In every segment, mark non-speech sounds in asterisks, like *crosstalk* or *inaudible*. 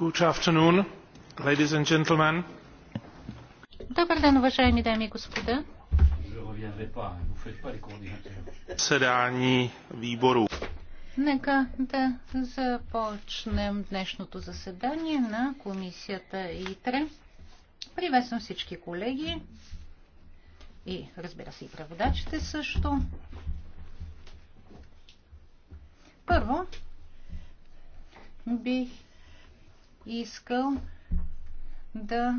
Добър ден, уважаеми дами и господа. Седани výboru. Нека да започнем днешното заседание на комисията ИТРЕ. Приветствам всички колеги и разбира се и преводачите също. Първо бих искал да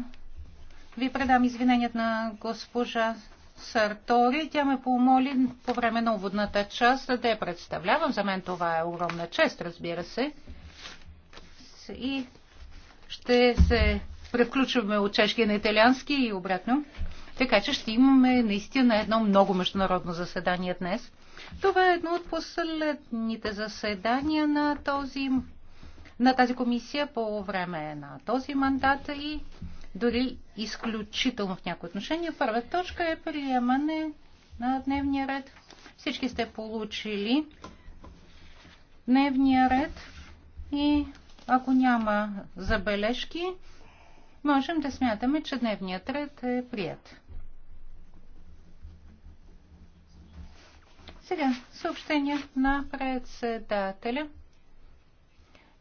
ви предам извиненият на госпожа Сартори. Тя ме помоли по време на уводната част да я представлявам. За мен това е огромна чест, разбира се. И ще се превключваме от чешки на италиански и обратно. Така че ще имаме наистина едно много международно заседание днес. Това е едно от последните заседания на този на тази комисия по време на този мандат и дори изключително в някои отношения. Първа точка е приемане на дневния ред. Всички сте получили дневния ред и ако няма забележки, можем да смятаме, че дневният ред е прият. Сега съобщение на председателя.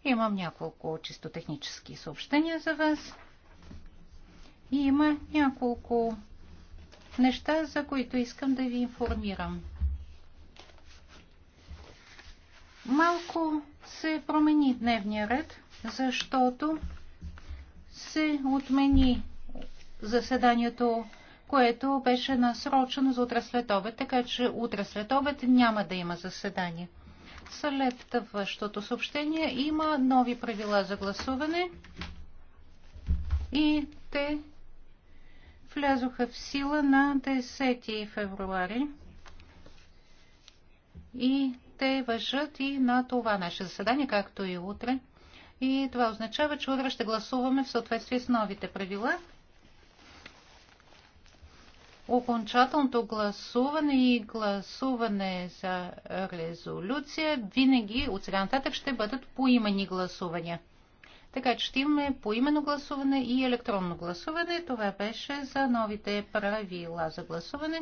Имам няколко чисто технически съобщения за вас. И има няколко неща, за които искам да ви информирам. Малко се промени дневния ред, защото се отмени заседанието, което беше насрочено за утре след обед, така че утре след обед няма да има заседание. Следващото съобщение има нови правила за гласуване и те влязоха в сила на 10 февруари и те въжат и на това наше заседание, както и утре. И това означава, че утре ще гласуваме в съответствие с новите правила окончателното гласуване и гласуване за резолюция винаги от сега нататък ще бъдат поимени гласувания. Така че ще имаме именно гласуване и електронно гласуване. Това беше за новите правила за гласуване.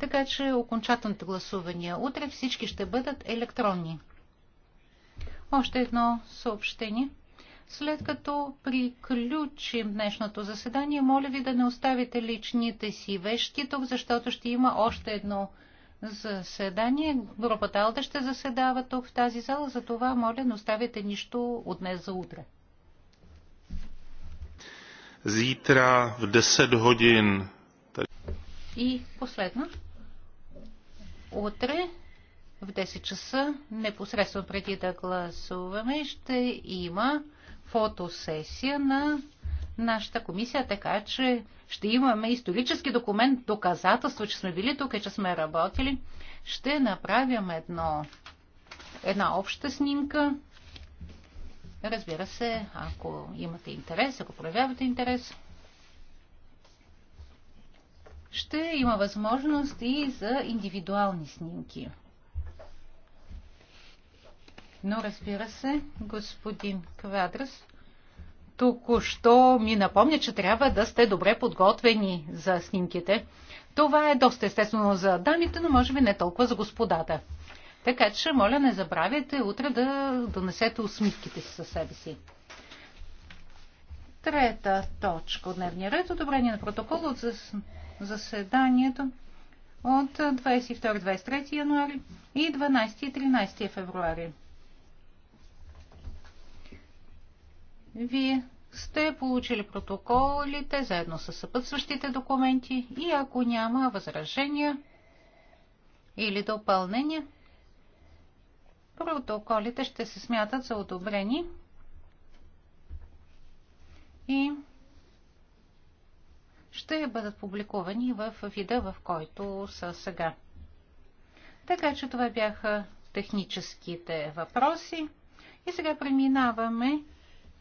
Така че окончателното гласуване утре всички ще бъдат електронни. Още едно съобщение. След като приключим днешното заседание, моля ви да не оставите личните си вещи тук, защото ще има още едно заседание. Групата Алда ще заседава тук в тази зала, затова моля не оставите нищо от днес за утре. Зитра в 10 годин. И последно. Утре в 10 часа, непосредствено преди да гласуваме, ще има фотосесия на нашата комисия, така че ще имаме исторически документ, доказателство, че сме били тук и че сме работили. Ще направим едно, една обща снимка. Разбира се, ако имате интерес, ако проявявате интерес, ще има възможност и за индивидуални снимки. Но разбира се, господин Квадрас току-що ми напомня, че трябва да сте добре подготвени за снимките. Това е доста естествено за дамите, но може би не толкова за господата. Така че, моля, не забравяйте утре да донесете усмивките си със себе си. Трета точка от дневния ред. Одобрение на протокола от заседанието от 22-23 януари и 12-13 февруари. Вие сте получили протоколите заедно с съпътстващите документи и ако няма възражения или допълнения, протоколите ще се смятат за одобрени и ще бъдат публикувани в вида, в който са сега. Така че това бяха техническите въпроси. И сега преминаваме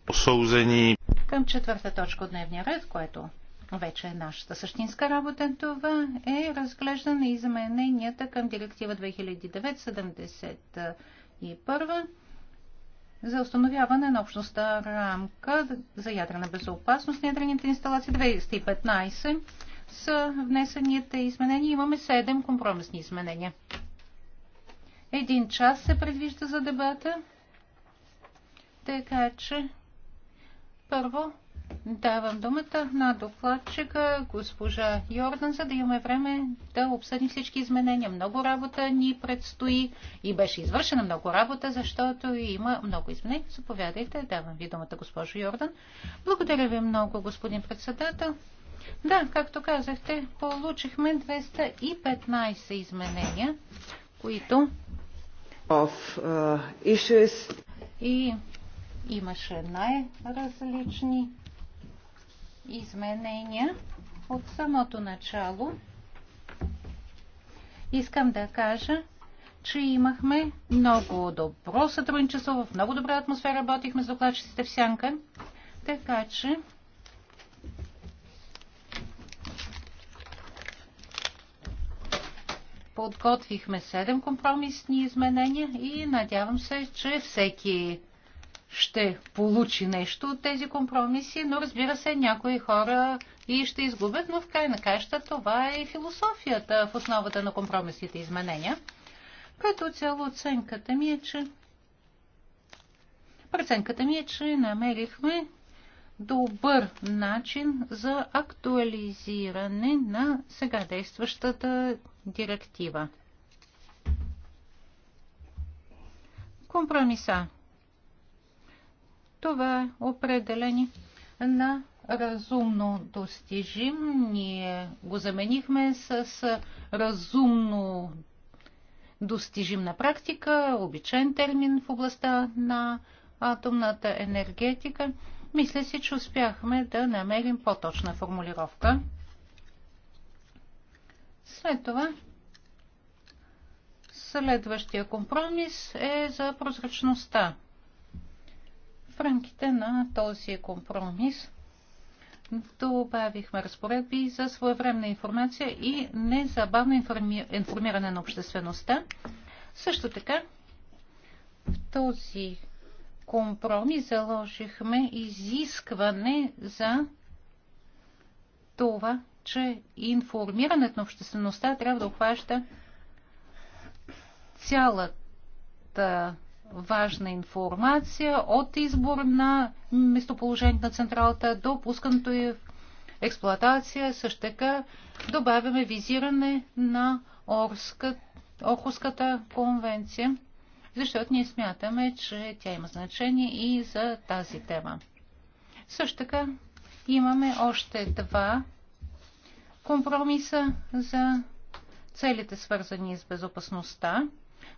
Осъузени. Към четвърта точка от дневния ред, което вече е нашата същинска работа, това е разглеждане измененията към директива 2009-71 за установяване на общността рамка за ядрена безопасност на ядрените инсталации 215 с внесените изменения. Имаме 7 компромисни изменения. Един час се предвижда за дебата, така че първо давам думата на докладчика госпожа Йордан, за да имаме време да обсъдим всички изменения. Много работа ни предстои и беше извършена много работа, защото има много изменения. Заповядайте, давам ви думата госпожо Йордан. Благодаря ви много, господин председател. Да, както казахте, получихме 215 изменения, които of uh, issues. И Имаше най-различни изменения от самото начало. Искам да кажа, че имахме много добро сътрудничество, в много добра атмосфера работихме с докладчиците в Сянка. Така че подготвихме 7 компромисни изменения и надявам се, че всеки ще получи нещо от тези компромиси, но разбира се, някои хора и ще изгубят, но в край на каща това е и философията в основата на компромисните изменения. Като цяло оценката ми е, че Преценката ми е, че намерихме добър начин за актуализиране на сега действащата директива. Компромиса това е определение на разумно достижим. Ние го заменихме с разумно достижим на практика, обичен термин в областта на атомната енергетика. Мисля си, че успяхме да намерим по-точна формулировка. След това следващия компромис е за прозрачността. В рамките на този компромис добавихме разпоредби за своевременна информация и незабавно информи... информиране на обществеността. Също така, в този компромис заложихме изискване за това, че информирането на обществеността трябва да обхваща цялата важна информация от избор на местоположението на централата до пускането и в експлоатация. Също така добавяме визиране на Орската, Орхуската конвенция, защото ние смятаме, че тя има значение и за тази тема. Също така имаме още два компромиса за целите, свързани с безопасността.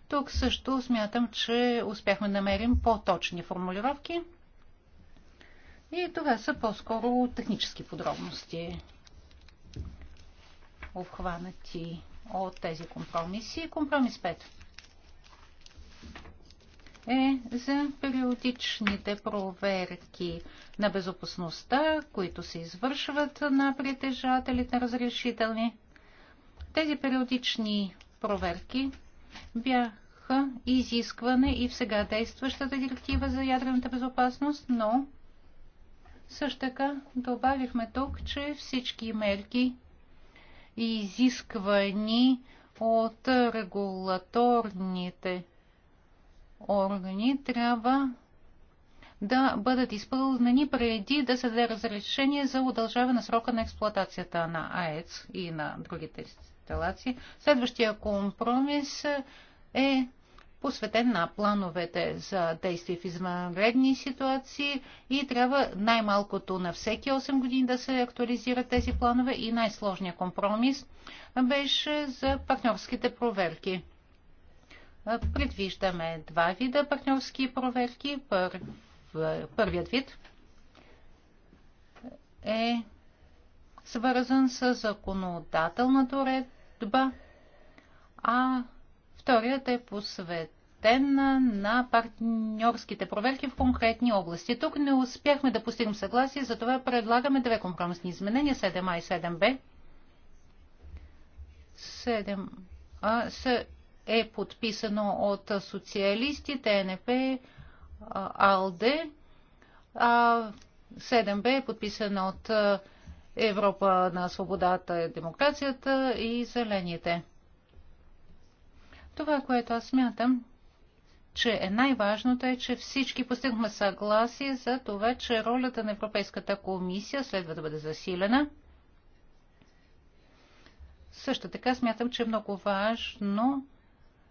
Тук също смятам, че успяхме да намерим по-точни формулировки. И това са по-скоро технически подробности, обхванати от тези компромиси. Компромис 5 е за периодичните проверки на безопасността, които се извършват на притежателите на разрешителни. Тези периодични проверки бяха изискване и в сега действащата директива за ядрената безопасност, но също така добавихме тук, че всички мерки изисквани от регулаторните органи трябва да бъдат изпълнени преди да се даде разрешение за удължаване на срока на експлуатацията на АЕЦ и на другите инсталации. Следващия компромис е посветен на плановете за действие в извънредни ситуации и трябва най-малкото на всеки 8 години да се актуализират тези планове и най-сложният компромис беше за партньорските проверки. Предвиждаме два вида партньорски проверки. Пър... Първият вид е свързан с законодателната уредба съдба, а вторият е посветен на партньорските проверки в конкретни области. Тук не успяхме да постигнем съгласие, затова предлагаме две компромисни изменения 7А и 7Б. 7А е подписано от социалисти, ТНП, АЛД, 7Б е подписано от Европа на свободата и демокрацията и зелените. Това, което аз смятам, че е най-важното е, че всички постигнахме съгласие за това, че ролята на Европейската комисия следва да бъде засилена. Също така смятам, че е много важно,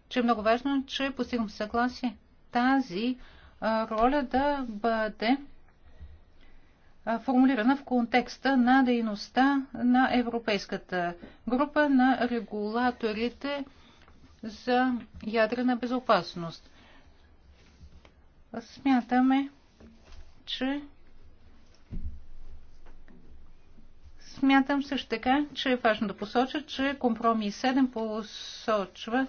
че е много важно, че постигнахме съгласие тази роля да бъде формулирана в контекста на дейността на Европейската група на регулаторите за ядрена безопасност. Смятаме, че смятам също така, че е важно да посоча, че компромис 7 посочва,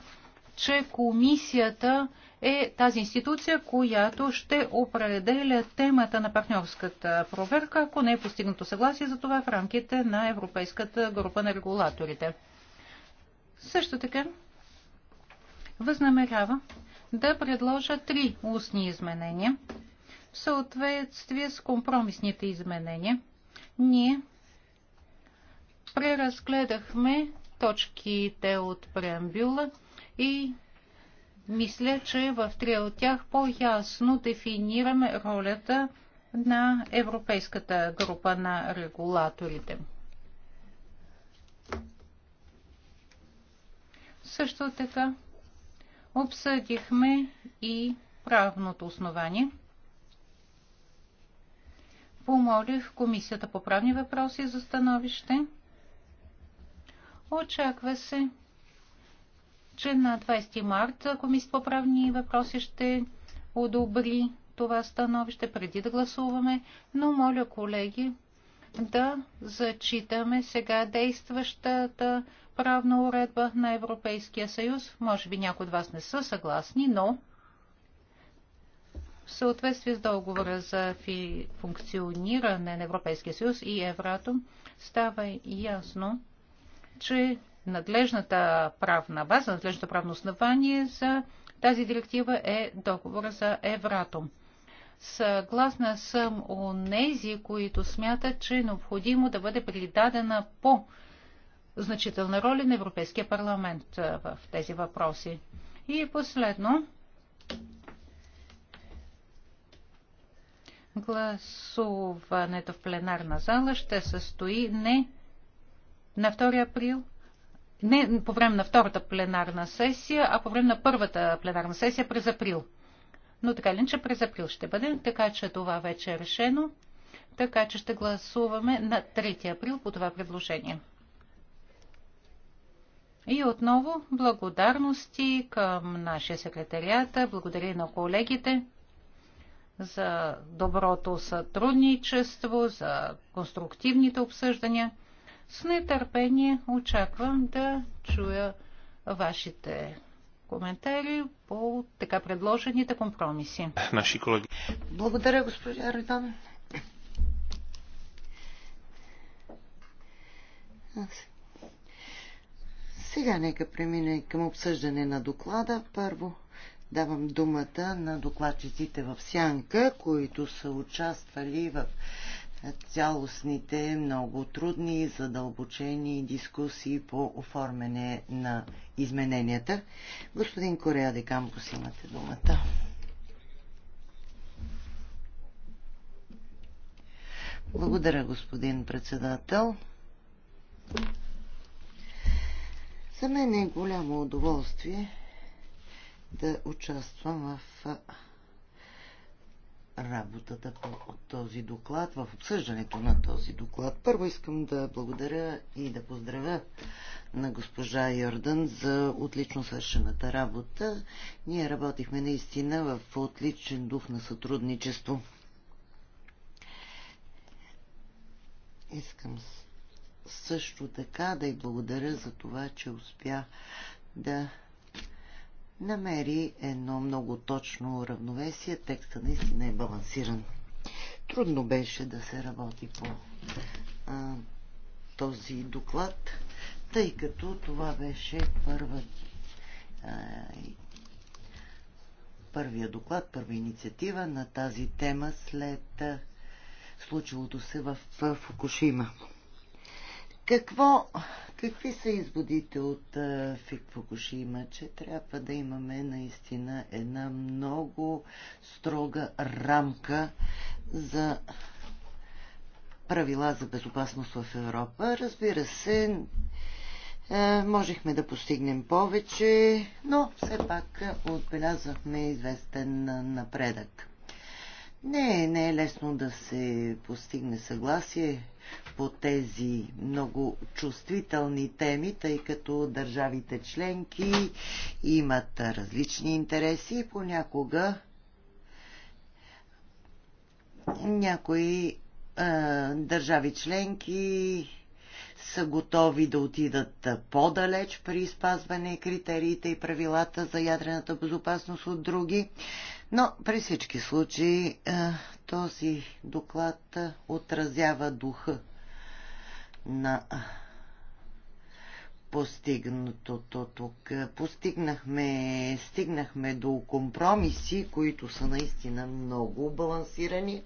че комисията е тази институция, която ще определя темата на партньорската проверка, ако не е постигнато съгласие за това в рамките на Европейската група на регулаторите. Също така възнамерява да предложа три устни изменения в съответствие с компромисните изменения. Ние преразгледахме точките от преамбюла и мисля, че в три от тях по-ясно дефинираме ролята на Европейската група на регулаторите. Също така обсъдихме и правното основание. Помолих Комисията по правни въпроси за становище. Очаква се че на 20 март Комисията по правни въпроси ще одобри това становище преди да гласуваме, но моля колеги да зачитаме сега действащата правна уредба на Европейския съюз. Може би някои от вас не са съгласни, но в съответствие с договора за функциониране на Европейския съюз и Евратом става ясно, че надлежната правна база, надлежното правно основание за тази директива е договора за Евратом. Съгласна съм у нези, които смятат, че е необходимо да бъде придадена по значителна роля на Европейския парламент в тези въпроси. И последно, гласуването в пленарна зала ще състои не на 2 април, не по време на втората пленарна сесия, а по време на първата пленарна сесия през април. Но така ли, че през април ще бъде, така че това вече е решено. Така че ще гласуваме на 3 април по това предложение. И отново благодарности към нашия секретарията, благодаря на колегите за доброто сътрудничество, за конструктивните обсъждания. С нетърпение очаквам да чуя вашите коментари по така предложените компромиси. Наши колеги. Благодаря, господин Ритана. Сега нека премине към обсъждане на доклада. Първо давам думата на докладчиците в Сянка, които са участвали в цялостните, много трудни, задълбочени дискусии по оформяне на измененията. Господин Корея Декампус, имате думата. Благодаря, господин председател. За мен е голямо удоволствие да участвам в работата по този доклад, в обсъждането на този доклад. Първо искам да благодаря и да поздравя на госпожа Йордан за отлично свършената работа. Ние работихме наистина в отличен дух на сътрудничество. Искам също така да й благодаря за това, че успя да намери едно много точно равновесие. Текста наистина е балансиран. Трудно беше да се работи по а, този доклад, тъй като това беше първа, а, първия доклад, първа инициатива на тази тема след а, случилото се в, в Фукушима. Какво, какви са изводите от Фукушима, че трябва да имаме наистина една много строга рамка за правила за безопасност в Европа? Разбира се, можехме да постигнем повече, но все пак отбелязахме известен напредък. Не, не е лесно да се постигне съгласие по тези много чувствителни теми, тъй като държавите членки имат различни интереси и понякога някои е, държави членки са готови да отидат по-далеч при спазване критериите и правилата за ядрената безопасност от други. Но при всички случаи този доклад отразява духа на постигнатото тук. Постигнахме, стигнахме до компромиси, които са наистина много балансирани.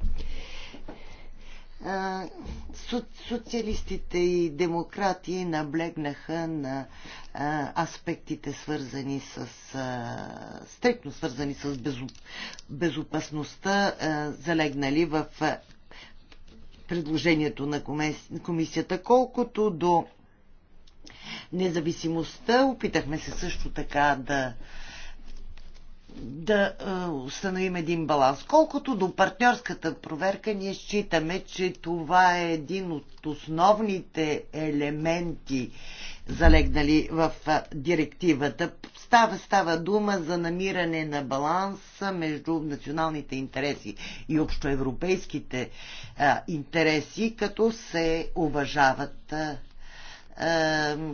Социалистите и демократи наблегнаха на аспектите свързани с стрикно свързани с безопасността, залегнали в предложението на комисията. Колкото до независимостта, опитахме се също така да да установим един баланс. Колкото до партньорската проверка, ние считаме, че това е един от основните елементи залегнали в директивата. Става, става дума за намиране на баланса между националните интереси и общоевропейските а, интереси, като се уважават а,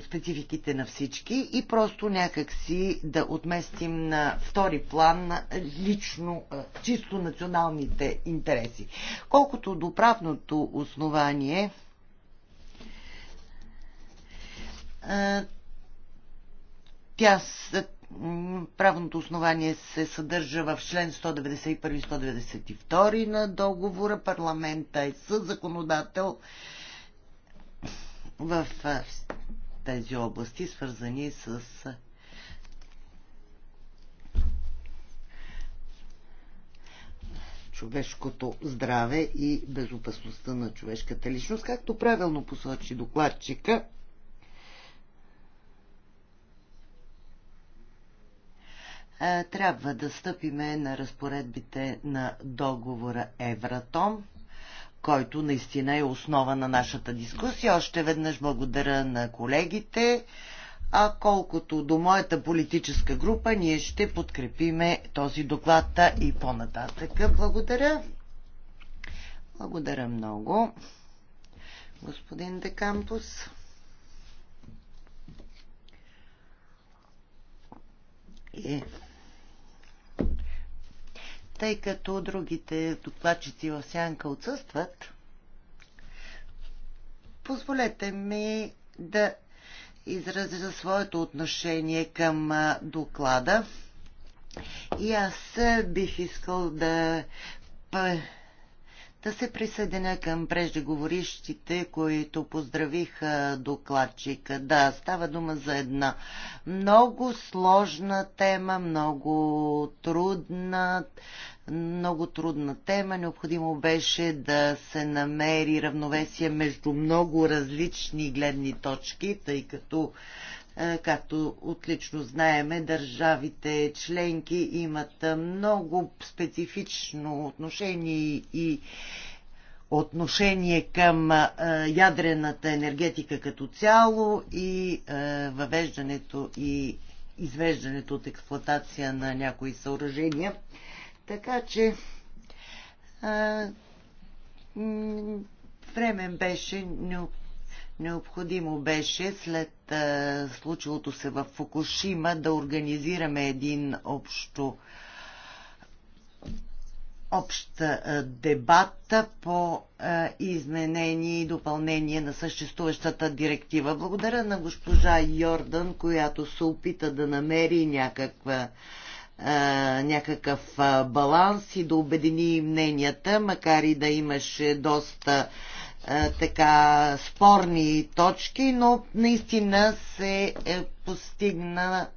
спецификите на всички и просто някакси да отместим на втори план лично, чисто националните интереси. Колкото до правното основание, Тя правното основание се съдържа в член 191-192 на договора. Парламента е със законодател в тези области, свързани с човешкото здраве и безопасността на човешката личност. Както правилно посочи докладчика, Е, трябва да стъпиме на разпоредбите на договора Евратом, който наистина е основа на нашата дискусия. Още веднъж благодаря на колегите. А колкото до моята политическа група, ние ще подкрепиме този доклад и по-нататък. Благодаря. Благодаря много, господин Декампус. Yeah. Тъй като другите докладчици в сянка отсъстват, позволете ми да изразя своето отношение към доклада. И аз бих искал да да се присъединя към преждеговорищите, които поздравиха докладчика. Да, става дума за една много сложна тема, много трудна, много трудна тема. Необходимо беше да се намери равновесие между много различни гледни точки, тъй като е, както отлично знаеме, държавите членки имат много специфично отношение и отношение към е, ядрената енергетика като цяло и е, въвеждането и извеждането от експлоатация на някои съоръжения. Така че време беше Необходимо беше след а, е, случилото се в Фукушима да организираме един общо общ а, е, дебат по а, е, изменение и допълнение на съществуващата директива. Благодаря на госпожа Йордан, която се опита да намери някаква някакъв баланс и да обедини мненията, макар и да имаше доста така спорни точки, но наистина се е постигна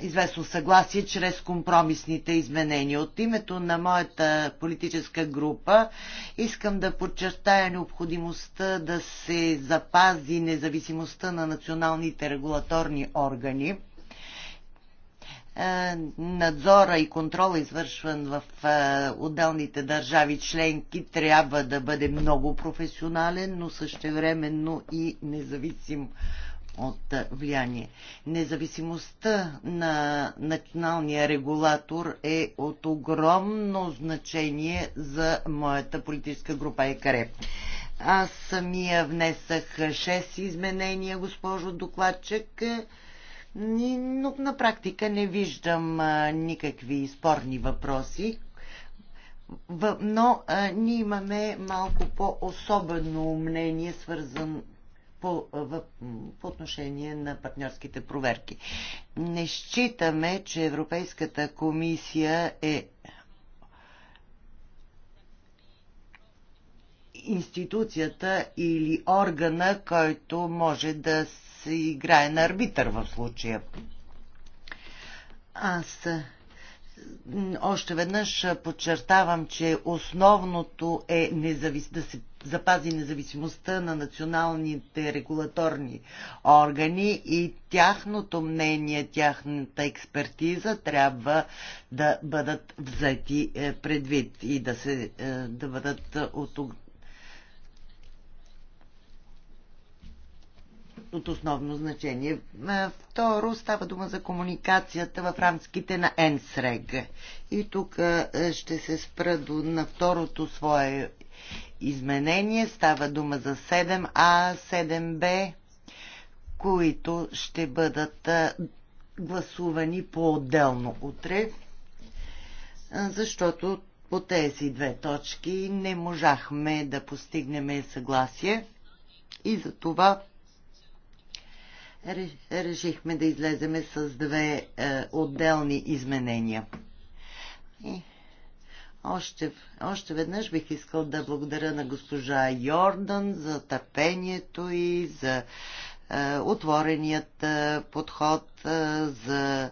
известно съгласие чрез компромисните изменения. От името на моята политическа група искам да подчертая необходимостта да се запази независимостта на националните регулаторни органи е, надзора и контрола, извършван в е, отделните държави членки, трябва да бъде много професионален, но същевременно и независим от е, влияние. Независимостта на националния регулатор е от огромно значение за моята политическа група ЕКРЕ. Аз самия внесах 6 изменения, госпожо докладчик но на практика не виждам никакви спорни въпроси, но ние имаме малко по-особено мнение, свързан по, в, по отношение на партньорските проверки. Не считаме, че Европейската комисия е институцията или органа, който може да се играе на арбитър в случая. Аз още веднъж подчертавам, че основното е независ... да се запази независимостта на националните регулаторни органи и тяхното мнение, тяхната експертиза трябва да бъдат взети е, предвид и да, се, е, да бъдат от от основно значение. Второ, става дума за комуникацията в рамките на ЕНСРЕГ. И тук ще се спра до, на второто свое изменение. Става дума за 7А, 7Б, които ще бъдат гласувани по-отделно утре, защото по тези две точки не можахме да постигнем съгласие и за това решихме да излеземе с две е, отделни изменения. И още, още веднъж бих искал да благодаря на госпожа Йордан за търпението и за е, отвореният е, подход, е, за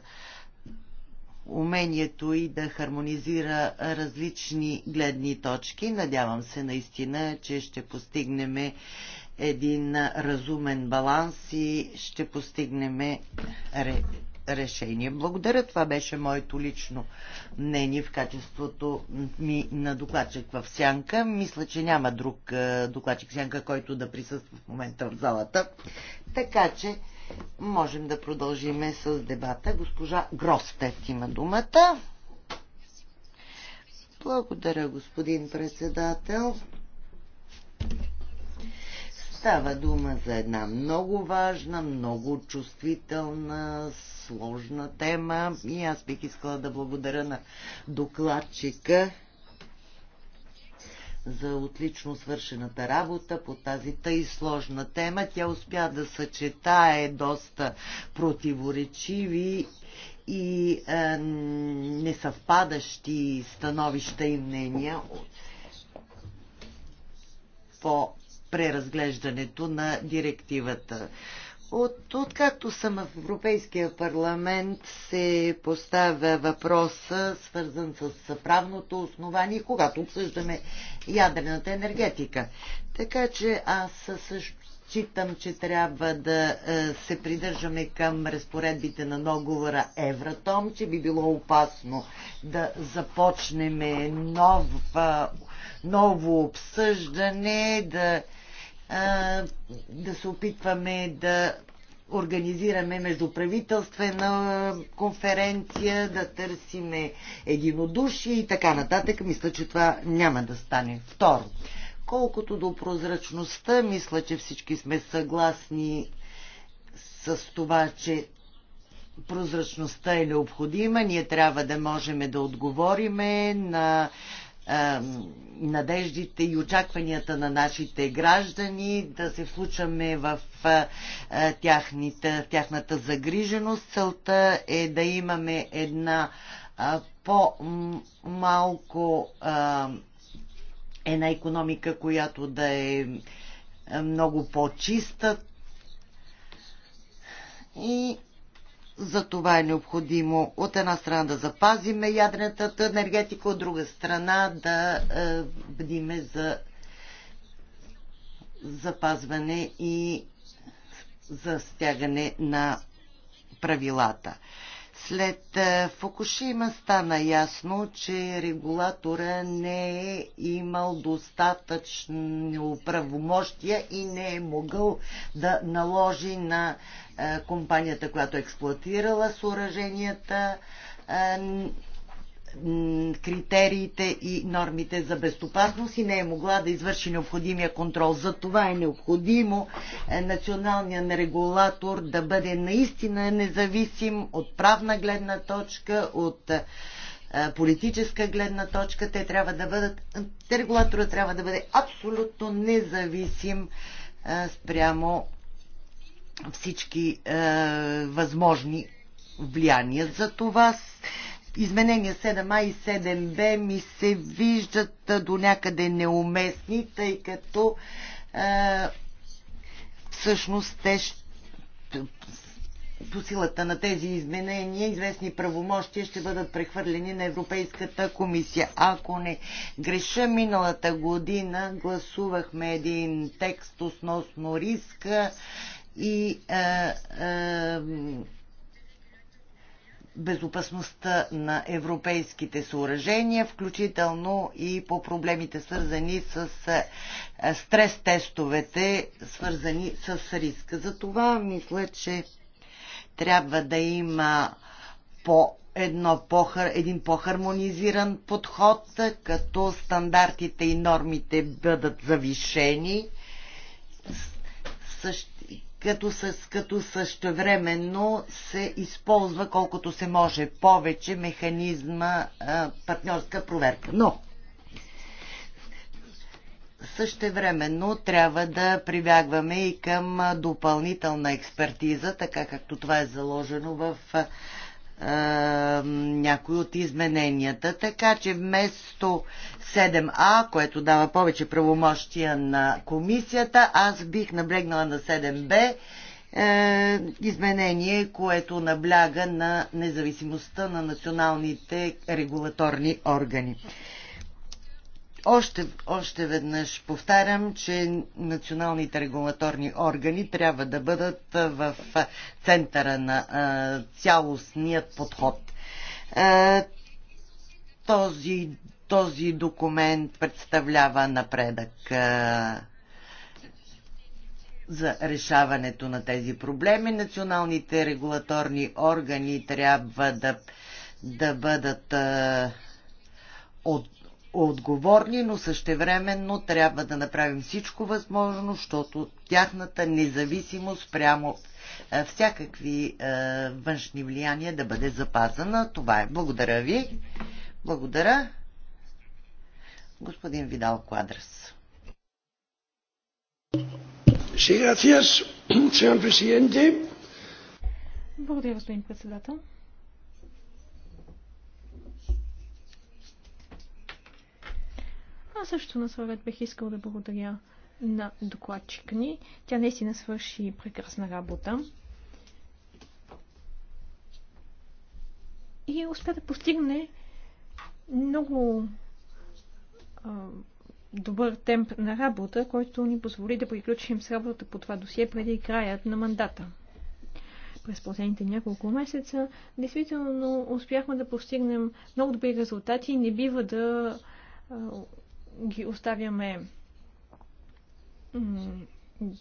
умението и да хармонизира различни гледни точки. Надявам се наистина, че ще постигнем е, един разумен баланс и ще постигнем решение. Благодаря, това беше моето лично мнение в качеството ми на докладчик в Сянка. Мисля, че няма друг е, докладчик в Сянка, който да присъства в момента в залата. Така че можем да продължим с дебата. Госпожа Гростет има думата. Благодаря, господин председател. Става дума за една много важна, много чувствителна, сложна тема и аз бих искала да благодаря на докладчика за отлично свършената работа по тази тъй сложна тема. Тя успя да съчетае доста противоречиви и е, несъвпадащи становища и мнения по преразглеждането на директивата. От, откакто съм в Европейския парламент се поставя въпроса, свързан с правното основание, когато обсъждаме ядрената енергетика. Така че аз също считам, че трябва да е, се придържаме към разпоредбите на договора Евратом, че би било опасно да започнем нов, е, ново обсъждане, да да се опитваме да организираме междуправителствена конференция, да търсиме единодушие и така нататък. Мисля, че това няма да стане. Второ, колкото до прозрачността, мисля, че всички сме съгласни с това, че прозрачността е необходима. Ние трябва да можем да отговориме на надеждите и очакванията на нашите граждани, да се включваме в тяхната загриженост. Целта е да имаме една по-малко една економика, която да е много по-чиста и за това е необходимо от една страна да запазиме ядрената енергетика, от друга страна да е, бдиме за запазване и за стягане на правилата. След е, Фукушима стана ясно, че регулатора не е имал достатъчно правомощия и не е могъл да наложи на е, компанията, която е експлуатирала съоръженията, е, критериите и нормите за безопасност и не е могла да извърши необходимия контрол. За това е необходимо националният регулатор да бъде наистина независим от правна гледна точка, от политическа гледна точка. Те трябва да бъдат, регулатора трябва да бъде абсолютно независим спрямо всички е, възможни влияния. За това изменения 7А и 7Б ми се виждат е, до някъде неуместни, тъй като е, всъщност те по силата на тези изменения известни правомощия ще бъдат прехвърлени на Европейската комисия. Ако не греша, миналата година гласувахме един текст относно риска и а, е, а, е, безопасността на европейските съоръжения, включително и по проблемите свързани с е, стрес тестовете, свързани с риска. За това мисля, че трябва да има по едно по, един по-хармонизиран подход, като стандартите и нормите бъдат завишени. Същ, като, с, като същевременно се използва колкото се може повече механизма а, партньорска проверка. Но същевременно трябва да прибягваме и към допълнителна експертиза, така както това е заложено в някои от измененията. Така че вместо 7А, което дава повече правомощия на комисията, аз бих наблегнала на 7Б е, изменение, което набляга на независимостта на националните регулаторни органи. Още, още веднъж повтарям, че националните регулаторни органи трябва да бъдат в центъра на цялостният подход. Този, този документ представлява напредък за решаването на тези проблеми. Националните регулаторни органи трябва да, да бъдат от отговорни, но същевременно трябва да направим всичко възможно, защото тяхната независимост прямо е, всякакви е, външни влияния да бъде запазена. Това е. Благодаря ви. Благодаря. Господин Видал Квадрас. Благодаря, господин председател. Аз също на своя бих искал да благодаря на докладчика ни. Тя наистина свърши прекрасна работа. И успя да постигне много а, добър темп на работа, който ни позволи да приключим с работата по това досие преди краят на мандата. През последните няколко месеца действително успяхме да постигнем много добри резултати и не бива да ги оставяме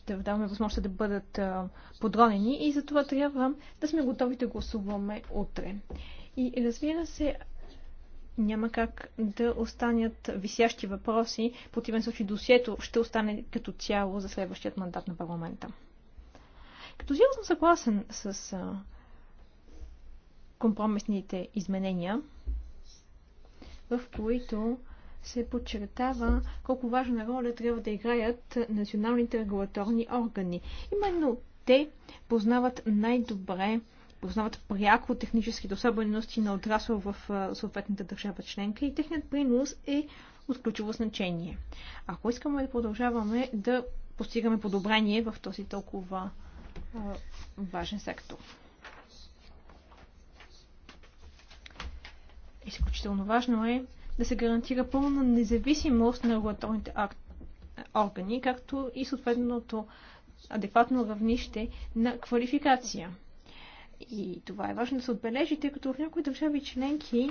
да даваме възможност да бъдат подронени и затова трябва да сме готови да гласуваме утре. И разбира се, няма как да останят висящи въпроси. противен случай досието ще остане като цяло за следващият мандат на парламента. Като цяло съм съгласен с компромисните изменения, в които се подчертава колко важна роля трябва да играят националните регулаторни органи. Именно те познават най-добре, познават пряко техническите особености на отрасъл в съответната държава членка и техният принос е от ключово значение. Ако искаме да продължаваме да постигаме подобрение в този толкова а, важен сектор. Изключително важно е да се гарантира пълна независимост на регулаторните органи, както и съответното адекватно равнище на квалификация. И това е важно да се отбележи, тъй като в някои държави членки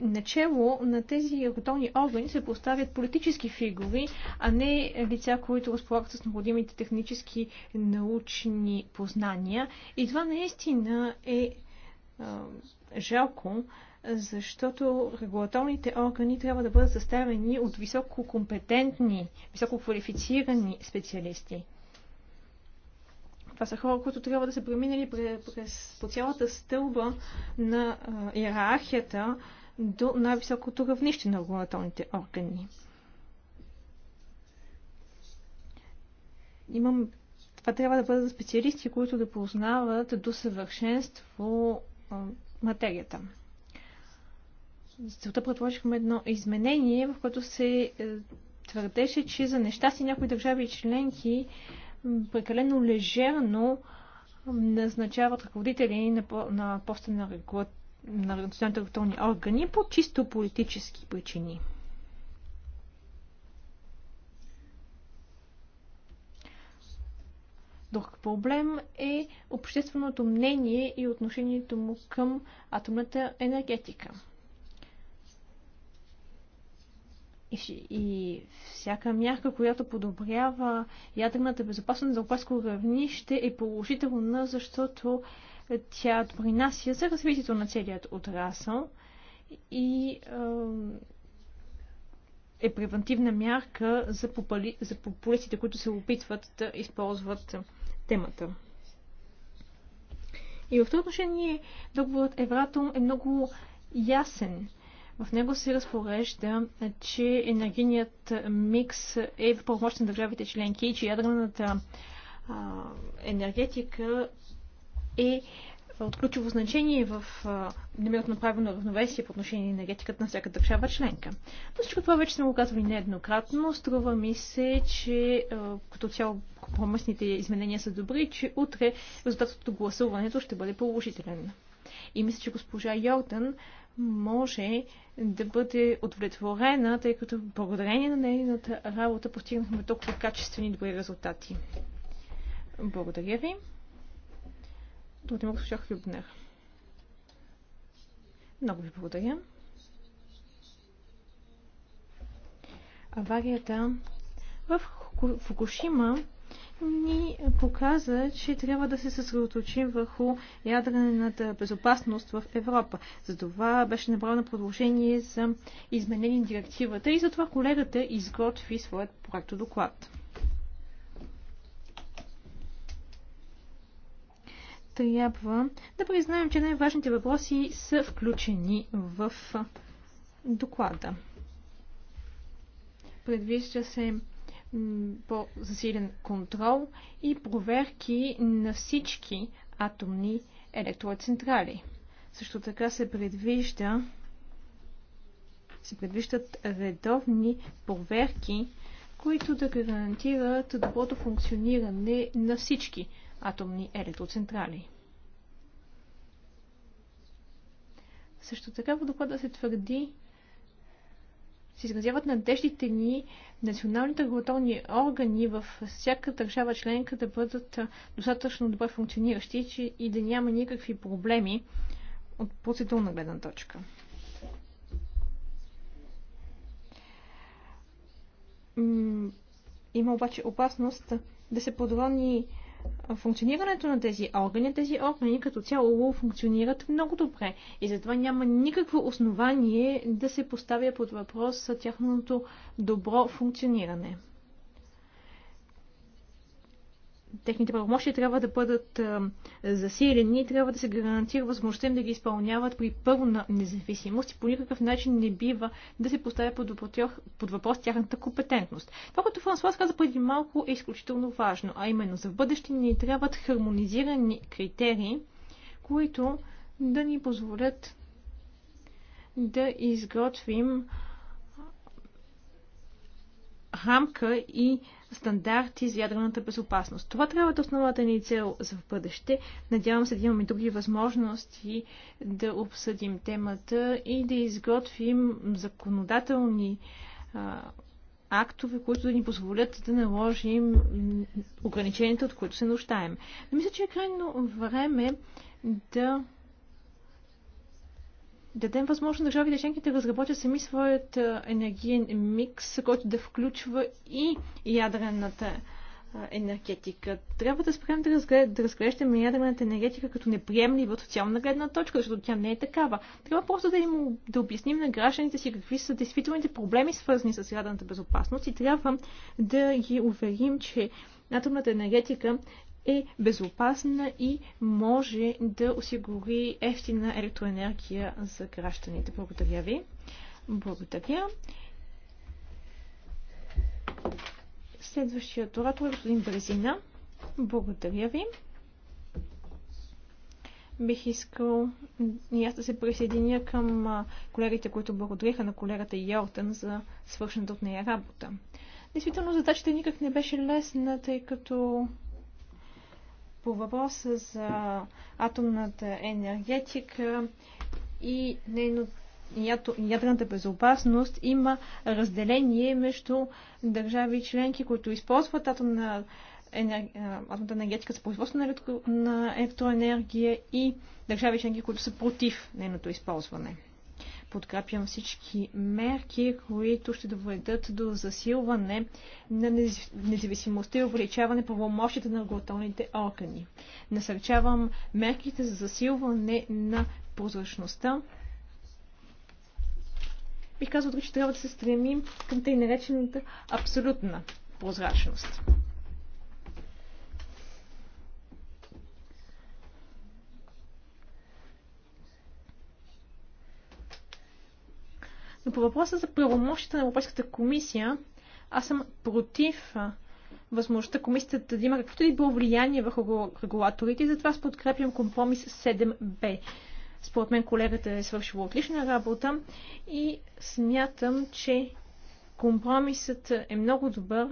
начало на тези регулаторни органи се поставят политически фигури, а не лица, които разполагат с необходимите технически научни познания. И това наистина е жалко, защото регулаторните органи трябва да бъдат съставени от висококомпетентни, висококвалифицирани специалисти. Това са хора, които трябва да са преминали през, през, по цялата стълба на а, иерархията до най-високото равнище на регулаторните органи. Имам, това трябва да бъдат специалисти, които да познават до съвършенство а, материята целта предложихме едно изменение, в което се е, твърдеше, че за неща си някои държави и членки прекалено лежерно назначават ръководители на, на поста на, на регулационните регулаторни органи по чисто политически причини. Друг проблем е общественото мнение и отношението му към атомната енергетика. и, и всяка мярка, която подобрява ядрената безопасност на опаско равнище е положителна, защото тя допринася за развитието на целият отрасъл и е, е превентивна мярка за, попали, за популистите, които се опитват да използват темата. И в това отношение договорът Евратом е много ясен в него се разпорежда, че енергийният микс е в помощ на държавите членки и че ядрената а, енергетика е от ключово значение в намирането на правилно равновесие по отношение на енергетиката на всяка държава членка. Но всичко това вече сме го казвали нееднократно. Струва ми се, че като цяло компромисните изменения са добри, че утре резултатът от гласуването ще бъде положителен. И мисля, че госпожа Йордан може да бъде удовлетворена, тъй като благодарение на нейната работа постигнахме толкова качествени и добри резултати. Благодаря ви. Добре, госпожа Хюбнер. Много ви благодаря. Аварията в Фукушима ни показа, че трябва да се съсредоточим върху ядрената безопасност в Европа. За това беше направено предложение за изменение на директивата и затова колегата изготви своят проект доклад. Трябва да признаем, че най-важните въпроси са включени в доклада. Предвижда се по-засилен контрол и проверки на всички атомни електроцентрали. Също така се предвижда се предвиждат редовни проверки, които да гарантират доброто функциониране на всички атомни електроцентрали. Също така в доклада се твърди, се изразяват надеждите ни националните регулаторни органи в всяка държава членка да бъдат достатъчно добре функциониращи и да няма никакви проблеми от процедурна гледна точка. Има обаче опасност да се подрони функционирането на тези органи, тези органи като цяло функционират много добре и затова няма никакво основание да се поставя под въпрос тяхното добро функциониране техните правомощи трябва да бъдат засилени и трябва да се гарантира възможността им да ги изпълняват при пълна независимост и по никакъв начин не бива да се поставя под въпрос, под въпрос тяхната компетентност. Това, което Франсуас каза преди малко, е изключително важно, а именно за бъдеще ни трябват хармонизирани критерии, които да ни позволят да изготвим рамка и стандарти за ядрената безопасност. Това трябва да е основната ни цел за в бъдеще. Надявам се да имаме други възможности да обсъдим темата и да изготвим законодателни а, актове, които да ни позволят да наложим ограниченията, от които се нуждаем. Но мисля, че е крайно време да дадем възможност държавите членки да разработят сами своят енергиен микс, който да включва и ядрената енергетика. Трябва да спрем да, разглеждаме ядрената енергетика като неприемлива от социална гледна точка, защото тя не е такава. Трябва просто да им да обясним на гражданите си какви са действителните проблеми, свързани с ядрената безопасност и трябва да ги уверим, че атомната енергетика е безопасна и може да осигури ефтина електроенергия за гражданите. Благодаря ви. Благодаря. Следващият оратор е господин Брезина. Благодаря ви. Бих искал и аз да се присъединя към колегите, които благодариха на колегата Йортън за свършената от нея работа. Действително задачата никак не беше лесна, тъй като по въпроса за атомната енергетика и нейното ядрената безопасност има разделение между държави и членки, които използват атомна, енер... атомната енергетика за производство на, електро... на електроенергия и държави членки, които са против нейното използване. Подкрепям всички мерки, които ще доведат до засилване на независимостта и увеличаване правомощите на регулаторните органи. Насърчавам мерките за засилване на прозрачността. Бих казал, че трябва да се стремим към тъй наречената абсолютна прозрачност. Но по въпроса за правомощите на Европейската комисия, аз съм против възможността комисията да има каквото и било влияние върху регулаторите и затова подкрепям компромис 7b. Според мен колегата е свършила отлична работа и смятам, че компромисът е много добър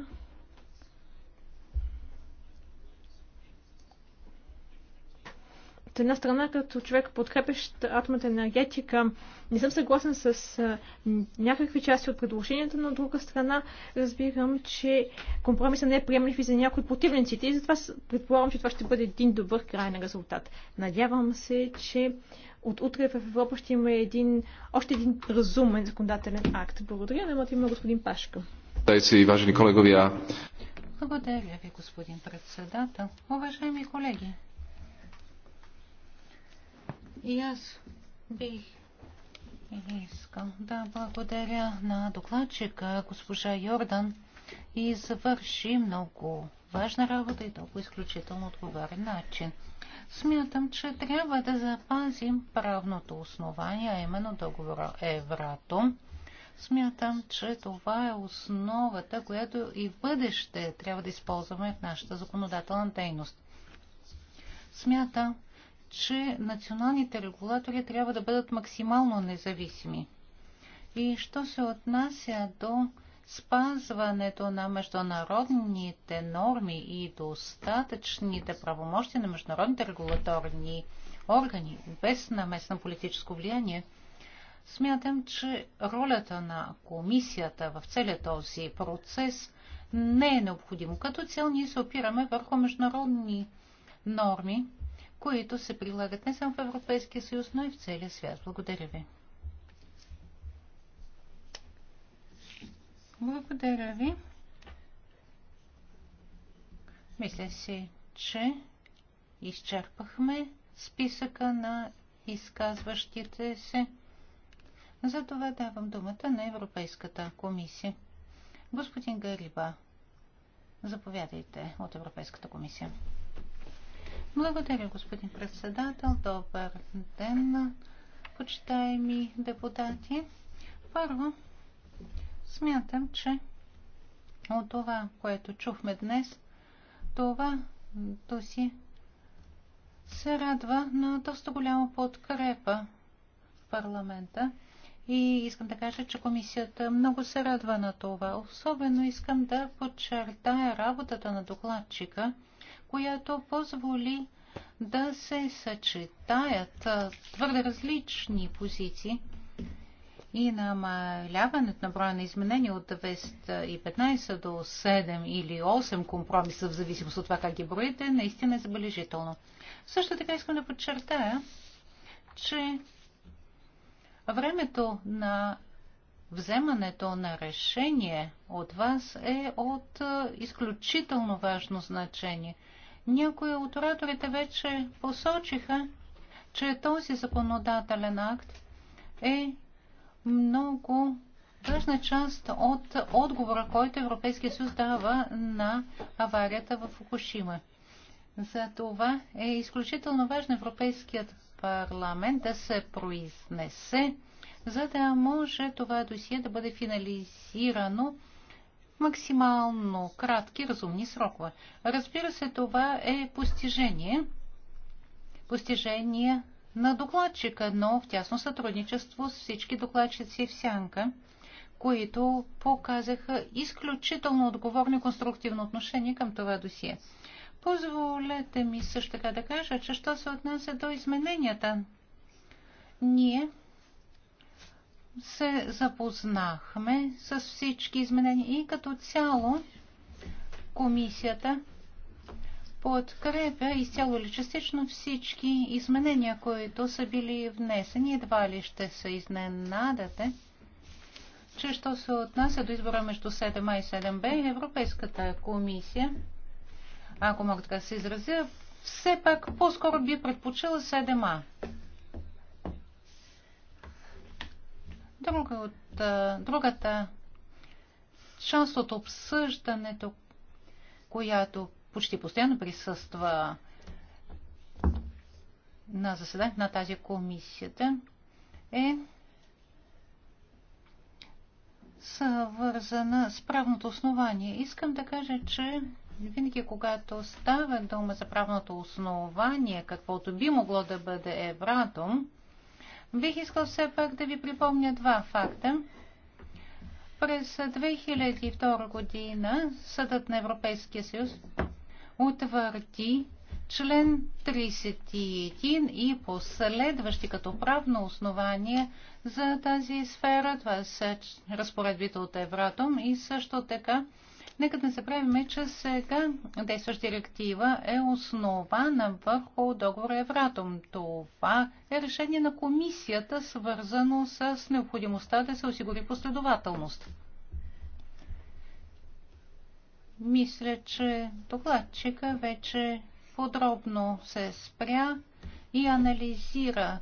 От една страна, като човек подкрепящ атомната енергетика, не съм съгласен с някакви части от предложенията, но от друга страна разбирам, че компромиса не е приемлив и за някои противниците и затова предполагам, че това ще бъде един добър крайен резултат. Надявам се, че от утре в Европа ще има един, още един разумен законодателен акт. Благодаря на има господин Пашка. Благодаря ви, господин председател. Уважаеми колеги, и аз бих искал да благодаря на докладчика госпожа Йордан и завърши много важна работа и толкова изключително отговорен начин. Смятам, че трябва да запазим правното основание, а именно договора Евратом. Смятам, че това е основата, която и в бъдеще трябва да използваме в нашата законодателна дейност. Смятам, че националните регулатори трябва да бъдат максимално независими. И що се отнася до спазването на международните норми и достатъчните правомощи на международните регулаторни органи, без наместно политическо влияние, смятам, че ролята на комисията в целия този процес не е необходимо. Като цел ние се опираме върху международни норми, които се прилагат не само в Европейския съюз, но и в целия свят. Благодаря ви. Благодаря ви. Мисля си, че изчерпахме списъка на изказващите се. Затова давам думата на Европейската комисия. Господин Гариба, заповядайте от Европейската комисия. Благодаря, господин председател. Добър ден, почитаеми депутати. Първо, смятам, че от това, което чухме днес, това си се радва на доста голяма подкрепа в парламента. И искам да кажа, че комисията много се радва на това. Особено искам да подчертая работата на докладчика – която позволи да се съчетаят твърде различни позиции и намаляването на броя на изменения от 215 до 7 или 8 компромиса, в зависимост от това как ги броите, наистина е забележително. Също така искам да подчертая, че времето на вземането на решение от вас е от изключително важно значение – някои от ораторите вече посочиха, че този законодателен акт е много важна част от отговора, който Европейския съюз дава на аварията в Фукушима. За това е изключително важно Европейският парламент да се произнесе, за да може това досие да бъде финализирано максимално кратки, разумни срокове. Разбира се, това е постижение, постижение на докладчика, но в тясно сътрудничество с всички докладчици в сянка, които показаха изключително отговорно конструктивно отношение към това досие. Позволете ми също така да кажа, че що се отнася до измененията, ние се запознахме с всички изменения и като цяло комисията подкрепя изцяло или частично всички изменения, които са били внесени. Едва ли ще се изненадате, че що се отнася до избора между 7А и 7Б, Европейската комисия, ако мога така да се изразя, все пак по-скоро би предпочела 7А. Другата, другата част от обсъждането, която почти постоянно присъства на заседанието на тази комисията, е съвързана с правното основание. Искам да кажа, че винаги когато става дума за правното основание, каквото би могло да бъде Евратом, Бих искал все пак да ви припомня два факта. През 2002 година Съдът на Европейския съюз утвърди член 31 и последващи като правно основание за тази сфера. Това са разпоредбите от Евратом и също така Нека да не забравяме, че сега действаща директива е основана върху договора Евратом. Това е решение на комисията, свързано с необходимостта да се осигури последователност. Мисля, че докладчика вече подробно се спря и анализира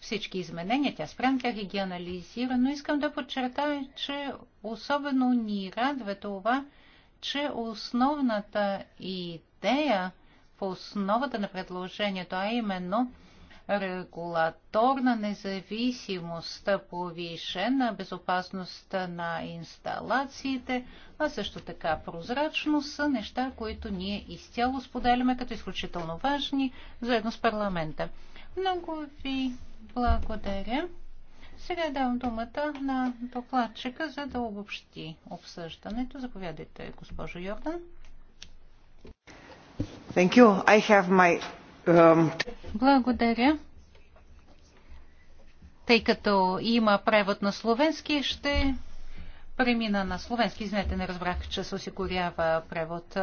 всички изменения, тя спрям тях и ги анализира, но искам да подчертая, че особено ни радва това, че основната идея в основата на предложението, а именно регулаторна независимост, повишена безопасност на инсталациите, а също така прозрачност са неща, които ние изцяло споделяме като изключително важни заедно с парламента. Много ви благодаря. Сега давам думата на докладчика, за да обобщи обсъждането. Заповядайте, госпожо Йордан. Thank you. I have my, um... Благодаря. Тъй като има превод на словенски, ще премина на словенски. Знаете, не разбрах, че се осигурява превод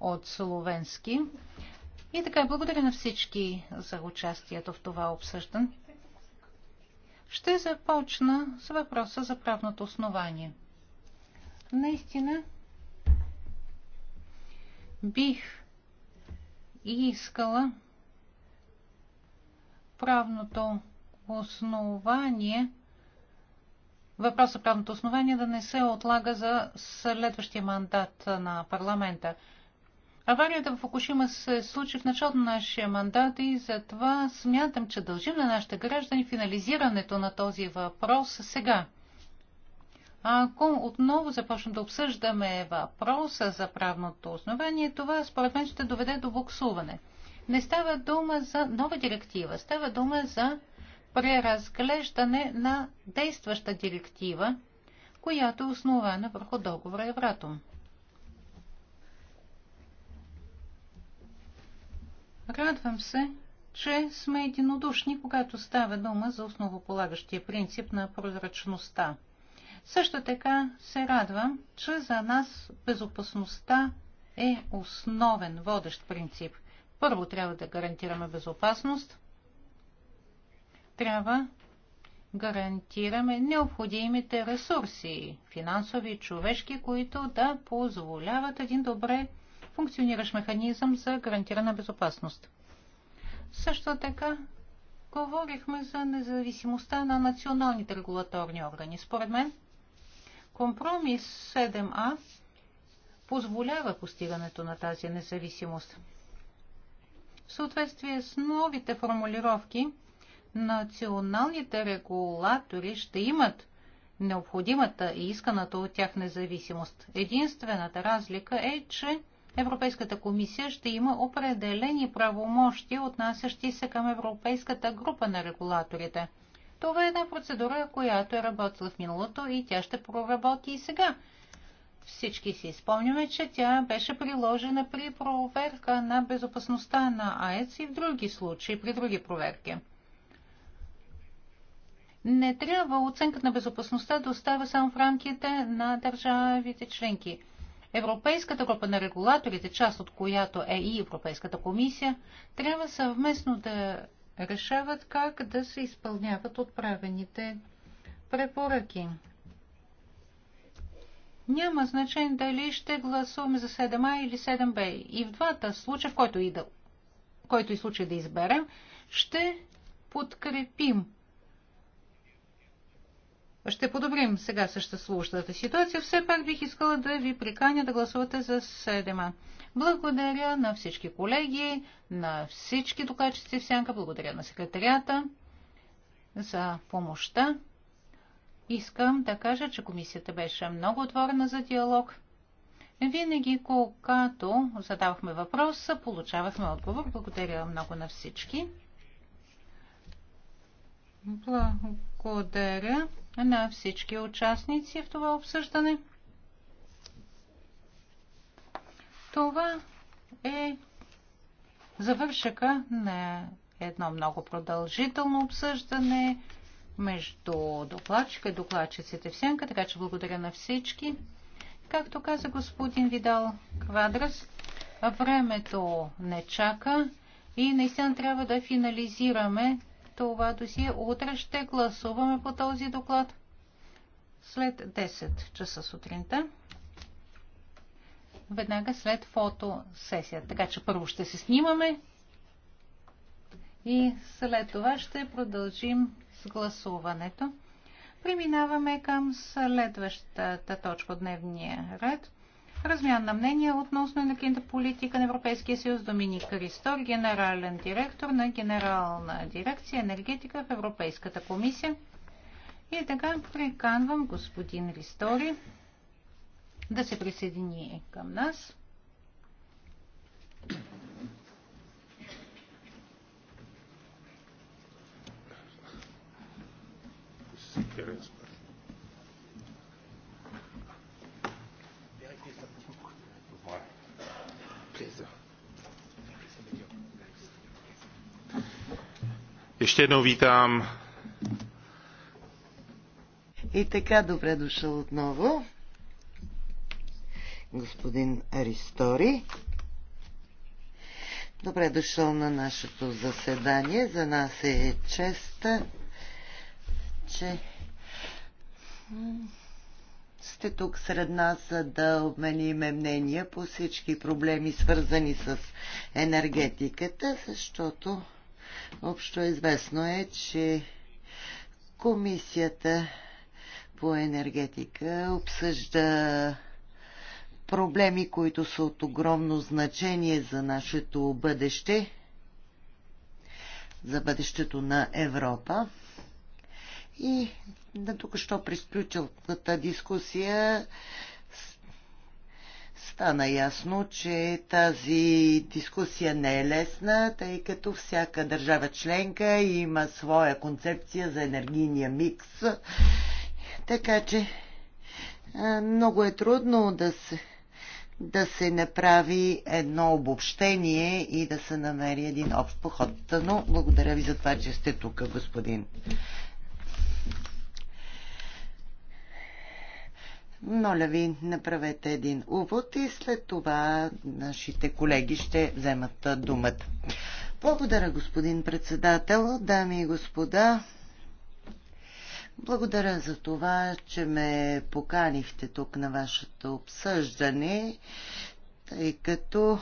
от словенски. И така, благодаря на всички за участието в това обсъждане. Ще започна с въпроса за правното основание. Наистина, бих искала правното основание, въпроса правното основание да не се отлага за следващия мандат на парламента. Аварията в Фукушима се случи в началото на нашия мандат и затова смятам, че дължим на нашите граждани финализирането на този въпрос сега. Ако отново започнем да обсъждаме въпроса за правното основание, това според мен ще доведе до буксуване. Не става дума за нова директива, става дума за преразглеждане на действаща директива, която е основана върху договора Евратум. Радвам се, че сме единодушни, когато става дума за основополагащия принцип на прозрачността. Също така се радвам, че за нас безопасността е основен водещ принцип. Първо трябва да гарантираме безопасност, трябва гарантираме необходимите ресурси, финансови и човешки, които да позволяват един добре функциониращ механизъм за гарантирана безопасност. Също така говорихме за независимостта на националните регулаторни органи. Според мен, компромис 7А позволява постигането на тази независимост. В съответствие с новите формулировки, националните регулатори ще имат необходимата и исканата от тях независимост. Единствената разлика е, че Европейската комисия ще има определени правомощия, отнасящи се към Европейската група на регулаторите. Това е една процедура, която е работила в миналото и тя ще проработи и сега. Всички си спомняме, че тя беше приложена при проверка на безопасността на АЕЦ и в други случаи, при други проверки. Не трябва оценката на безопасността да остава само в рамките на държавите членки – Европейската група на регулаторите, част от която е и Европейската комисия, трябва съвместно да решават как да се изпълняват отправените препоръки. Няма значение дали ще гласуваме за 7А или 7Б. И в двата случая, в който и, да, който и случай да изберем, ще подкрепим ще подобрим сега съществуващата ситуация, все пак бих искала да ви приканя да гласувате за седема. Благодаря на всички колеги, на всички докачици в сянка, благодаря на секретарията за помощта. Искам да кажа, че комисията беше много отворена за диалог. Винаги, когато задавахме въпроса, получавахме отговор. Благодаря много на всички. Благодаря на всички участници в това обсъждане. Това е завършъка на едно много продължително обсъждане между докладчика и докладчиците в сянка, така че благодаря на всички. Както каза господин Видал Квадрас, времето не чака и наистина трябва да финализираме това досие. Утре ще гласуваме по този доклад след 10 часа сутринта. Веднага след фотосесия. Така че първо ще се снимаме и след това ще продължим с гласуването. Преминаваме към следващата точка от дневния ред – Размяна на мнения относно енергийната политика на Европейския съюз Доминик Кристор, генерален директор на Генерална дирекция енергетика в Европейската комисия. И така приканвам господин Ристори да се присъедини към нас. you. Ještě jednou vítám. И така, добре дошъл отново господин Аристори. Добре дошъл на нашето заседание. За нас е чест, че сте тук сред нас, за да обмениме мнения по всички проблеми, свързани с енергетиката, защото Общо известно е, че Комисията по енергетика обсъжда проблеми, които са от огромно значение за нашето бъдеще, за бъдещето на Европа. И на тук, що през дискусия, Стана ясно, че тази дискусия не е лесна, тъй като всяка държава членка има своя концепция за енергийния микс. Така че много е трудно да се, да се направи едно обобщение и да се намери един общ поход. Но благодаря ви за това, че сте тук, господин Моля ви, направете един увод и след това нашите колеги ще вземат думата. Благодаря, господин председател, дами и господа. Благодаря за това, че ме поканихте тук на вашето обсъждане, тъй като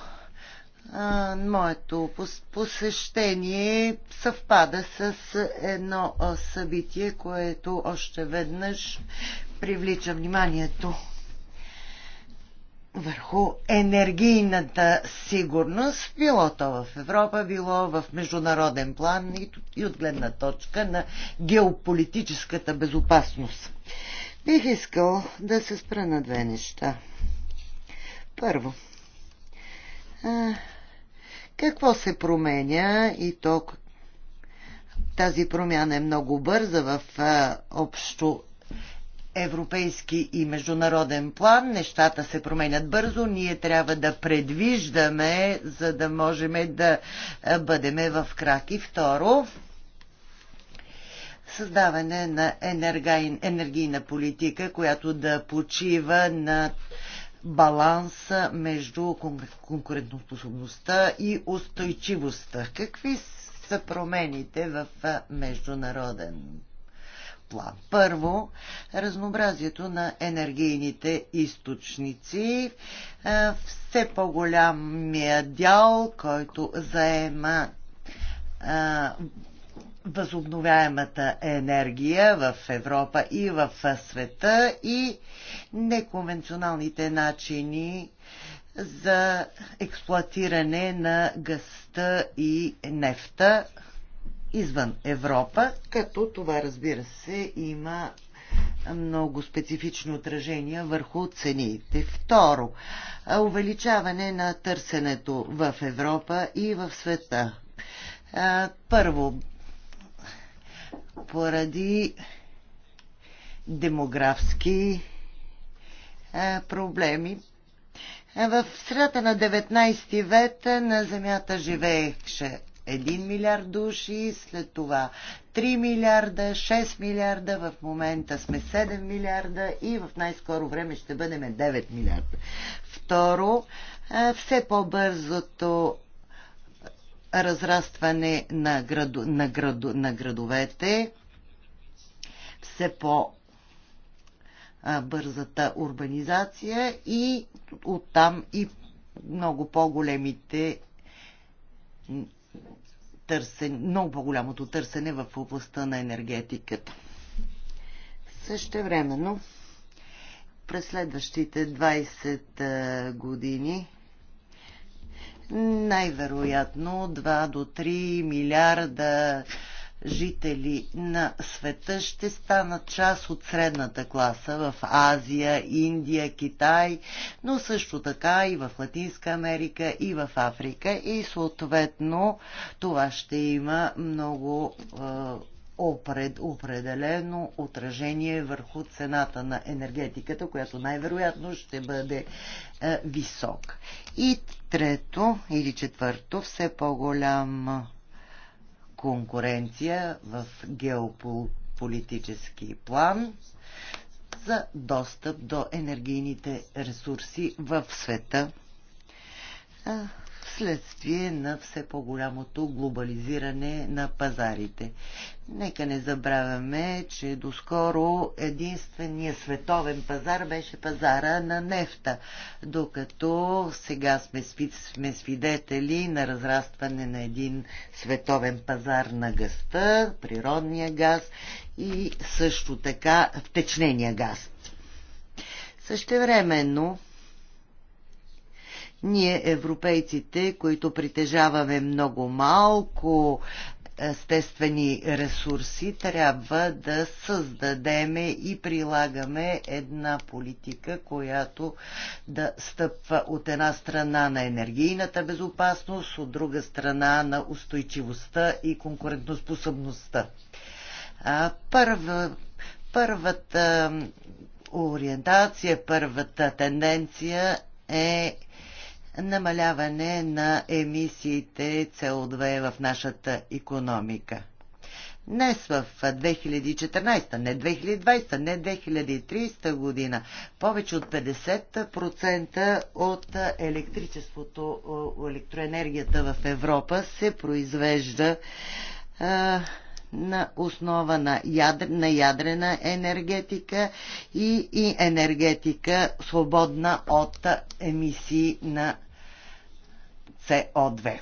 а, моето посещение съвпада с едно събитие, което още веднъж привлича вниманието върху енергийната сигурност, било то в Европа, било в международен план и от гледна точка на геополитическата безопасност. Бих искал да се спра на две неща. Първо, а, какво се променя и то тази промяна е много бърза в а, общо европейски и международен план. Нещата се променят бързо. Ние трябва да предвиждаме, за да можем да е, бъдеме в крак. И второ, създаване на енергийна политика, която да почива на баланса между конкурентоспособността и устойчивостта. Какви са промените в е, международен план. Първо, разнообразието на енергийните източници. Е, все по-голямия дял, който заема е, възобновяемата енергия в Европа и в света и неконвенционалните начини за експлуатиране на гъста и нефта извън Европа, като това разбира се има много специфични отражения върху цените. Второ, увеличаване на търсенето в Европа и в света. Първо, поради демографски проблеми. В средата на 19 век на Земята живееше 1 милиард души, след това 3 милиарда, 6 милиарда, в момента сме 7 милиарда и в най-скоро време ще бъдем 9 милиарда. Второ, все по-бързото разрастване на, граду, на, граду, на градовете, все по- бързата урбанизация и оттам и много по-големите търсене, много по-голямото търсене в областта на енергетиката. Също времено, през следващите 20 години най-вероятно 2 до 3 милиарда жители на света ще станат част от средната класа в Азия, Индия, Китай, но също така и в Латинска Америка и в Африка и съответно това ще има много определено отражение върху цената на енергетиката, която най-вероятно ще бъде висок. И трето или четвърто, все по-голям конкуренция в геополитически план за достъп до енергийните ресурси в света вследствие на все по-голямото глобализиране на пазарите. Нека не забравяме, че доскоро единственият световен пазар беше пазара на нефта, докато сега сме, сме свидетели на разрастване на един световен пазар на гъста, природния газ и също така втечнения газ. Същевременно, ние европейците, които притежаваме много малко естествени ресурси, трябва да създадеме и прилагаме една политика, която да стъпва от една страна на енергийната безопасност, от друга страна на устойчивостта и конкурентоспособността. Първа, първата ориентация, първата тенденция е намаляване на емисиите CO2 в нашата економика. Днес в 2014, не 2020, не 2030 година, повече от 50% от електричеството, електроенергията в Европа се произвежда а, на основа на, ядр, на ядрена енергетика и, и енергетика свободна от емисии на СО2.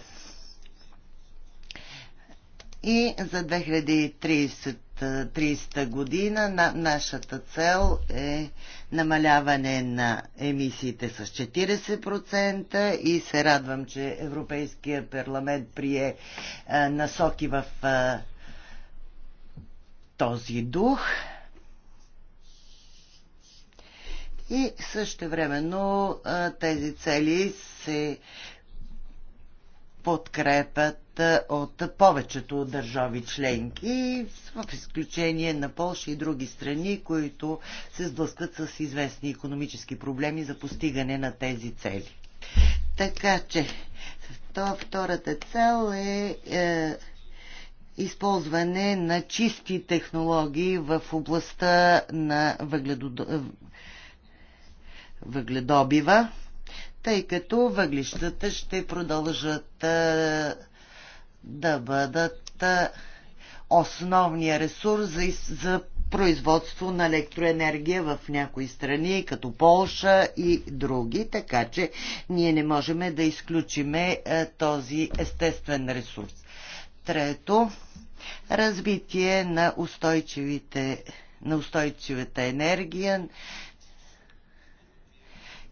И за 2030 2030 година на, нашата цел е намаляване на емисиите с 40% и се радвам, че Европейския парламент прие а, насоки в а, този дух и също времено тези цели се подкрепят от повечето държави членки, в изключение на Польша и други страни, които се сблъскват с известни економически проблеми за постигане на тези цели. Така че, то втората цел е, е използване на чисти технологии в областта на въгледод... Е, въгледобива, тъй като въглищата ще продължат е, да бъдат е, основния ресурс за, за производство на електроенергия в някои страни, като Полша и други, така че ние не можем да изключиме този естествен ресурс. Трето, развитие на, устойчивите, на устойчивата енергия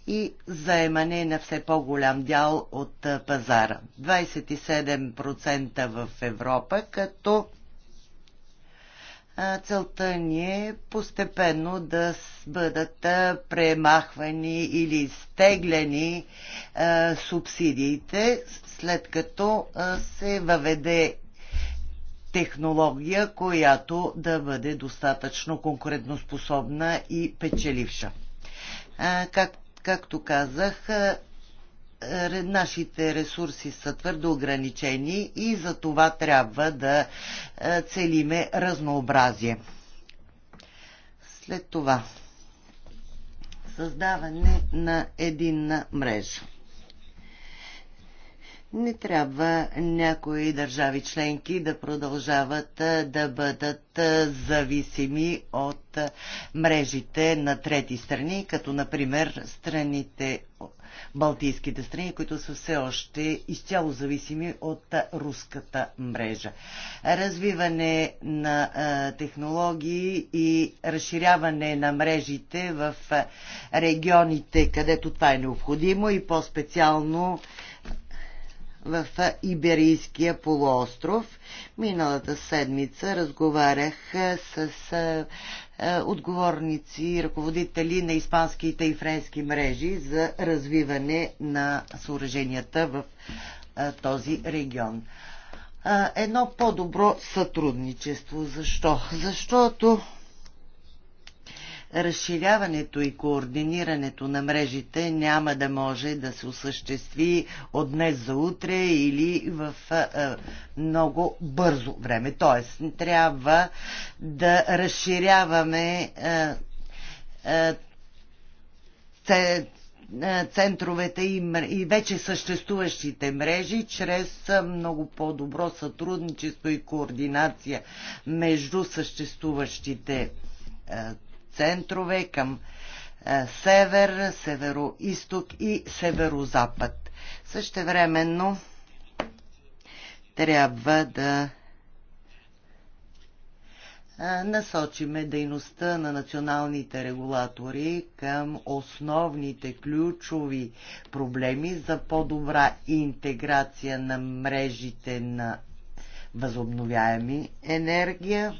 и заемане на все по-голям дял от пазара. 27% в Европа, като целта ни е постепенно да бъдат премахвани или стеглени субсидиите, след като се въведе технология, която да бъде достатъчно конкурентоспособна и печеливша. Как, както казах, нашите ресурси са твърдо ограничени и за това трябва да целиме разнообразие. След това създаване на единна мрежа не трябва някои държави членки да продължават да бъдат зависими от мрежите на трети страни, като например страните, балтийските страни, които са все още изцяло зависими от руската мрежа. Развиване на технологии и разширяване на мрежите в регионите, където това е необходимо и по-специално в Иберийския полуостров. Миналата седмица разговарях с отговорници, ръководители на испанските и френски мрежи за развиване на съоръженията в този регион. Едно по-добро сътрудничество. Защо? Защото разширяването и координирането на мрежите няма да може да се осъществи от днес за утре или в много бързо време. Тоест, трябва да разширяваме центровете и вече съществуващите мрежи чрез много по-добро сътрудничество и координация между съществуващите центрове към е, север, северо-исток и северо-запад. Същевременно трябва да е, насочиме дейността на националните регулатори към основните ключови проблеми за по-добра интеграция на мрежите на възобновяеми енергия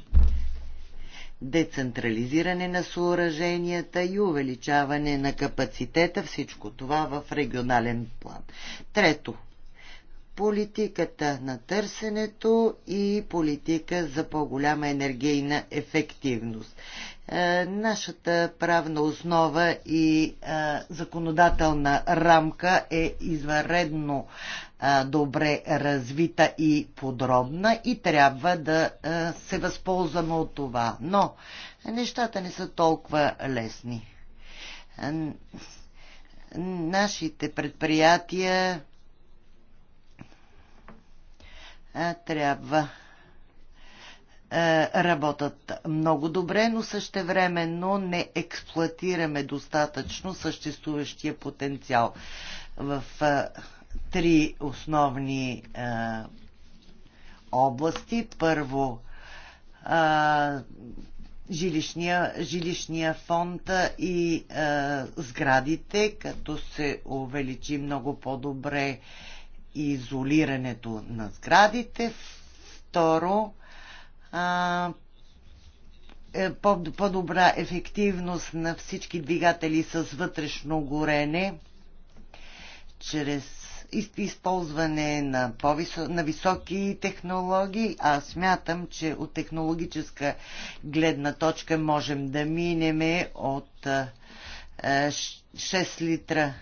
децентрализиране на съоръженията и увеличаване на капацитета, всичко това в регионален план. Трето, политиката на търсенето и политика за по-голяма енергийна ефективност. Е, нашата правна основа и е, законодателна рамка е извънредно добре развита и подробна и трябва да се възползваме от това. Но нещата не са толкова лесни. Нашите предприятия трябва работят много добре, но но не експлуатираме достатъчно съществуващия потенциал. В три основни а, е, области. Първо, а, е, жилищния, жилищния фонд и а, е, сградите, като се увеличи много по-добре изолирането на сградите. Второ, а, по-добра ефективност на всички двигатели с вътрешно горене чрез използване на, повисо, на високи технологии. а смятам, че от технологическа гледна точка можем да минеме от 6 литра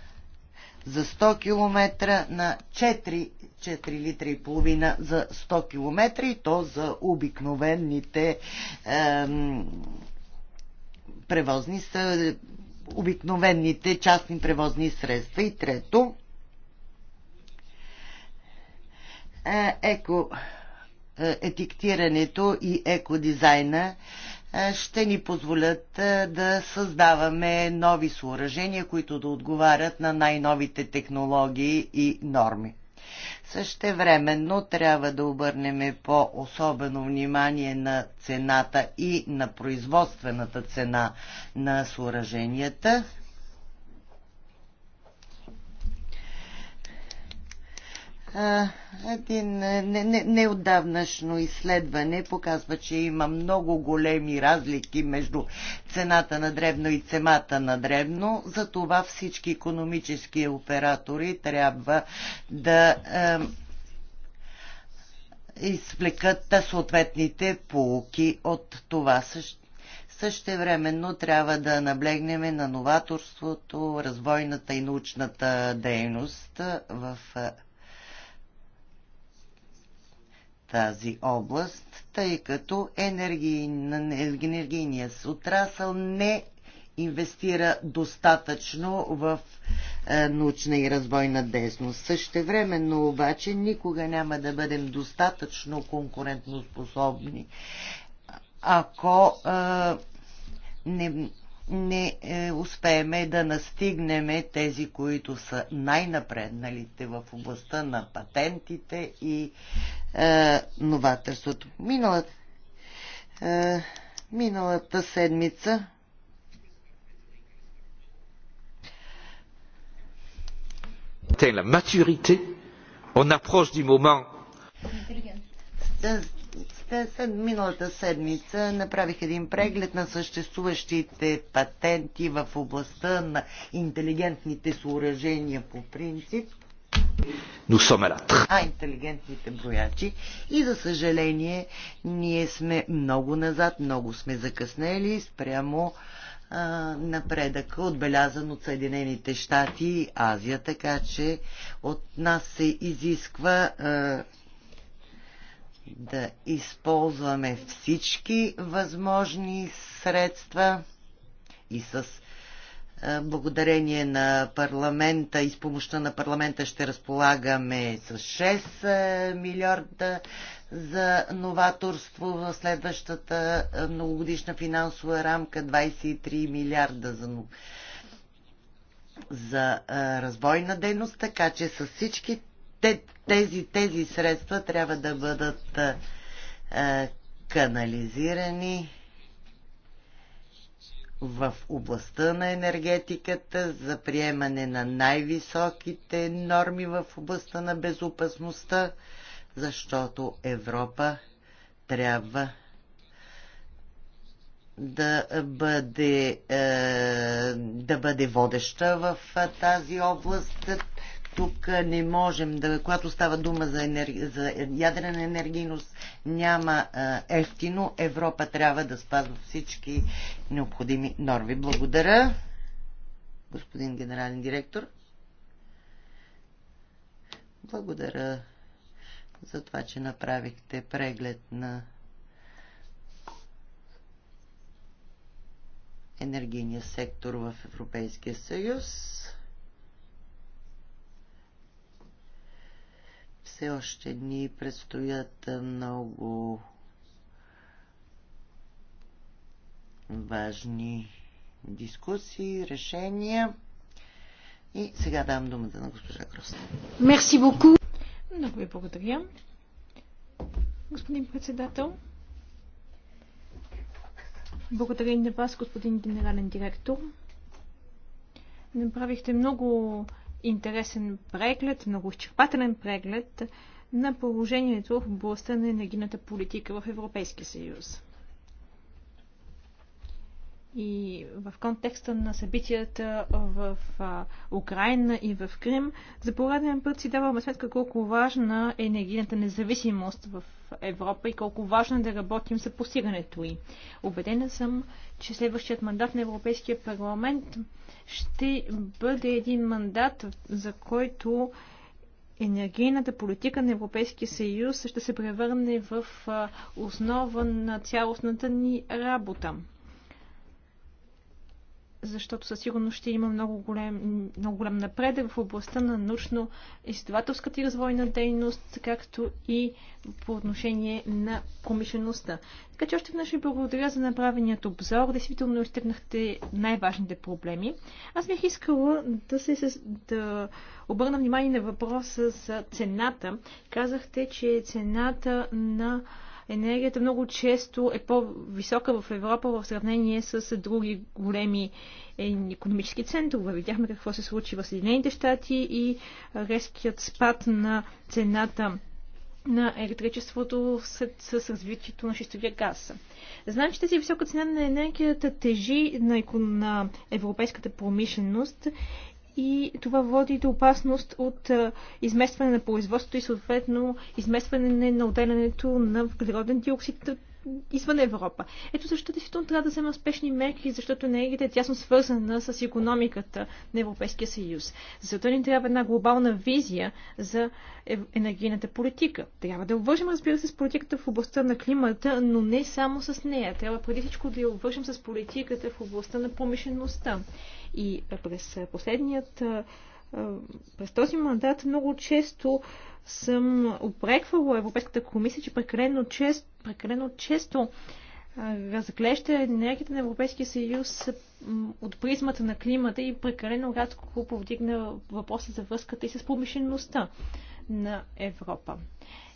за 100 км на 4, 4 литра и половина за 100 км и то за обикновените ем, превозни са обикновените частни превозни средства. И трето, Е, еко е, етиктирането и екодизайна е, ще ни позволят да създаваме нови съоръжения, които да отговарят на най-новите технологии и норми. Същевременно трябва да обърнем по-особено внимание на цената и на производствената цена на съоръженията, един неотдавнашно не, не изследване показва, че има много големи разлики между цената на дребно и цемата на дребно. Затова всички економически оператори трябва да е, извлекат съответните полуки от това също. Същевременно трябва да наблегнем на новаторството, развойната и научната дейност в е, тази област, тъй като енергийният отрасъл не инвестира достатъчно в е, научна и развойна дейност. Същевременно обаче никога няма да бъдем достатъчно конкурентноспособни, ако е, не не е, успееме да настигнем тези, които са най-напредналите в областта на патентите и е, новаторството. Миналата, е, миналата седмица la maturité, on approche du moment е, След Миналата седмица направих един преглед на съществуващите патенти в областта на интелигентните съоръжения по принцип. А интелигентните броячи. И за съжаление, ние сме много назад, много сме закъснели спрямо напредък, отбелязан от Съединените щати и Азия, така че от нас се изисква а, да използваме всички възможни средства и с благодарение на парламента и с помощта на парламента ще разполагаме с 6 милиарда за новаторство в следващата многогодишна финансова рамка, 23 милиарда за, за разбойна дейност, така че с всички тези, тези средства трябва да бъдат а, канализирани в областта на енергетиката за приемане на най-високите норми в областта на безопасността, защото Европа трябва да бъде, е, да бъде водеща в тази област тук не можем да, когато става дума за, енерги, за ядрена енергийност, няма ефтино. Европа трябва да спазва всички необходими норми. Благодаря, господин генерален директор. Благодаря за това, че направихте преглед на енергийния сектор в Европейския съюз. все още ни предстоят много важни дискусии, решения. И сега дам думата на госпожа Крос. Мерси боку. Много ви благодаря. Господин председател, благодаря и на вас, господин генерален директор. Направихте много интересен преглед, много изчерпателен преглед на положението в областта на енергийната политика в Европейския съюз. И в контекста на събитията в Украина и в Крим, за пореден път си даваме сметка колко важна е енергийната независимост в Европа и колко важно е да работим за постигането й. Обедена съм, че следващият мандат на Европейския парламент ще бъде един мандат, за който енергийната политика на Европейския съюз ще се превърне в основа на цялостната ни работа защото със сигурност ще има много голем, много голям напредък в областта на научно-изследователската и развойна дейност, както и по отношение на промишлеността. Така че още веднъж ви благодаря за направеният обзор. Действително изтъкнахте най-важните проблеми. Аз бих искала да, се, да обърна внимание на въпроса за цената. Казахте, че цената на енергията много често е по-висока в Европа в сравнение с други големи е, економически центрове. Видяхме какво се случи в Съединените щати и резкият спад на цената на електричеството с, с развитието на шестовия газ. Знаем, че тази висока цена на енергията тежи на, на европейската промишленост и това води до опасност от изместване на производството и съответно изместване на отделянето на въглероден диоксид извън Европа. Ето защо действително трябва да взема спешни мерки, защото енергията е тясно свързана с економиката на Европейския съюз. Зато ни трябва една глобална визия за енергийната политика. Трябва да обвържем, разбира се, с политиката в областта на климата, но не само с нея. Трябва преди всичко да я обвържем с политиката в областта на промишлеността. И през последният е, през този мандат много често съм опреквала Европейската комисия, че прекалено, чест, прекалено често е, разглежда енергията на Европейския съюз е, от призмата на климата и прекалено рядко повдигна въпроса за връзката и с промишлеността на Европа.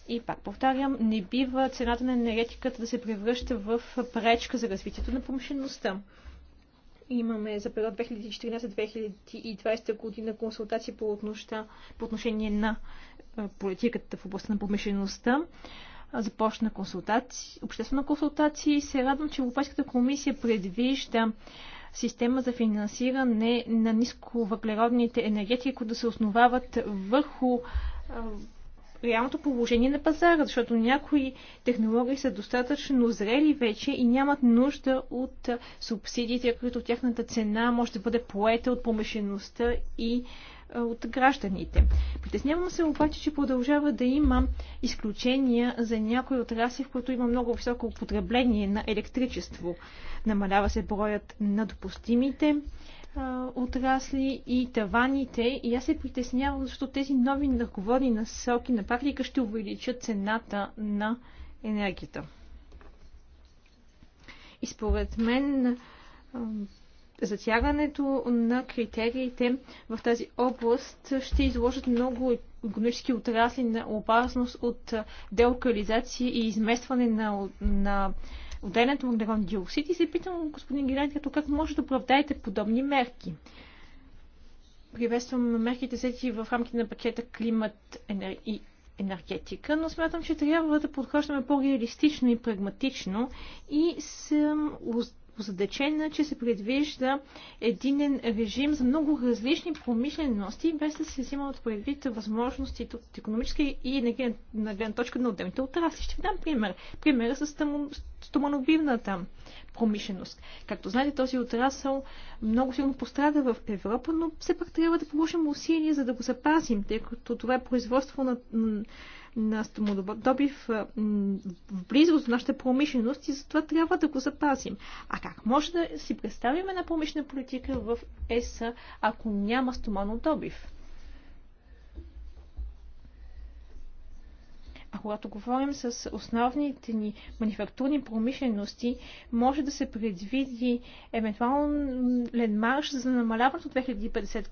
И пак повтарям, не бива цената на енергетиката да се превръща в пречка за развитието на промишлеността имаме за период 2014-2020 година консултации по, отношта, по отношение на политиката в областта на промишлеността. Започна консултации, обществена консултация и се радвам, че Европейската комисия предвижда система за финансиране на нисковъглеродните енергетики, които се основават върху реалното положение на пазара, защото някои технологии са достатъчно зрели вече и нямат нужда от субсидиите, които тяхната цена може да бъде поета от помешеността и от гражданите. Притеснявам се обаче, че продължава да има изключения за някои отрасли, в които има много високо употребление на електричество. Намалява се броят на допустимите отрасли и таваните. И аз се притеснявам, защото тези нови ръководни насоки на практика ще увеличат цената на енергията. И според мен затягането на критериите в тази област ще изложат много економически отрасли на опасност от делокализация и изместване на, на отделянето на углероден диоксид и се питам, господин Гилен, като как може да оправдаете подобни мерки? Приветствам мерките сети в рамките на пакета климат и енергетика, но смятам, че трябва да подхождаме по-реалистично и прагматично и съм озадачена, че се предвижда единен режим за много различни промишлености, без да се взимат предвид възможностите от економическа и на гледна точка на отделните отрасли. Ще ви дам пример. Примера с стомановивната промишленост. Както знаете, този отрасъл много силно пострада в Европа, но все пак трябва да положим усилия, за да го запазим, тъй като това е производство на на стомодобив в близост до нашата промишленост и затова трябва да го запазим. А как може да си представим една промишлена политика в ЕС, ако няма стоманодобив? А когато говорим с основните ни манифактурни промишлености, може да се предвиди евентуален марш за намаляването от 2050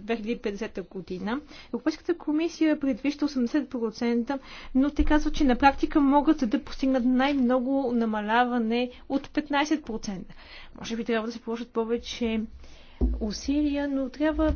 2050 година. Европейската комисия предвижда 80%, но те казват, че на практика могат да постигнат най-много намаляване от 15%. Може би трябва да се положат повече усилия, но трябва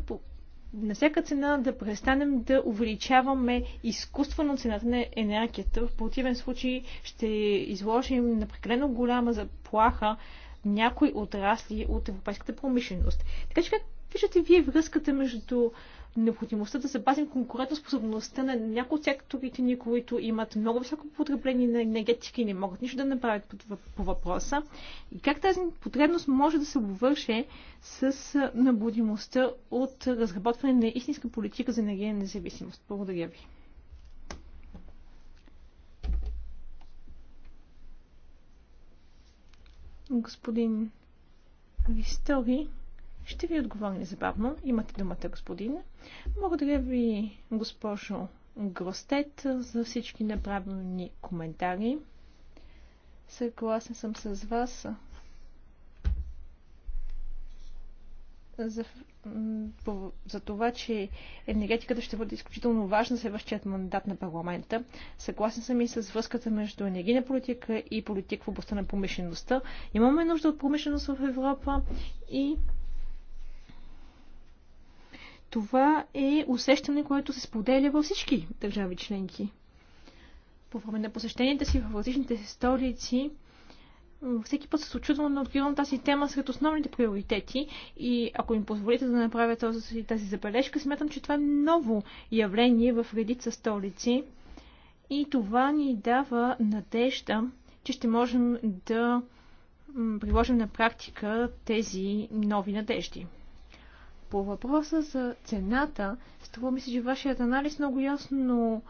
на всяка цена да престанем да увеличаваме изкуствено цената на енергията. В противен случай ще изложим на прекалено голяма заплаха някои отрасли от европейската промишленост. Така че как виждате вие връзката между необходимостта да запазим конкурентоспособността на някои от секторите ни, които имат много високо потребление на енергетика и не могат нищо да направят по, по въпроса. И как тази потребност може да се обвърже с необходимостта от разработване на истинска политика за и независимост. Благодаря ви. Господин Вистори. Ще ви отговоря незабавно. Имате думата, господин. Благодаря ви, госпожо Гростет, за всички направени коментари. Съгласен съм с вас за, за това, че енергетиката ще бъде изключително важна следващият мандат на парламента. Съгласен съм и с връзката между енергийна политика и политика в областта на промишлеността. Имаме нужда от промишленост в Европа и това е усещане, което се споделя във всички държави членки. По време на посещенията си в различните столици, всеки път се очудвам, но откривам тази тема сред основните приоритети и ако им позволите да направя този, тази забележка, смятам, че това е ново явление в редица столици и това ни дава надежда, че ще можем да приложим на практика тези нови надежди. По въпроса за цената, струва ми се, че вашият анализ много ясно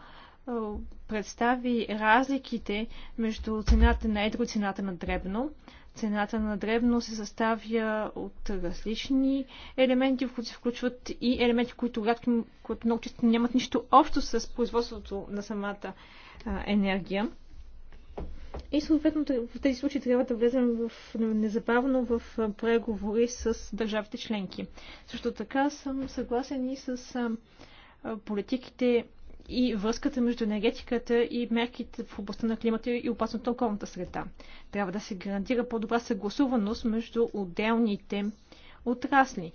представи разликите между цената на едро и цената на дребно. Цената на дребно се съставя от различни елементи, в които се включват и елементи, които, рядко, които много често нямат нищо общо с производството на самата енергия. И съответно в тези случаи трябва да влезем в, незабавно в преговори с държавите членки. Също така съм съгласен и с политиките и връзката между енергетиката и мерките в областта на климата и опасната околната среда. Трябва да се гарантира по-добра съгласуваност между отделните отрасли.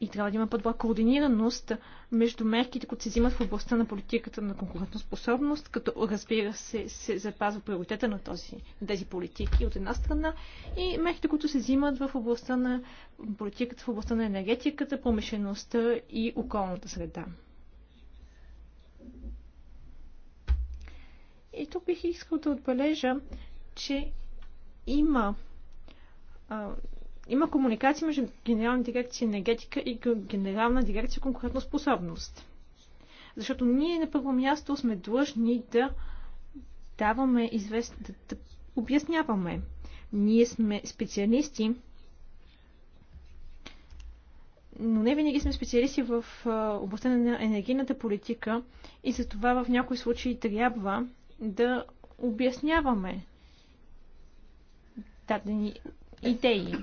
И трябва да има по-добра координираност между мерките, които се взимат в областта на политиката на конкурентоспособност, като разбира се, се запазва приоритета на, този, на тези политики от една страна и мерките, които се взимат в областта на политиката, в областта на енергетиката, промишлеността и околната среда. И тук бих искал да отбележа, че има има комуникация между Генерална дирекция енергетика и Генерална дирекция конкурентна способност. Защото ние на първо място сме длъжни да даваме извест... да, да обясняваме. Ние сме специалисти, но не винаги сме специалисти в областта на енергийната политика и за това в някои случаи трябва да обясняваме дадени идеи.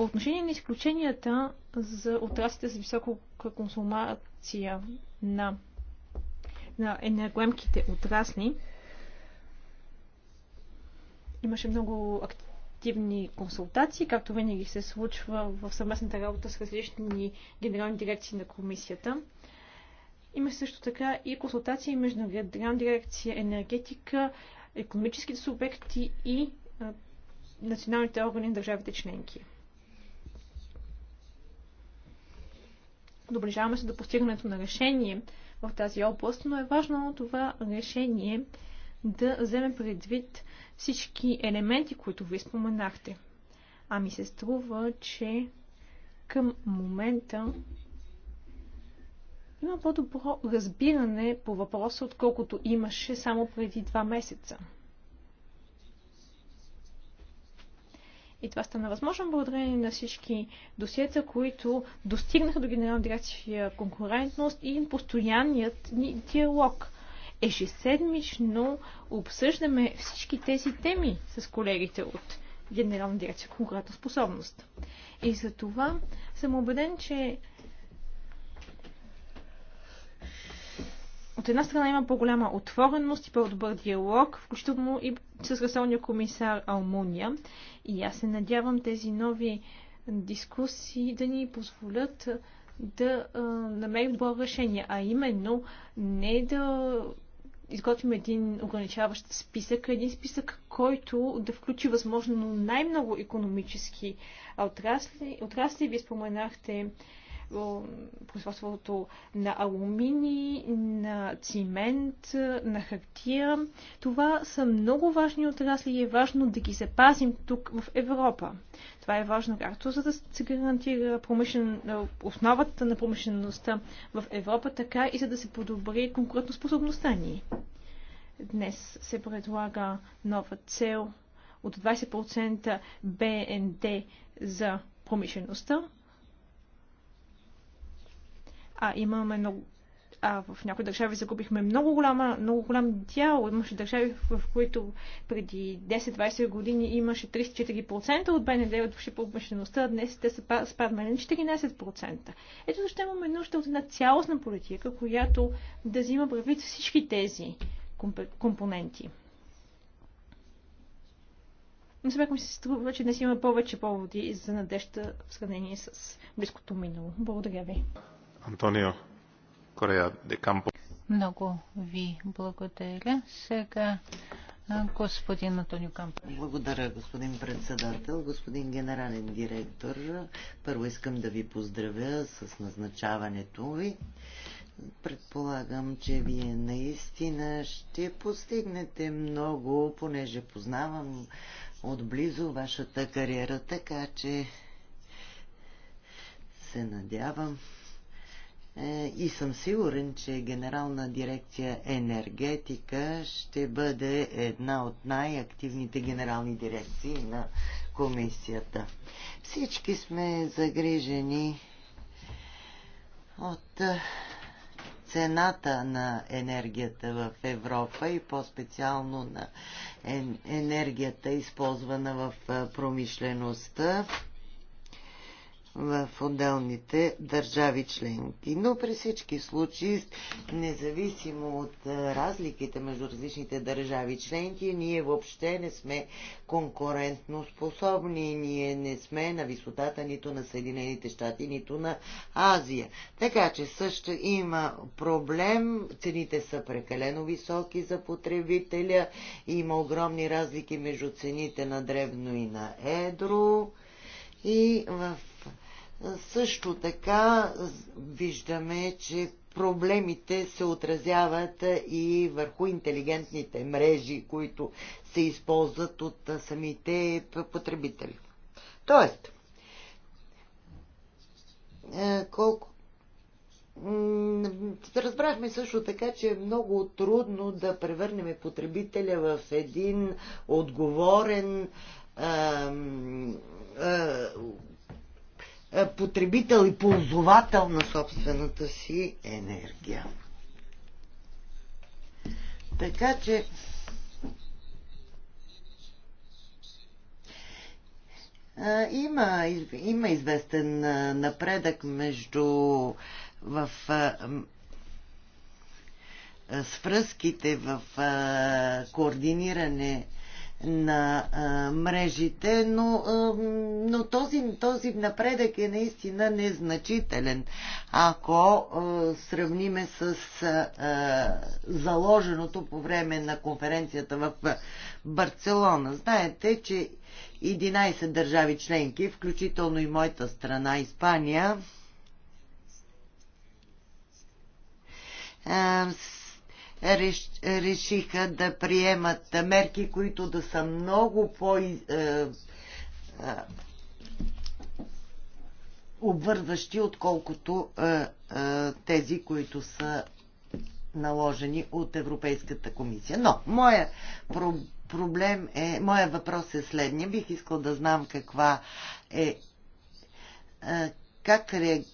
По отношение на изключенията за отрастите с висока консумация на, на енергоемките отрасли, имаше много активни консултации, както винаги се случва в съвместната работа с различни генерални дирекции на комисията. Има също така и консултации между Генерална дирекция енергетика, економическите субекти и националните органи на държавите членки. Доближаваме се до постигането на решение в тази област, но е важно това решение да вземе предвид всички елементи, които ви споменахте. А ми се струва, че към момента има по-добро разбиране по въпроса, отколкото имаше само преди два месеца. И това стана възможно благодарение на всички досиета, които достигнаха до Генерална дирекция конкурентност и постоянният ни диалог. Ежеседмично обсъждаме всички тези теми с колегите от Генерална дирекция конкурентна способност. И за това съм убеден, че от една страна има по-голяма отвореност и по-добър диалог, включително и с разсълния комисар Алмуния. И аз се надявам тези нови дискусии да ни позволят да а, намерим добро решение, а именно не да изготвим един ограничаващ списък, а един списък, който да включи възможно най-много економически отрасли. отрасли. Вие споменахте производството на алумини, на цимент, на хартия. Това са много важни отрасли и е важно да ги запазим тук в Европа. Това е важно както за да се гарантира промишлен, е, основата на промишлеността в Европа, така и за да се подобри конкурентоспособността ни. Днес се предлага нова цел от 20% БНД за промишлеността а имаме много а в някои държави загубихме много, голяма, много голям дял. Имаше държави, в които преди 10-20 години имаше 34% от БНД от общепромишлеността, а днес те са спаднали на 14%. Ето защо имаме нужда от една цялостна политика, която да взима правит всички тези компоненти. Но сега ми се струва, че днес има повече поводи за надежда в сравнение с близкото минало. Благодаря ви. Антонио Корея де Кампо. Много ви благодаря. Сега господин Антонио Кампо. Благодаря, господин председател, господин генерален директор. Първо искам да ви поздравя с назначаването ви. Предполагам, че вие наистина ще постигнете много, понеже познавам отблизо вашата кариера, така че се надявам е, и съм сигурен, че Генерална дирекция енергетика ще бъде една от най-активните генерални дирекции на комисията. Всички сме загрижени от е, цената на енергията в Европа и по-специално на енергията, използвана в е, промишлеността в отделните държави членки. Но при всички случаи, независимо от е, разликите между различните държави членки, ние въобще не сме конкурентно способни, ние не сме на висотата нито на Съединените щати, нито на Азия. Така че също има проблем, цените са прекалено високи за потребителя, има огромни разлики между цените на древно и на едро. И в също така виждаме, че проблемите се отразяват и върху интелигентните мрежи, които се използват от самите потребители. Тоест, е, колко. Разбрахме също така, че е много трудно да превърнем потребителя в един отговорен е, потребител и ползовател на собствената си енергия. Така че е, Има, има известен е, напредък между в свръзките, в координиране на а, мрежите, но, а, но този, този напредък е наистина незначителен, ако а, сравниме с а, заложеното по време на конференцията в Барселона. Знаете, че 11 държави членки, включително и моята страна Испания, а, решиха да приемат мерки, които да са много по- е, е, обвързващи, отколкото е, тези, които са наложени от Европейската комисия. Но, моя про проблем е, моя въпрос е следния. Бих искал да знам каква е, как реагира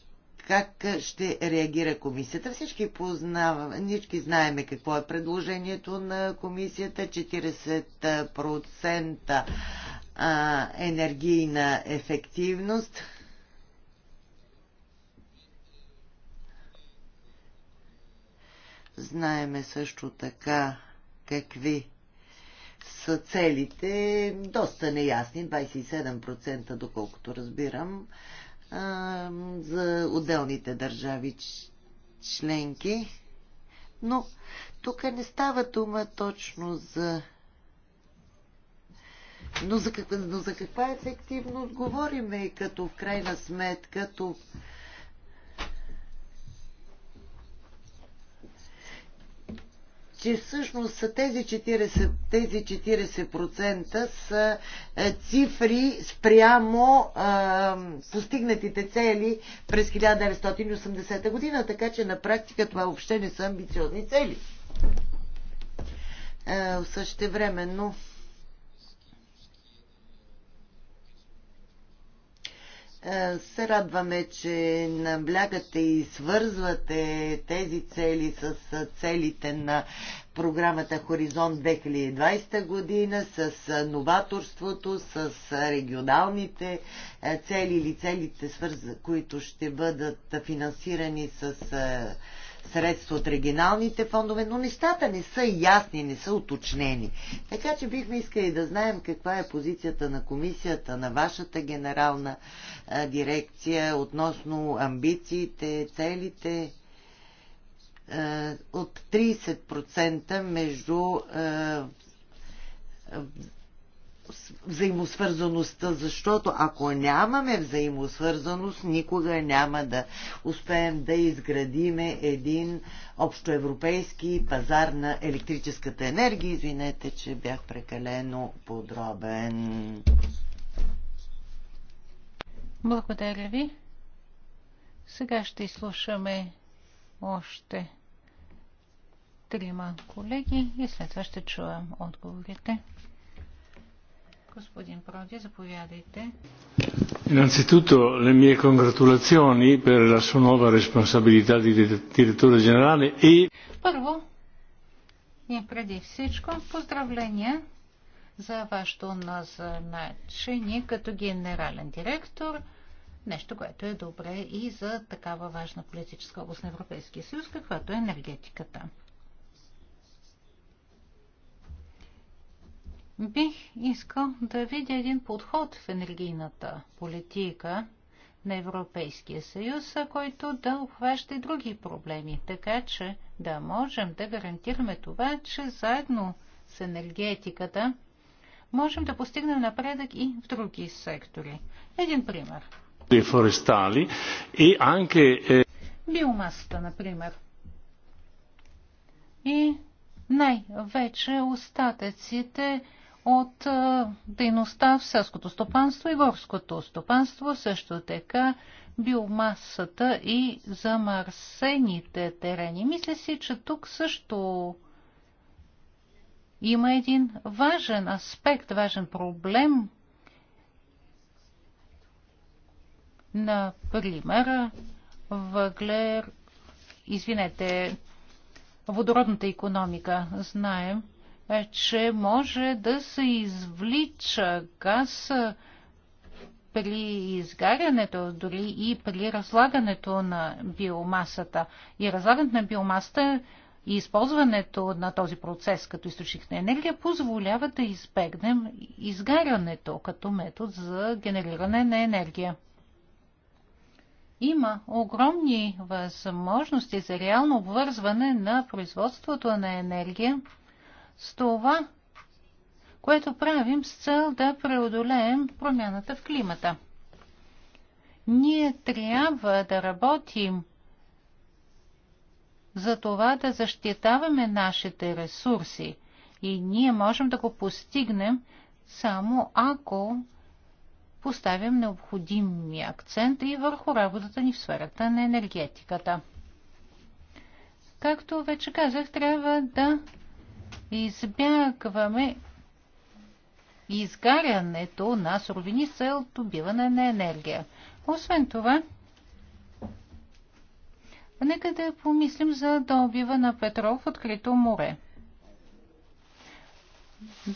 как ще реагира комисията. Всички познаваме, всички знаеме какво е предложението на комисията. 40% енергийна ефективност. Знаеме също така какви са целите, доста неясни, 27% доколкото разбирам а, за отделните държави членки. Но тук не става дума точно за. Но за, каква, но за каква ефективност говориме, като в крайна сметка, като че всъщност тези 40%, тези 40 са е, цифри спрямо а, е, постигнатите цели през 1980 година, така че на практика това въобще не са амбициозни цели. Е, същевременно времено Е, се радваме, че наблягате и свързвате тези цели с целите на програмата Хоризонт 2020 година, с новаторството, с регионалните е, цели или целите, които ще бъдат финансирани с е, средства от регионалните фондове, но нещата не са ясни, не са уточнени. Така че бихме искали да знаем каква е позицията на комисията, на вашата генерална дирекция относно амбициите, целите от 30% между взаимосвързаността, защото ако нямаме взаимосвързаност, никога няма да успеем да изградиме един общоевропейски пазар на електрическата енергия. Извинете, че бях прекалено подробен. Благодаря ви. Сега ще изслушаме още трима колеги и след това ще чуем отговорите. Господин Проди, заповядайте. Innanzitutto le mie congratulazioni per la sua nuova responsabilità di direttore generale e... Първо, и преди всичко, поздравления за вашето назначение като генерален директор. Нещо, което е добре и за такава важна политическа област на Европейския съюз, каквато е енергетиката. Бих искал да видя един подход в енергийната политика на Европейския съюз, който да обхваща и други проблеми, така че да можем да гарантираме това, че заедно с енергетиката можем да постигнем напредък и в други сектори. Един пример. Дефорестали и анке... Е, Биомасата, например. И най-вече остатъците от дейността в селското стопанство и горското стопанство, също така биомасата и замърсените терени. Мисля си, че тук също има един важен аспект, важен проблем. Например, въглер, извинете, водородната економика. Знаем, е, че може да се извлича газ при изгарянето, дори и при разлагането на биомасата. И разлагането на биомасата и използването на този процес като източник на енергия позволява да избегнем изгарянето като метод за генериране на енергия. Има огромни възможности за реално обвързване на производството на енергия с това, което правим с цел да преодолеем промяната в климата. Ние трябва да работим за това да защитаваме нашите ресурси и ние можем да го постигнем само ако поставим необходимия акцент и върху работата ни в сферата на енергетиката. Както вече казах, трябва да избягваме изгарянето на суровини с цел добиване на енергия. Освен това, нека да помислим за добива на петрол в открито море.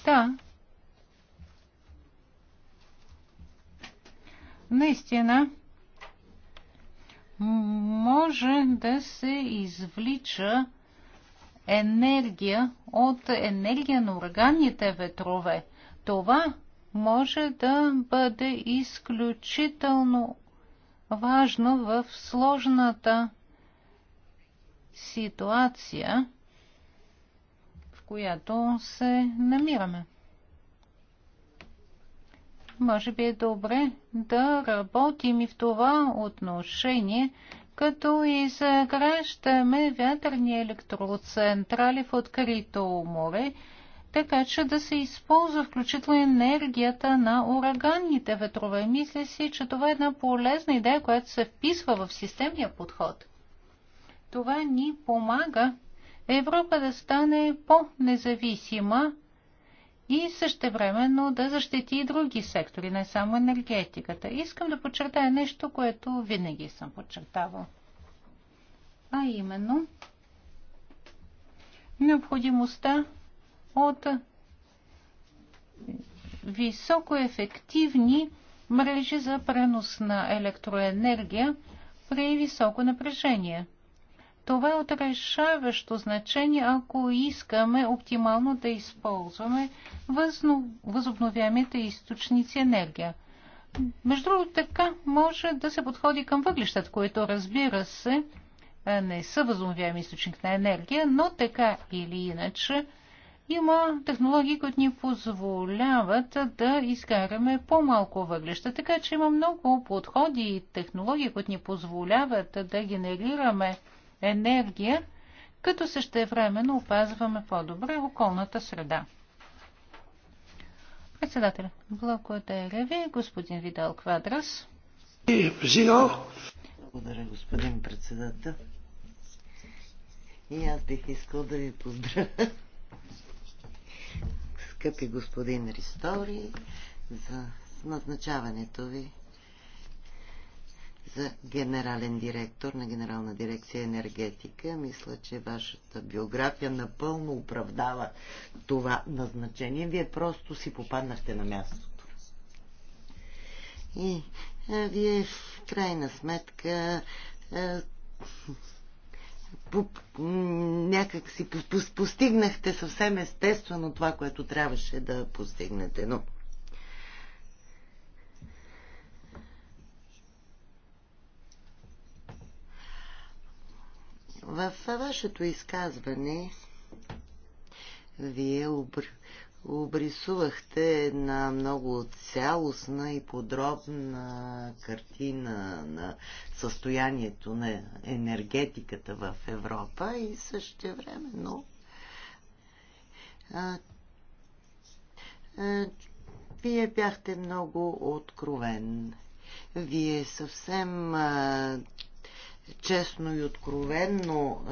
Да, наистина може да се извлича енергия от енергия на ураганните ветрове. Това може да бъде изключително важно в сложната ситуация, в която се намираме. Може би е добре да работим и в това отношение, като изграждаме вятърни електроцентрали в открито море, така че да се използва включително енергията на ураганните ветрове. Мисля си, че това е една полезна идея, която се вписва в системния подход. Това ни помага Европа да стане по-независима и същевременно да защити и други сектори, не само енергетиката. Искам да подчертая нещо, което винаги съм подчертавал. А именно необходимостта от високоефективни мрежи за пренос на електроенергия при високо напрежение – това е отрешаващо значение, ако искаме оптимално да използваме възобновяемите източници енергия. Между другото, така може да се подходи към въглищата, които разбира се е, не са възобновяем източник на енергия, но така или иначе има технологии, които ни позволяват да изкараме по-малко въглища. Така че има много подходи и технологии, които ни позволяват да генерираме енергия, като същевременно опазваме по-добре околната среда. Председател, благодаря ви, господин Видал Квадрас. Благодаря, господин председател. И аз бих искал да ви поздравя, скъпи господин Ристори, за назначаването ви за генерален директор на Генерална дирекция енергетика. Мисля, че вашата биография напълно оправдава това назначение. Вие просто си попаднахте на мястото. И а, вие в крайна сметка а, по, някак си по, по, постигнахте съвсем естествено това, което трябваше да постигнете. Но В вашето изказване вие обр... обрисувахте една много цялостна и подробна картина на състоянието на енергетиката в Европа и също времено вие бяхте много откровен. Вие съвсем а, честно и откровенно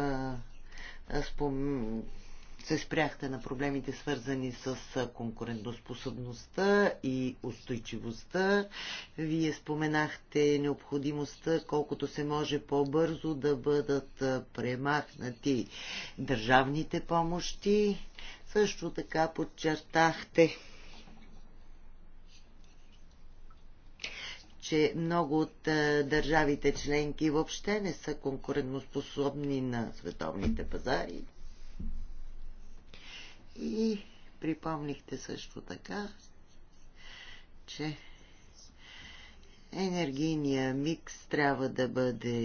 се спряхте на проблемите свързани с конкурентоспособността и устойчивостта. Вие споменахте необходимостта колкото се може по-бързо да бъдат премахнати държавните помощи. Също така подчертахте че много от държавите членки въобще не са конкурентоспособни на световните пазари. И припомнихте също така, че енергийния микс трябва да бъде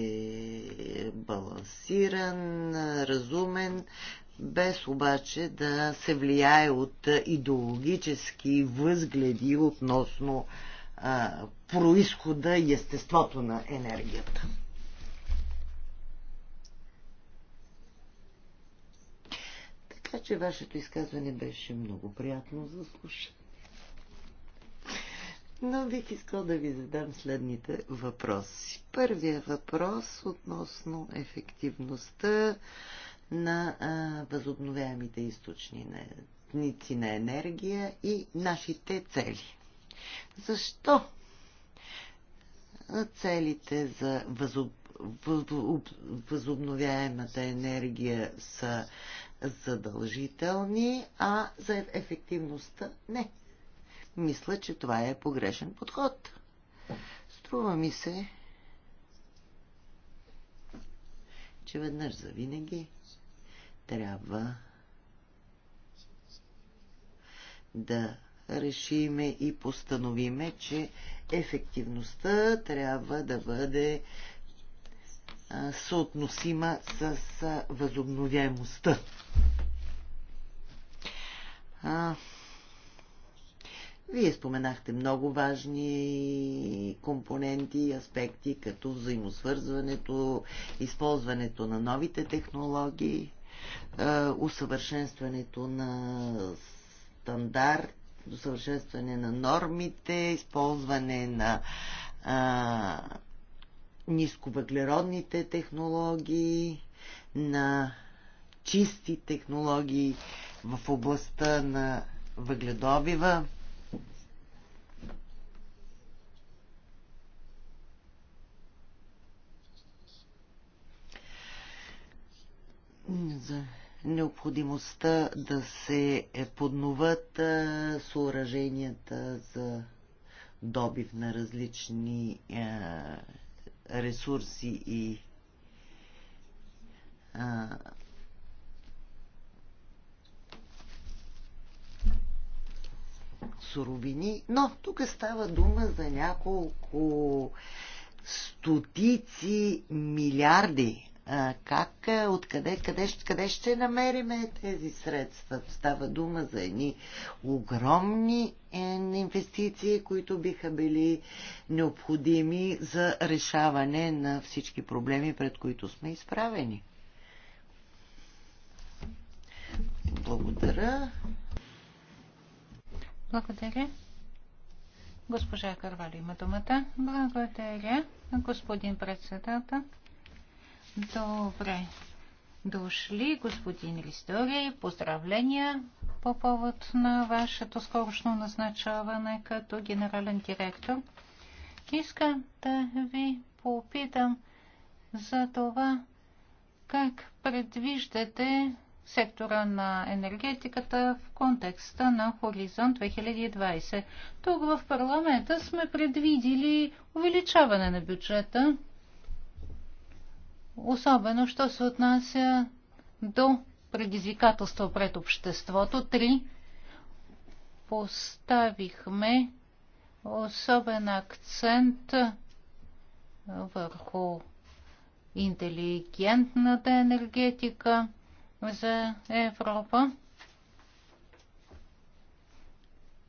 балансиран, разумен, без обаче да се влияе от идеологически възгледи относно происхода и естеството на енергията. Така че вашето изказване беше много приятно за слушане. Но бих искал да ви задам следните въпроси. Първият въпрос относно ефективността на а, възобновяемите източници на енергия и нашите цели. Защо целите за възобновяемата енергия са задължителни, а за ефективността не? Мисля, че това е погрешен подход. Струва ми се, че веднъж за винаги трябва да решиме и постановиме, че ефективността трябва да бъде съотносима с възобновяемостта. А, вие споменахте много важни компоненти и аспекти, като взаимосвързването, използването на новите технологии, усъвършенстването на стандарт усъвършенстване на нормите, използване на а, нисковъглеродните технологии, на чисти технологии в областта на въгледобива. За необходимостта да се подноват съоръженията за добив на различни ресурси и суровини, но тук става дума за няколко стотици милиарди как, е, откъде, къде, къде ще намериме тези средства. Става дума за едни огромни е, инвестиции, които биха били необходими за решаване на всички проблеми, пред които сме изправени. Благодаря. Благодаря. Госпожа Карвали има думата. Благодаря, господин председател. Добре. Дошли, господин Ристори. Поздравления по повод на вашето скорошно назначаване като генерален директор. Искам да ви попитам за това, как предвиждате сектора на енергетиката в контекста на Хоризонт 2020. Тук в парламента сме предвидили увеличаване на бюджета особено що се отнася до предизвикателства пред обществото. Три, поставихме особен акцент върху интелигентната енергетика за Европа.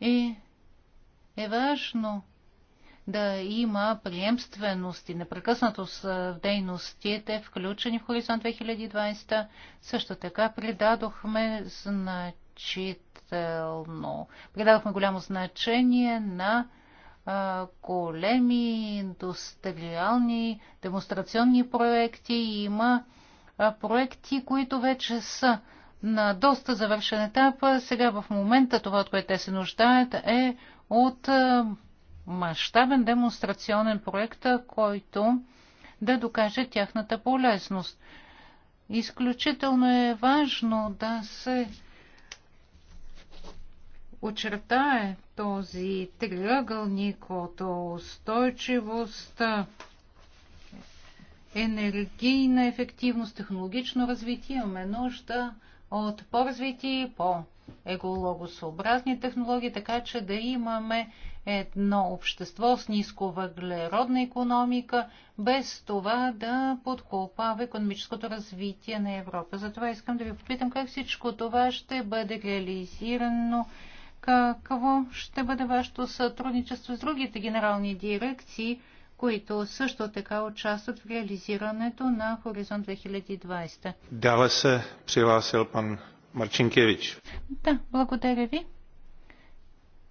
И е важно да има приемственост и непрекъснатост в дейностите, включени в Хоризонт 2020. Също така придадохме значително, придадохме голямо значение на големи индустриални демонстрационни проекти. Има проекти, които вече са на доста завършен етап. Сега в момента това, от което те се нуждаят, е от мащабен демонстрационен проект, който да докаже тяхната полезност. Изключително е важно да се очертае този триъгълник от устойчивост, енергийна ефективност, технологично развитие. Имаме нужда от по-развити, по-екологосъобразни технологии, така че да имаме едно общество с ниско въглеродна економика, без това да подкопава економическото развитие на Европа. Затова искам да ви попитам как всичко това ще бъде реализирано, какво ще бъде вашето сътрудничество с другите генерални дирекции, които също така участват в реализирането на Хоризонт 2020. Дава се приласил пан Марчинкевич. Да, благодаря ви.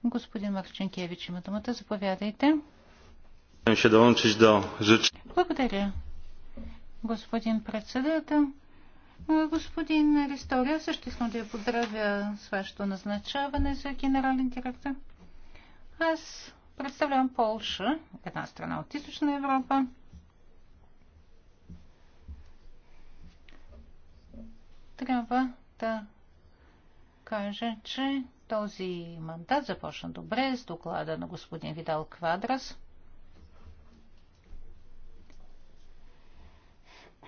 Господин Марченкевич има думата. Заповядайте. Благодаря. Господин председател, господин Ристория, също искам да я поздравя с вашето назначаване за генерален директор. Аз представлявам Полша, една страна от Източна Европа. Трябва да кажа, че този мандат започна добре с доклада на господин Видал Квадрас.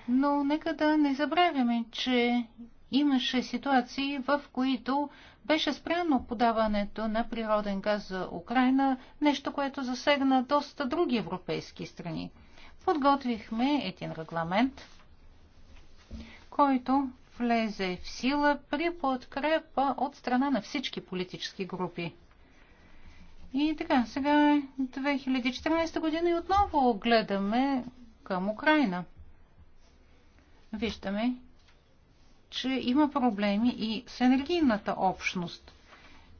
Но нека да не забравяме, че имаше ситуации, в които беше спряно подаването на природен газ за Украина, нещо, което засегна доста други европейски страни. Подготвихме един регламент, който влезе в сила при подкрепа от страна на всички политически групи. И така, сега е 2014 година и отново гледаме към Украина. Виждаме, че има проблеми и с енергийната общност.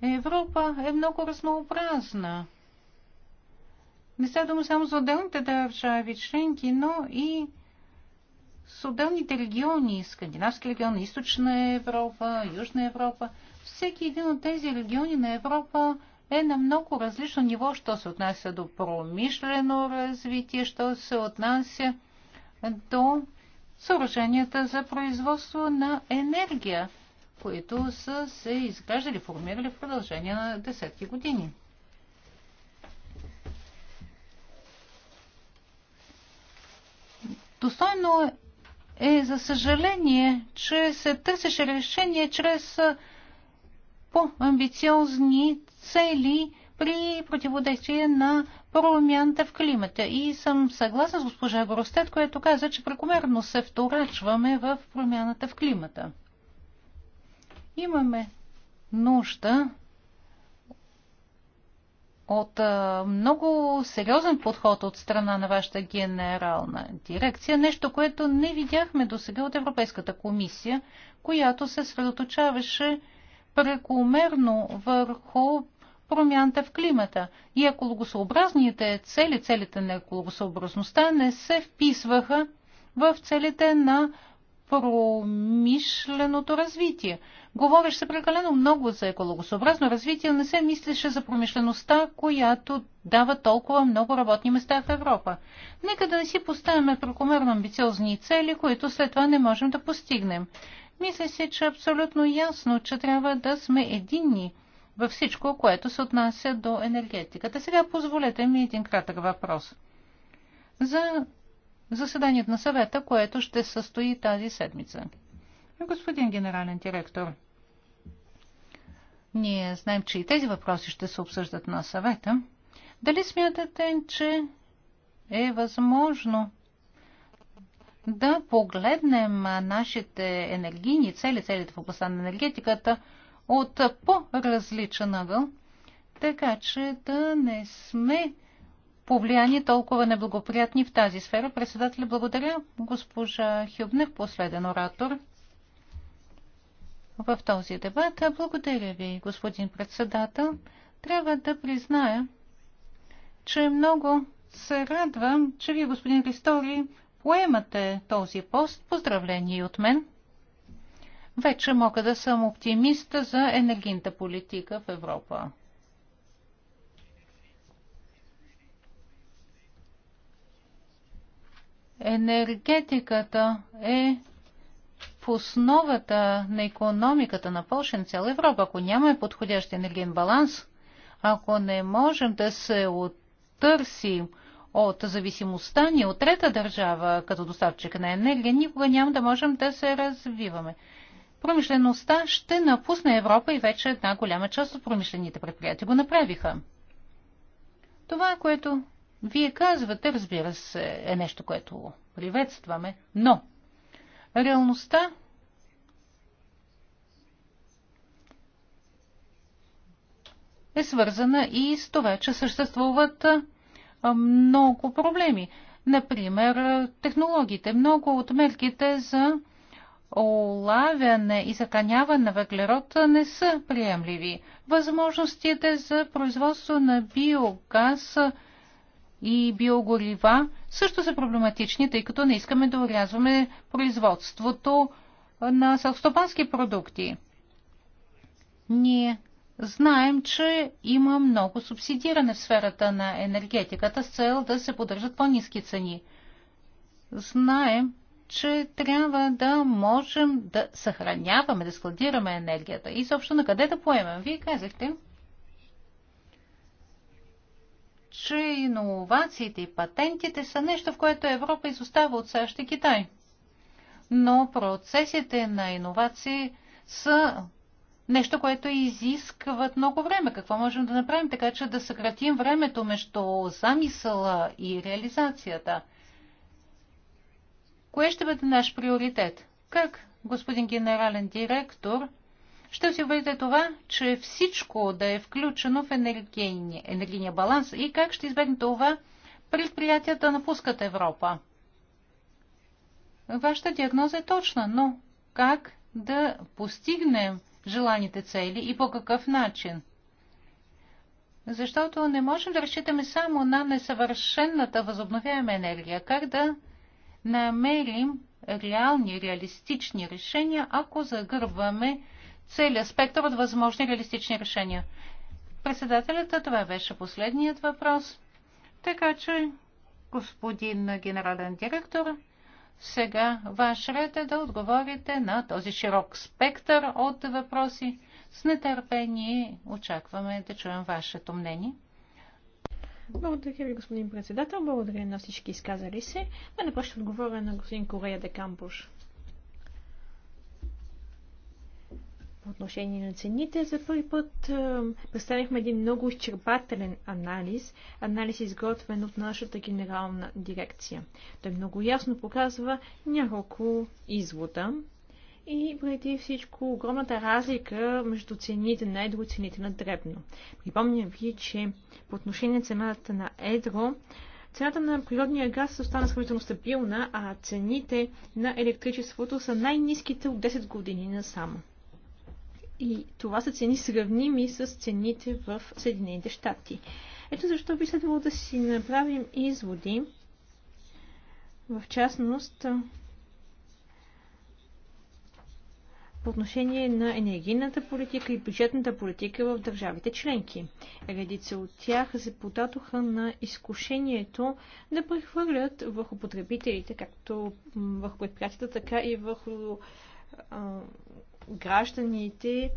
Европа е много разнообразна. Не става дума само за отделните държави членки, но и с отделните региони, Скандинавски регион, Източна Европа, Южна Европа. Всеки един от тези региони на Европа е на много различно ниво, що се отнася до промишлено развитие, що се отнася до съоръженията за производство на енергия, които са се изграждали, формирали в продължение на десетки години. Достойно е е, за съжаление, че се търсеше решение чрез по-амбициозни цели при противодействие на промяната в климата. И съм съгласна с госпожа Горостет, която каза, че прекомерно се вторачваме в промяната в климата. Имаме нужда от много сериозен подход от страна на вашата генерална дирекция, нещо, което не видяхме до сега от Европейската комисия, която се средоточаваше прекомерно върху промяната в климата. И екологосъобразните цели, целите на екологосъобразността не се вписваха в целите на промишленото развитие. Говореше се прекалено много за екологосъобразно развитие, не се мислеше за промишлеността, която дава толкова много работни места в Европа. Нека да не си поставяме прекомерно амбициозни цели, които след това не можем да постигнем. Мисля си, че е абсолютно ясно, че трябва да сме единни във всичко, което се отнася до енергетиката. Сега позволете ми един кратък въпрос. За заседанието на съвета, което ще състои тази седмица. Господин генерален директор, ние знаем, че и тези въпроси ще се обсъждат на съвета. Дали смятате, че е възможно да погледнем нашите енергийни цели, целите в областта на енергетиката от по-различен ъгъл, така че да не сме повлияни толкова неблагоприятни в тази сфера. Председателя, благодаря. Госпожа Хюбнер, последен оратор в този дебат. Благодаря ви, господин председател. Трябва да призная, че много се радвам, че ви, господин Ристори, поемате този пост. Поздравление от мен. Вече мога да съм оптимист за енергийната политика в Европа. енергетиката е в основата на економиката на Польша на цяла Европа. Ако нямаме подходящ енергиен баланс, ако не можем да се оттърсим от зависимостта ни от трета държава като доставчик на енергия, никога няма да можем да се развиваме. Промишлеността ще напусне Европа и вече една голяма част от промишлените предприятия го направиха. Това, което вие казвате, разбира се, е нещо, което приветстваме, но реалността е свързана и с това, че съществуват много проблеми. Например, технологиите. Много от мерките за олавяне и заканяване на въглерод не са приемливи. Възможностите за производство на биогаз и биогорива също са проблематични, тъй като не искаме да урязваме производството на селстопански продукти. Ние знаем, че има много субсидиране в сферата на енергетиката с цел да се поддържат по-низки цени. Знаем, че трябва да можем да съхраняваме, да складираме енергията. И съобщо на къде да поемем? Вие казахте, че иновациите и патентите са нещо, в което Европа изостава от САЩ и Китай. Но процесите на иновации са нещо, което изискват много време. Какво можем да направим така, че да съкратим времето между замисъла и реализацията? Кое ще бъде наш приоритет? Как, господин генерален директор, ще осигурите това, че всичко да е включено в енергийния, енергийния баланс и как ще избегне това предприятията да напускат Европа? Вашата диагноза е точна, но как да постигнем желаните цели и по какъв начин? Защото не можем да разчитаме само на несъвършенната възобновяема енергия. Как да намерим реални, реалистични решения, ако загърбваме Целия спектър от възможни реалистични решения. Председателята, това беше последният въпрос. Така че, господин генерален директор, сега ваш ред е да отговорите на този широк спектър от въпроси. С нетърпение очакваме да чуем вашето мнение. Благодаря ви, господин председател. Благодаря на всички изказали се. Да не ще отговоря на господин Корея де По отношение на цените, за първи път е, представихме един много изчерпателен анализ, анализ изготвен от нашата генерална дирекция. Той много ясно показва няколко извода. И преди всичко огромната разлика между цените на едро и цените на дребно. Припомням ви, че по отношение на цената на едро, цената на природния газ остана сравнително стабилна, а цените на електричеството са най-низките от 10 години насам. И това са цени сравними с цените в Съединените щати. Ето защо би следвало да си направим изводи, в частност по отношение на енергийната политика и бюджетната политика в държавите членки. Редица от тях се подадоха на изкушението да прехвърлят върху потребителите, както върху предприятията, така и върху гражданите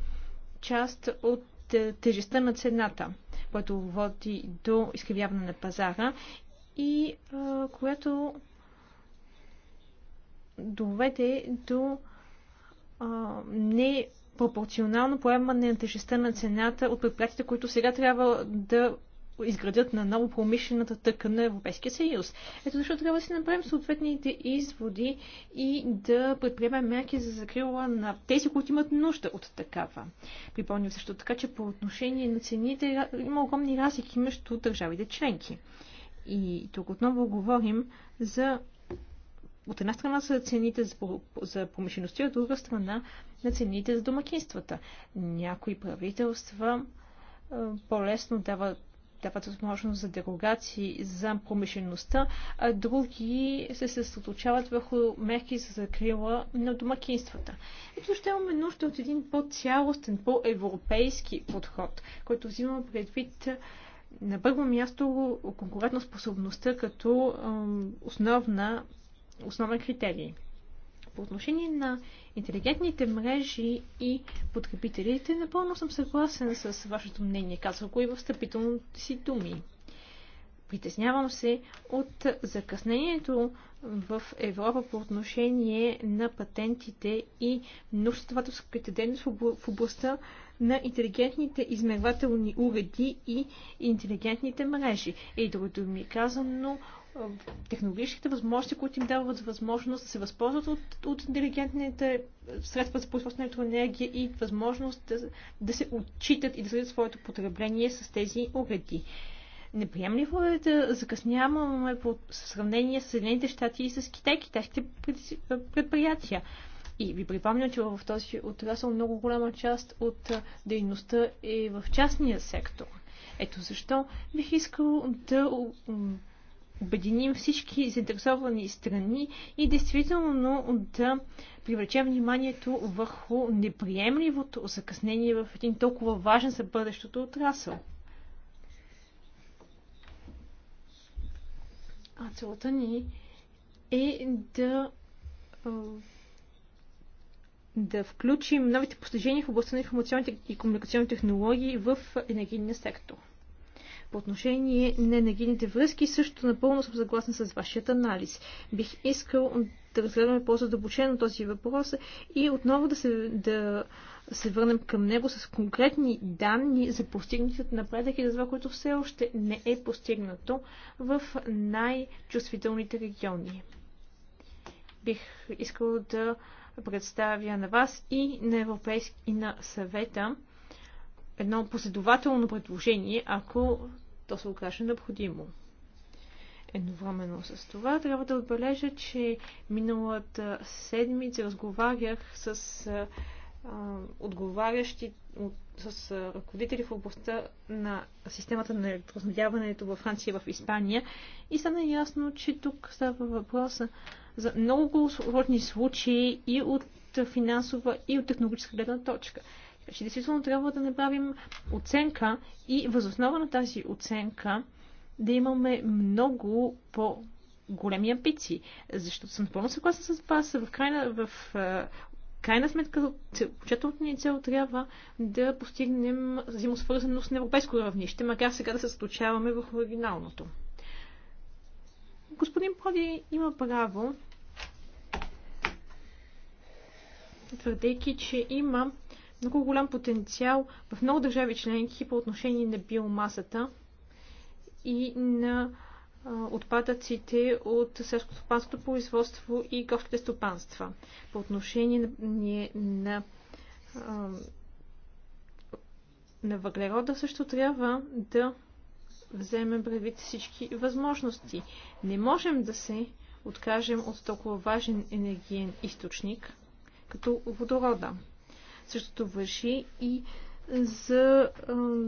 част от е, тежестта на цената, което води до изкривяване на пазара и а, е, което доведе до а, е, непропорционално поемане на тежестта на цената от предприятията, които сега трябва да изградят на ново промишлената тъка на Европейския съюз. Ето защо трябва да си направим съответните изводи и да предприемем мерки за закрила на тези, които имат нужда от такава. Припомням също така, че по отношение на цените има огромни разлики между държавите членки. И тук отново говорим за от една страна са цените за промишлеността, от друга страна на цените за домакинствата. Някои правителства по-лесно дават дават възможност за дерогации за промишлеността, а други се съсредоточават върху мерки за закрила на домакинствата. Ето ще имаме нужда от един по-цялостен, по-европейски подход, който взима предвид на първо място конкурентоспособността като основна, основен критерий. По отношение на интелигентните мрежи и потребителите, напълно съм съгласен с вашето мнение. Казах го и в встъпителните си думи. Притеснявам се от закъснението в Европа по отношение на патентите и научно-изследователската дейност в областта на интелигентните измервателни уреди и интелигентните мрежи. И другото ми казано, технологичните възможности, които им дават възможност да се възползват от, от интелигентните средства за производство на електроенергия и възможност да, да се отчитат и да следят своето потребление с тези уреди. Неприемливо е да закъсняваме по сравнение с Съединените щати и с Китай, китайските предприятия. И ви припомням, че в този отрасъл много голяма част от дейността е в частния сектор. Ето защо бих искал да обединим всички заинтересовани страни и действително да привлечем вниманието върху неприемливото закъснение в един толкова важен за бъдещото отрасъл. А целта ни е да да включим новите постижения в областта на информационните и комуникационни технологии в енергийния сектор. По отношение на енергийните връзки също напълно съм съгласна с вашият анализ. Бих искал да разгледаме по-задълбочено този въпрос и отново да се, да се върнем към него с конкретни данни за постигнатият напредък и за това, което все още не е постигнато в най-чувствителните региони. Бих искал да представя на вас и на, Европейски, и на съвета едно последователно предложение, ако то се окаже необходимо. Едновременно с това трябва да отбележа, че миналата седмица разговарях с а, отговарящи от, с а, ръководители в областта на системата на електроснабдяването във Франция и в Испания и стана ясно, че тук става въпроса за много сложни случаи и от финансова и от технологическа гледна точка ще действително трябва да направим оценка и възоснова на тази оценка да имаме много по големи амбиции. Защото съм напълно съгласна с вас, в крайна, в, крайна сметка, очакваната ни цел трябва да постигнем взаимосвързаност на европейско равнище, макар сега да се случаваме в оригиналното. Господин Поди има право, твърдейки, че има много голям потенциал в много държави членки по отношение на биомасата и на отпадъците от селско-стопанското производство и горските стопанства. По отношение на, на, на въглерода също трябва да вземем предвид всички възможности. Не можем да се откажем от толкова важен енергиен източник, като водорода. Същото върши и за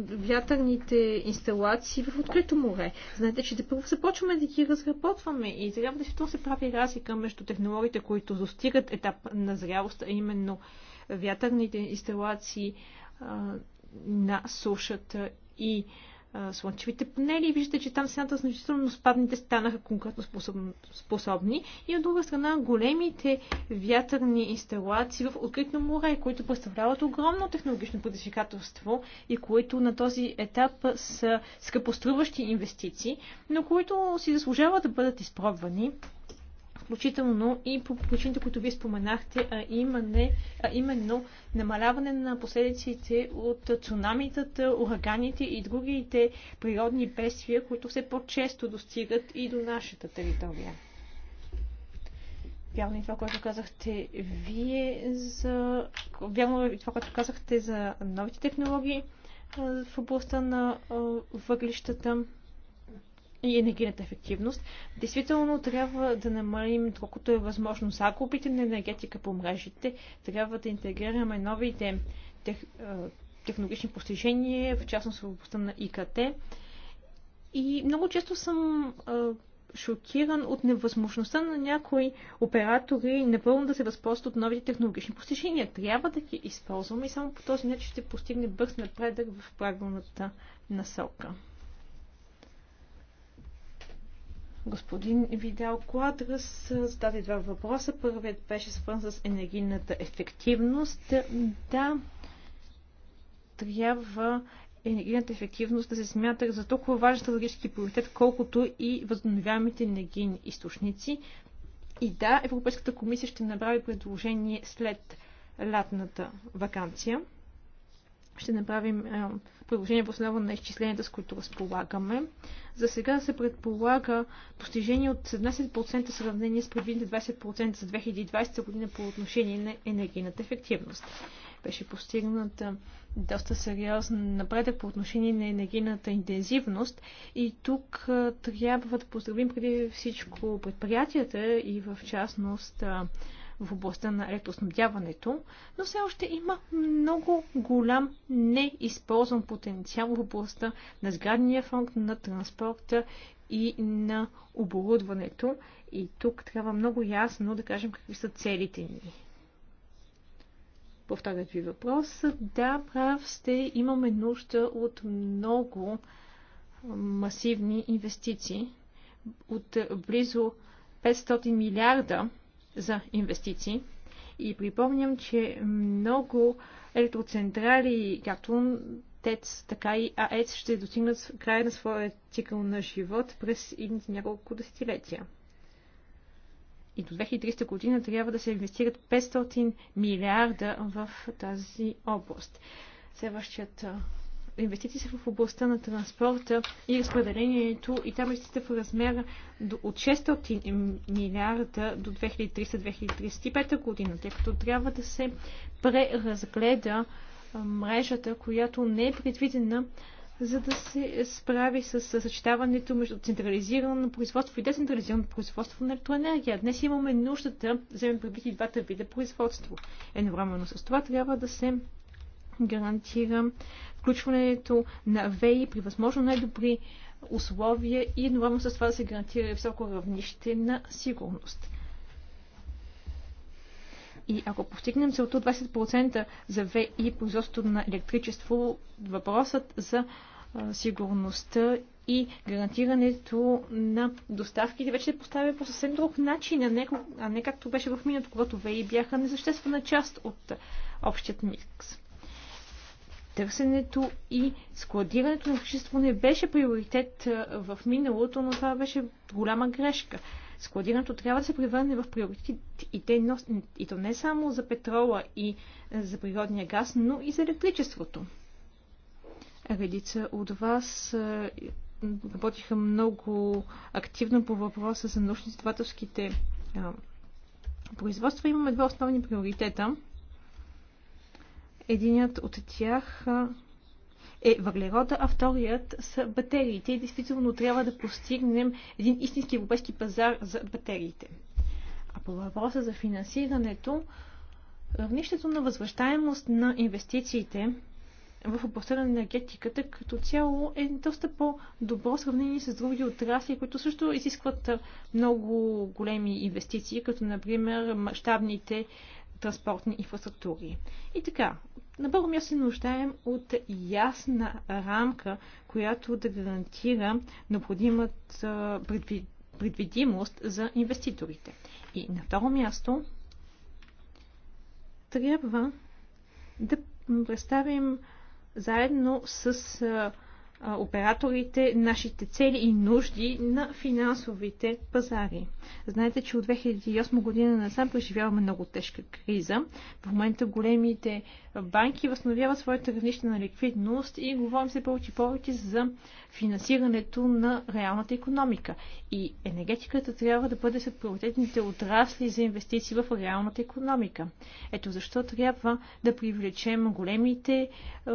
вятърните инсталации в открито море. Знаете, че първо започваме да ги разработваме и трябва да се прави разлика между технологиите, които достигат етап на зрялост, а именно вятърните инсталации на сушата и слънчевите панели. Виждате, че там цената значително спадните станаха конкретно способни. И от друга страна големите вятърни инсталации в открито море, които представляват огромно технологично предизвикателство и които на този етап са скъпоструващи инвестиции, но които си заслужават да бъдат изпробвани включително и по причините, които вие споменахте, а, имане, а именно намаляване на последиците от цунамитата, ураганите и другите природни бедствия, които все по-често достигат и до нашата територия. Вярно и е това, което казахте вие за... Вярно и е това, което казахте за новите технологии в областта на въглищата и енергийната ефективност, действително трябва да намалим колкото е възможно загубите на енергетика по мрежите, трябва да интегрираме новите тех, технологични постижения, в частност в областта на ИКТ. И много често съм шокиран от невъзможността на някои оператори напълно да се възползват от новите технологични постижения. Трябва да ги използваме и само по този начин ще постигне бърз напредък в правилната насока. Господин Видял Квадрас зададе два въпроса. Първият беше свързан с енергийната ефективност. Да, трябва енергийната ефективност да се смята за толкова важен стратегически приоритет, колкото и възобновяемите енергийни източници. И да, Европейската комисия ще направи предложение след лятната вакансия. Ще направим приложение, предложение по основа на изчисленията, с които разполагаме. За сега се предполага постижение от 17% в сравнение с предвидните 20% за 2020 година по отношение на енергийната ефективност. Беше постигнат е, доста сериозен напредък по отношение на енергийната интензивност и тук е, трябва да поздравим преди всичко предприятията и в частност е, в областта на електроснабдяването, но все още има много голям неизползван потенциал в областта на сградния фонд, на транспорта и на оборудването. И тук трябва много ясно да кажем какви са целите ни. Повторят ви въпрос. Да, прав сте, имаме нужда от много масивни инвестиции от близо 500 милиарда за инвестиции. И припомням, че много електроцентрали, както ТЕЦ, така и АЕЦ ще достигнат края на своя цикъл на живот през едните няколко десетилетия. И до 2300 година трябва да се инвестират 500 милиарда в тази област. Следващият инвестиции са в областта на транспорта и разпределението и там инвестициите в размера от 600 милиарда до 2300-2035 година, тъй като трябва да се преразгледа мрежата, която не е предвидена за да се справи с съчетаването между централизирано производство и децентрализирано производство на електроенергия. Днес имаме нуждата да вземем предвид и двата вида производство. Едновременно с това трябва да се гарантира включването на ВЕИ при възможно най-добри условия и едновременно с това да се гарантира високо равнище на сигурност. И ако постигнем целта 20% за ВИ производството на електричество, въпросът за сигурността и гарантирането на доставките вече се поставя по съвсем друг начин, а не, а не както беше в миналото, когато ВИ бяха несъществена част от общият микс търсенето и складирането на общество не беше приоритет в миналото, но това беше голяма грешка. Складирането трябва да се превърне в приоритет и, те нос... и то не само за петрола и за природния газ, но и за електричеството. Редица от вас работиха много активно по въпроса за научно-изследователските производства. Имаме два основни приоритета – Единият от тях е въглерода, а вторият са батериите и действително трябва да постигнем един истински европейски пазар за батериите. А по въпроса за финансирането, равнището на възвръщаемост на инвестициите в областта на енергетиката като цяло е доста по-добро сравнение с други отрасли, които също изискват много големи инвестиции, като например мащабните транспортни инфраструктури. И така, на първо място се нуждаем от ясна рамка, която да гарантира необходимата предвидимост за инвеститорите. И на второ място трябва да представим заедно с операторите, нашите цели и нужди на финансовите пазари. Знаете, че от 2008 година насам преживяваме много тежка криза. В момента големите банки възстановяват своите равнища на ликвидност и говорим се повече повече за финансирането на реалната економика. И енергетиката трябва да бъде сред приоритетните отрасли за инвестиции в реалната економика. Ето защо трябва да привлечем големите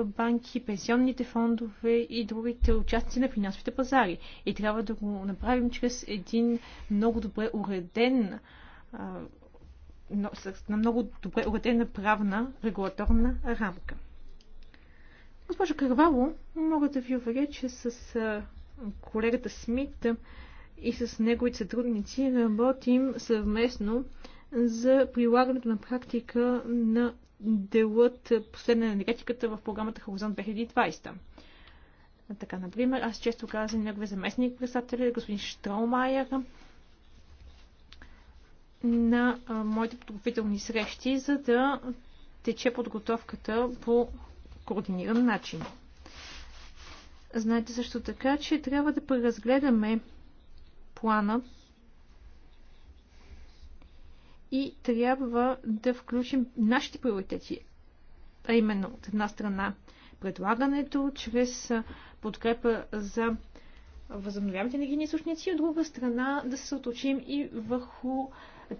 банки, пенсионните фондове и другите участници на финансовите пазари. И трябва да го направим чрез един много добре уреден на много добре уредена правна регулаторна рамка. Госпожо Карвало, мога да ви уверя, че с колегата Смит и с неговите сътрудници работим съвместно за прилагането на практика на делът последна енергетиката в програмата Хоризонт 2020. Така, например, аз често казвам неговия заместник председател, е господин Штромайер, на моите подготовителни срещи, за да тече подготовката по координиран начин. Знаете също така, че трябва да преразгледаме плана и трябва да включим нашите приоритети, а именно от една страна предлагането чрез подкрепа за възобновяваните енергийни източници, от друга страна да се съоточим и върху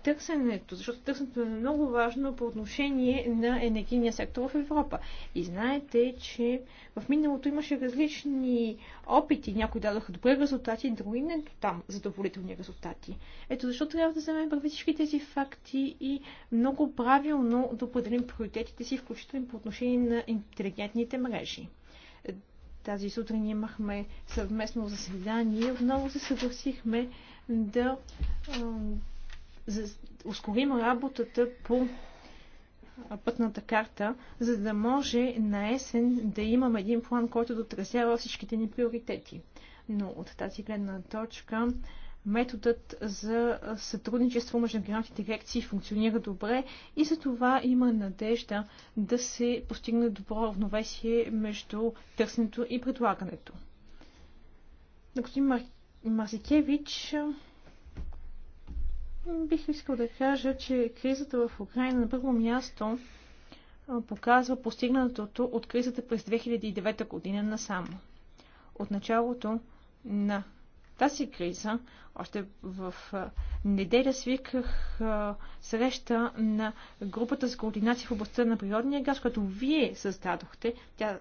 търсенето, защото търсенето е много важно по отношение на енергийния сектор в Европа. И знаете, че в миналото имаше различни опити. Някои дадоха добри резултати, други не до там задоволителни резултати. Ето защо трябва да вземем прави всички тези факти и много правилно да определим приоритетите си, включително по отношение на интелигентните мрежи тази сутрин имахме съвместно заседание, отново се съгласихме да за, ускорим работата по пътната карта, за да може на есен да имаме един план, който да отразява всичките ни приоритети. Но от тази гледна точка методът за сътрудничество между генералните дирекции функционира добре и за това има надежда да се постигне добро равновесие между търсенето и предлагането. Господин Мар... Марзикевич, Бих искал да кажа, че кризата в Украина на първо място показва постигнатото от кризата през 2009 година насам. От началото на тази криза, още в неделя свиках среща на групата за координация в областта на природния газ, която вие създадохте. Тя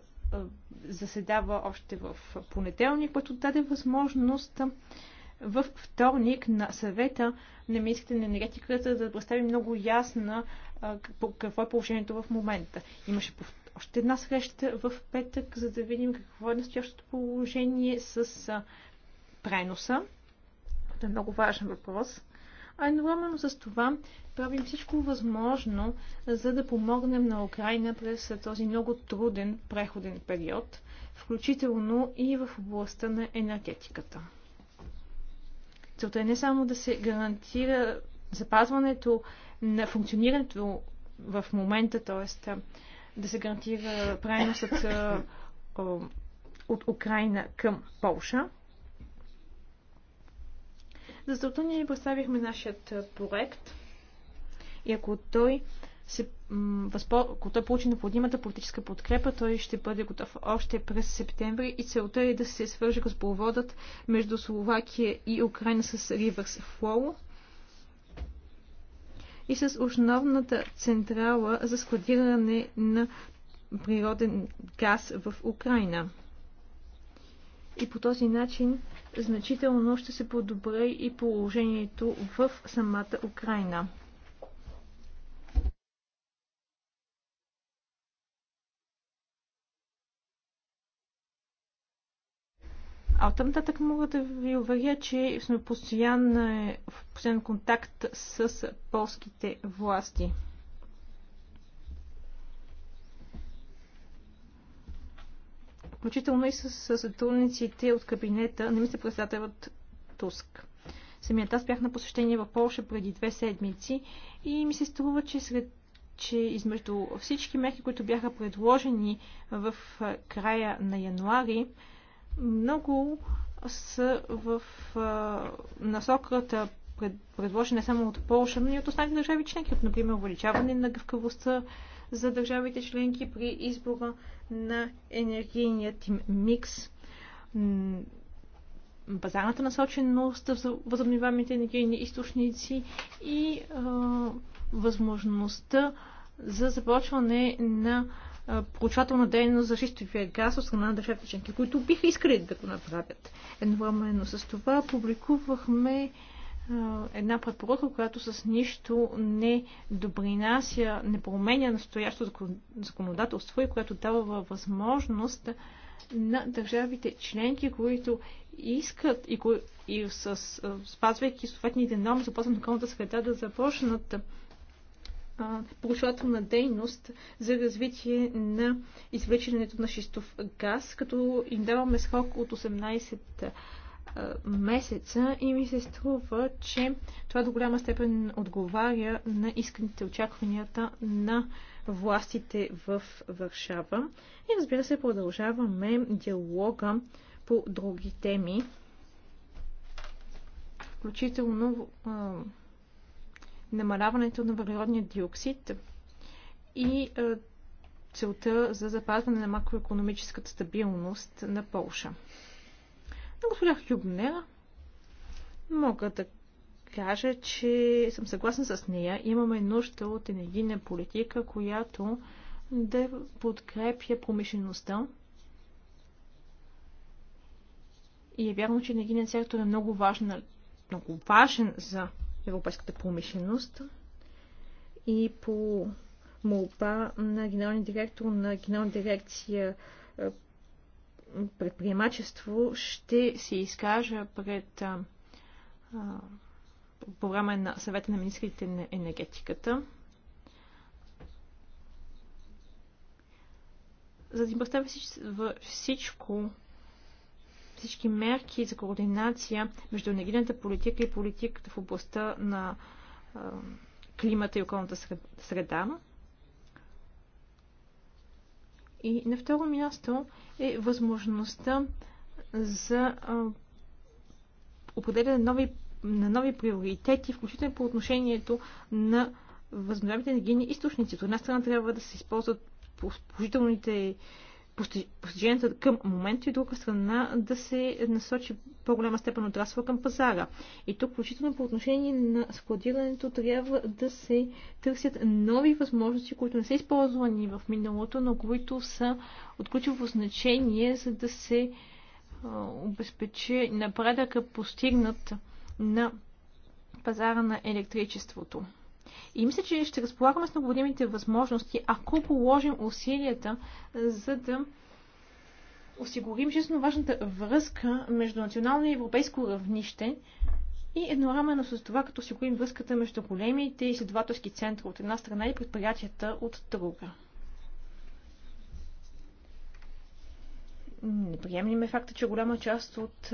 заседава още в понеделник, което даде възможност в вторник на съвета на министрите на енергетиката, за да представи много ясна какво е положението в момента. Имаше още една среща в петък, за да видим какво е настоящото положение с преноса. Това е много важен въпрос. А едновременно с това правим всичко възможно, за да помогнем на Украина през този много труден преходен период, включително и в областта на енергетиката. Целта е не само да се гарантира запазването на функционирането в момента, т.е. да се гарантира преносът от Украина към Полша. За целта ние представихме нашият проект и ако той се възпо... ако той получи необходимата политическа подкрепа, той ще бъде готов още през септември и целта е да се свържи газопроводът между Словакия и Украина с Ривърс Флоу и с основната централа за складиране на природен газ в Украина. И по този начин значително ще се подобре и положението в самата Украина. А оттам нататък мога да ви уверя, че сме постоянно, в постоянен контакт с полските власти. Включително и с сътрудниците от кабинета на се от Туск. Самият аз бях на посещение в Польша преди две седмици и ми се струва, че сред че измежду всички мерки, които бяха предложени в края на януари, много са в а, насоката пред, предложена само от Польша, но и от останалите държави членки, От например увеличаване на гъвкавостта за държавите членки при избора на енергийният им микс, базарната насоченост за възобновяемите енергийни източници и а, възможността за започване на проучвателна дейност за шистовия газ от страна на държавите членки, които биха искали да го направят. Едновременно с това публикувахме една препоръка, която с нищо не добринася, не променя настоящото законодателство и която дава възможност на държавите членки, които искат и, кои, и с, спазвайки съответните норми за опазване на околната среда да започнат проучвателна дейност за развитие на извличането на шистов газ, като им даваме срок от 18 месеца и ми се струва, че това до голяма степен отговаря на исканите очакванията на властите в Варшава. И разбира се, продължаваме диалога по други теми, включително намаляването на въглеродния диоксид и е, целта за запазване на макроекономическата стабилност на Полша. На господин Хюбнер мога да кажа, че съм съгласна с нея. Имаме нужда от енергийна политика, която да подкрепя промишлеността. И е вярно, че енергийният сектор е много важен, много важен за европейската промишленост и по молба на генералния директор на генерална дирекция е, предприемачество ще се изкажа пред а, а, програма на съвета на министрите на енергетиката. За да им представя всичко, всички мерки за координация между енергийната политика и политиката в областта на климата и околната среда. И на второ място е възможността за определяне на нови, на нови приоритети, включително по отношението на възобновяемите енергийни източници. От една страна трябва да се използват положителните постиженията към момента и от друга страна да се насочи по-голяма степен отрасъл към пазара. И тук, включително по отношение на складирането, трябва да се търсят нови възможности, които не са използвани в миналото, но които са от ключово значение, за да се обезпечи напредъка постигнат на пазара на електричеството. И мисля, че ще разполагаме с необходимите възможности, ако положим усилията, за да осигурим жизненно важната връзка между национално и европейско равнище и едновременно с това, като осигурим връзката между големите изследователски центри от една страна и предприятията от друга. Неприемлим е факта, че голяма част от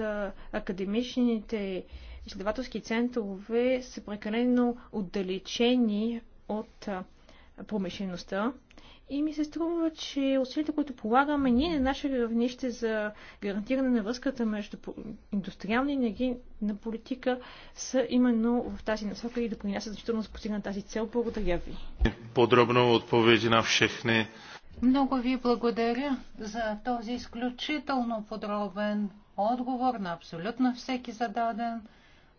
академичните изследователски центрове са прекалено отдалечени от промишлеността. И ми се струва, че усилията, които полагаме ние е на наше равнище за гарантиране на връзката между индустриална и енергийна политика са именно в тази насока и допринасят значително за постигна тази цел. Благодаря ви. Подробно отповеди на всехни. Много ви благодаря за този изключително подробен отговор на абсолютно всеки зададен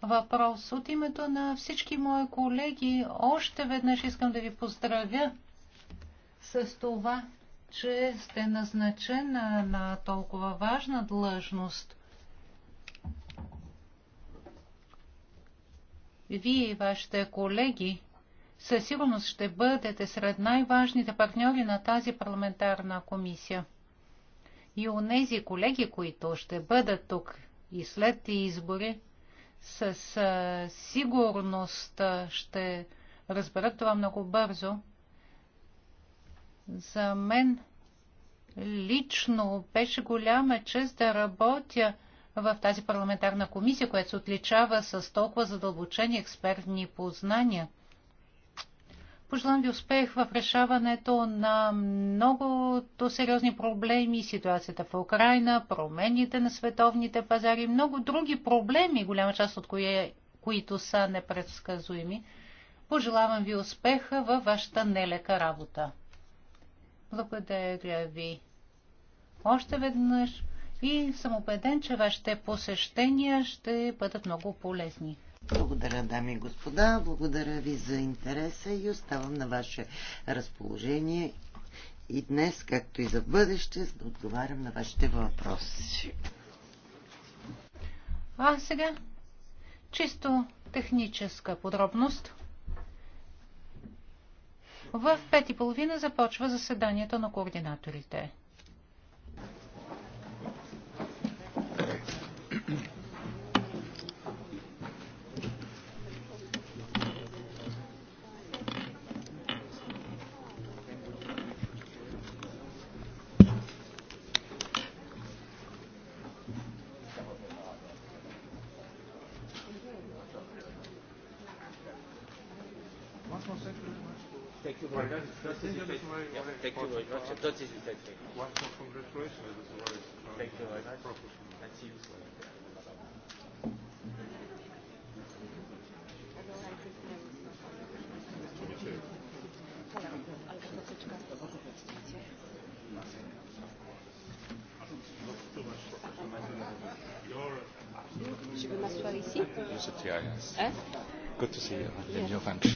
въпрос. От името на всички мои колеги още веднъж искам да ви поздравя с това, че сте назначена на толкова важна длъжност. Вие и вашите колеги със сигурност ще бъдете сред най-важните партньори на тази парламентарна комисия. И у нези колеги, които ще бъдат тук и след тези избори, със сигурност ще разберат това много бързо. За мен лично беше голяма чест да работя в тази парламентарна комисия, която се отличава с толкова задълбочени експертни познания – Пожелавам ви успех в решаването на многото сериозни проблеми, ситуацията в Украина, промените на световните пазари, много други проблеми, голяма част от кои, е, които са непредсказуеми. Пожелавам ви успеха във вашата нелека работа. Благодаря ви още веднъж и съм убеден, че вашите посещения ще бъдат много полезни. Благодаря, дами и господа. Благодаря ви за интереса и оставам на ваше разположение и днес, както и за бъдеще, да отговарям на вашите въпроси. А сега чисто техническа подробност. В 5.30 половина започва заседанието на координаторите. Good to see you.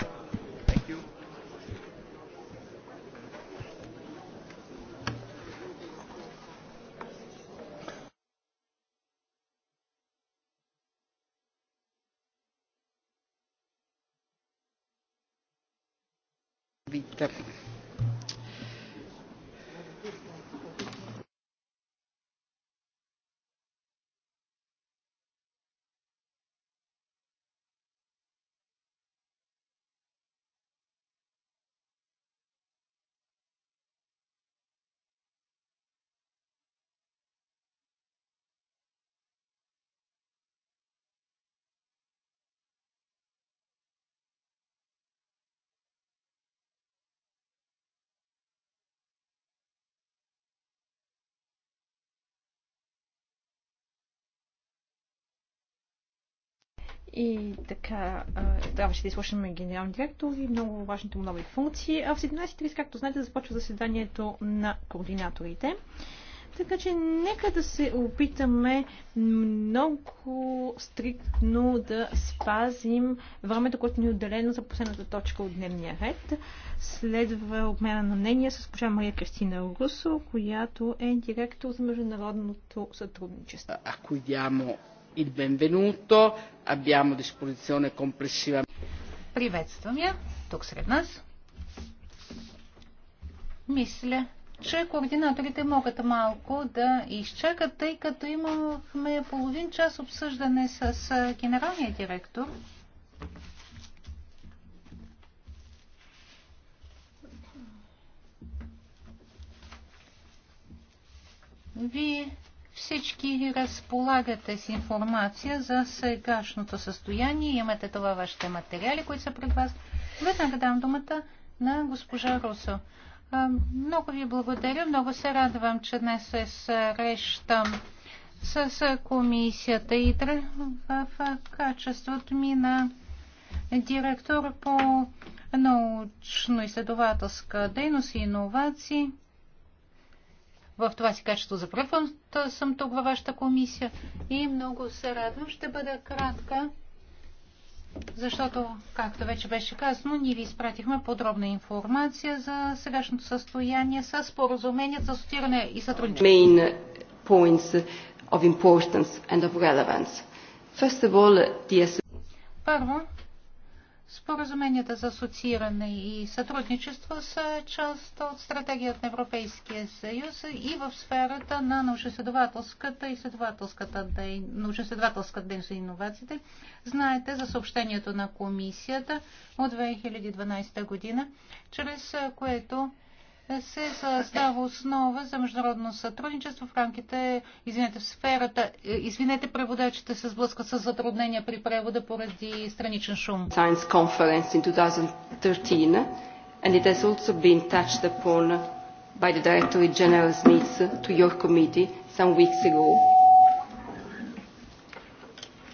И така, трябваше да изслушаме генерални директори, много важните му нови функции. А в 17.30, както знаете, започва заседанието на координаторите. Така че нека да се опитаме много стриктно да спазим времето, което ни е отделено за последната точка от дневния ред. Следва обмена на мнение с госпожа Мария Кристина Русо, която е директор за международното сътрудничество. Ако идямо il benvenuto. Abbiamo a disposizione complessivamente. Приветствам я тук сред нас. Мисля, че координаторите могат малко да изчакат, тъй като имахме половин час обсъждане с генералния директор. Вие всички разполагате с информация за сегашното състояние. Имате това вашите материали, които са пред вас. Веднага дам думата на госпожа Русо. Много ви благодаря. Много се радвам, че днес се срещам с комисията ИТР в качеството ми на директор по научно-изследователска дейност и иновации. В това си качество за първ път съм тук във вашата комисия и много се радвам. Ще бъда кратка, защото, както вече беше казано, ние ви изпратихме подробна информация за сегашното състояние с споразумението за сотиране и сътрудничество. Първо, Споразуменията за асоцииране и сътрудничество са част от стратегията на Европейския съюз и в сферата на научно-изследователската и следователската научно-изследователската дейност и иновациите. Знаете за съобщението на комисията от 2012 година, чрез което се създава основа за международно сътрудничество в рамките, извинете, в сферата, е, извинете, преводачите се сблъскат с затруднения при превода поради страничен шум. Science Conference in 2013 and it has also been touched upon by the Directorate General Smith to your committee some weeks ago.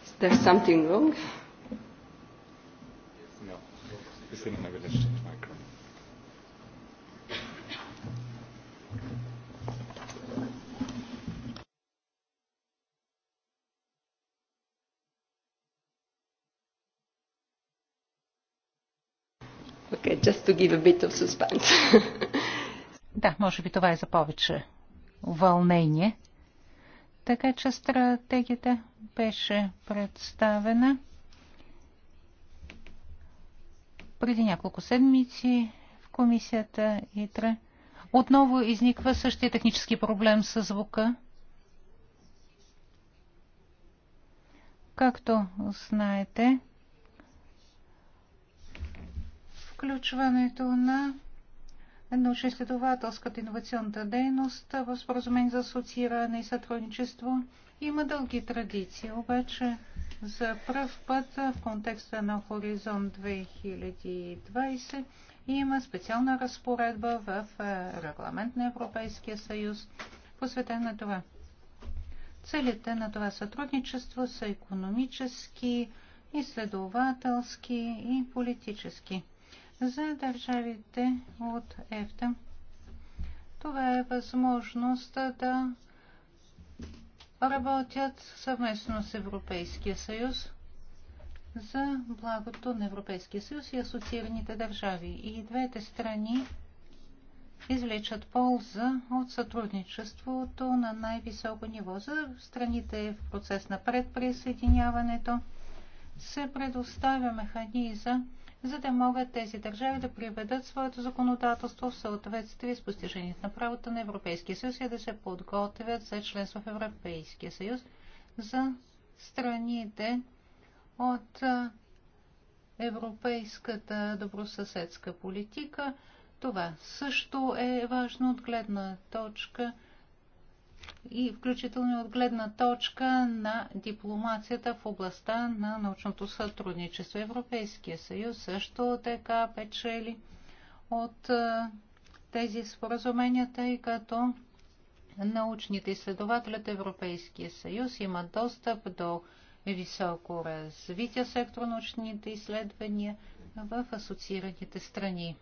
Is there something wrong? No. Okay, just to give a bit of suspense. *laughs* да, може би това е за повече вълнение. Така че стратегията беше представена преди няколко седмици в комисията ИТРА. Отново изниква същия технически проблем с звука. Както знаете, включването на научно-изследователската инновационната дейност в споразумение за асоцииране и сътрудничество. Има дълги традиции, обаче за пръв път в контекста на Хоризонт 2020 има специална разпоредба в е, регламент на Европейския съюз, посветен на това. Целите на това сътрудничество са економически, изследователски и политически за държавите от ЕФТА. Това е възможност да работят съвместно с Европейския съюз за благото на Европейския съюз и асоциираните държави. И двете страни извлечат полза от сътрудничеството на най-високо ниво. За страните в процес на предприсъединяването се предоставя механизъм за да могат тези държави да приведат своето законодателство в съответствие с постиженията на правото на Европейския съюз и да се подготвят за членство в Европейския съюз за страните от европейската добросъседска политика. Това също е важно от гледна точка – и включително от гледна точка на дипломацията в областта на научното сътрудничество. Европейския съюз също така печели от тези споразумения, тъй като научните изследователи от Европейския съюз имат достъп до високо развитие сектор научните изследвания в асоциираните страни.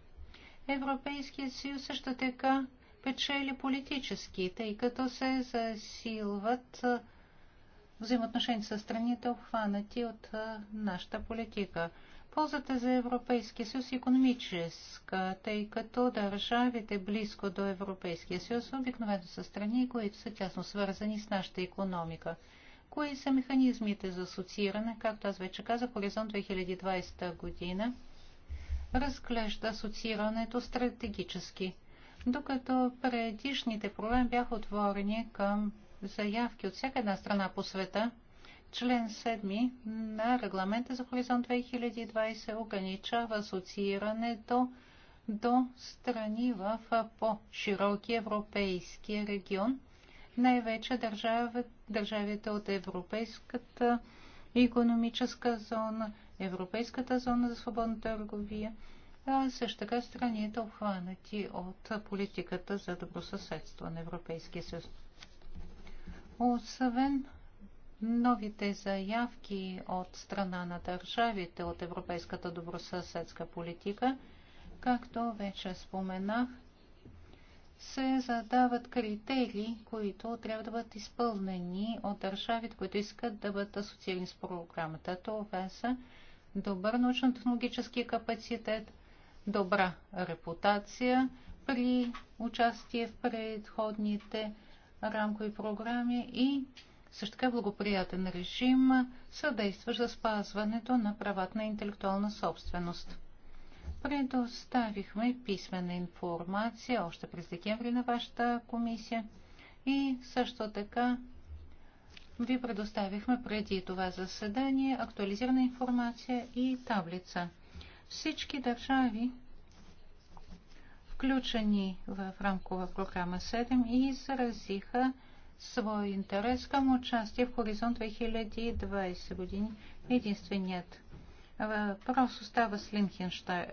Европейският съюз също така печели политически, тъй като се засилват взаимоотношения с страните, обхванати от нашата политика. Ползата за Европейския съюз е економическа, тъй като държавите близко до Европейския съюз обикновено са страни, които са тясно свързани с нашата економика. Кои са механизмите за асоцииране? Както аз вече казах, Хоризонт 2020 година разглежда асоциирането стратегически докато предишните проблеми бяха отворени към заявки от всяка една страна по света, член 7 на регламента за Хоризонт 2020 ограничава асоциирането до страни в по-широки европейски регион, най-вече държавите от Европейската економическа зона, Европейската зона за свободна търговия – също така страните обхванати от политиката за добросъседство на Европейския съюз. Освен новите заявки от страна на държавите от Европейската добросъседска политика, както вече споменах, се задават критерии, които трябва да бъдат изпълнени от държавите, които искат да бъдат асоциирани с програмата. Това са добър научно-технологически капацитет – добра репутация при участие в предходните рамкови програми и също така благоприятен режим съдейства за спазването на правата на интелектуална собственост. Предоставихме писмена информация още през декември на вашата комисия и също така ви предоставихме преди това заседание актуализирана информация и таблица – всички държави, включени в рамкова програма 7, изразиха свой интерес към участие в Хоризонт 2020 години. Единственият Въпрос остава с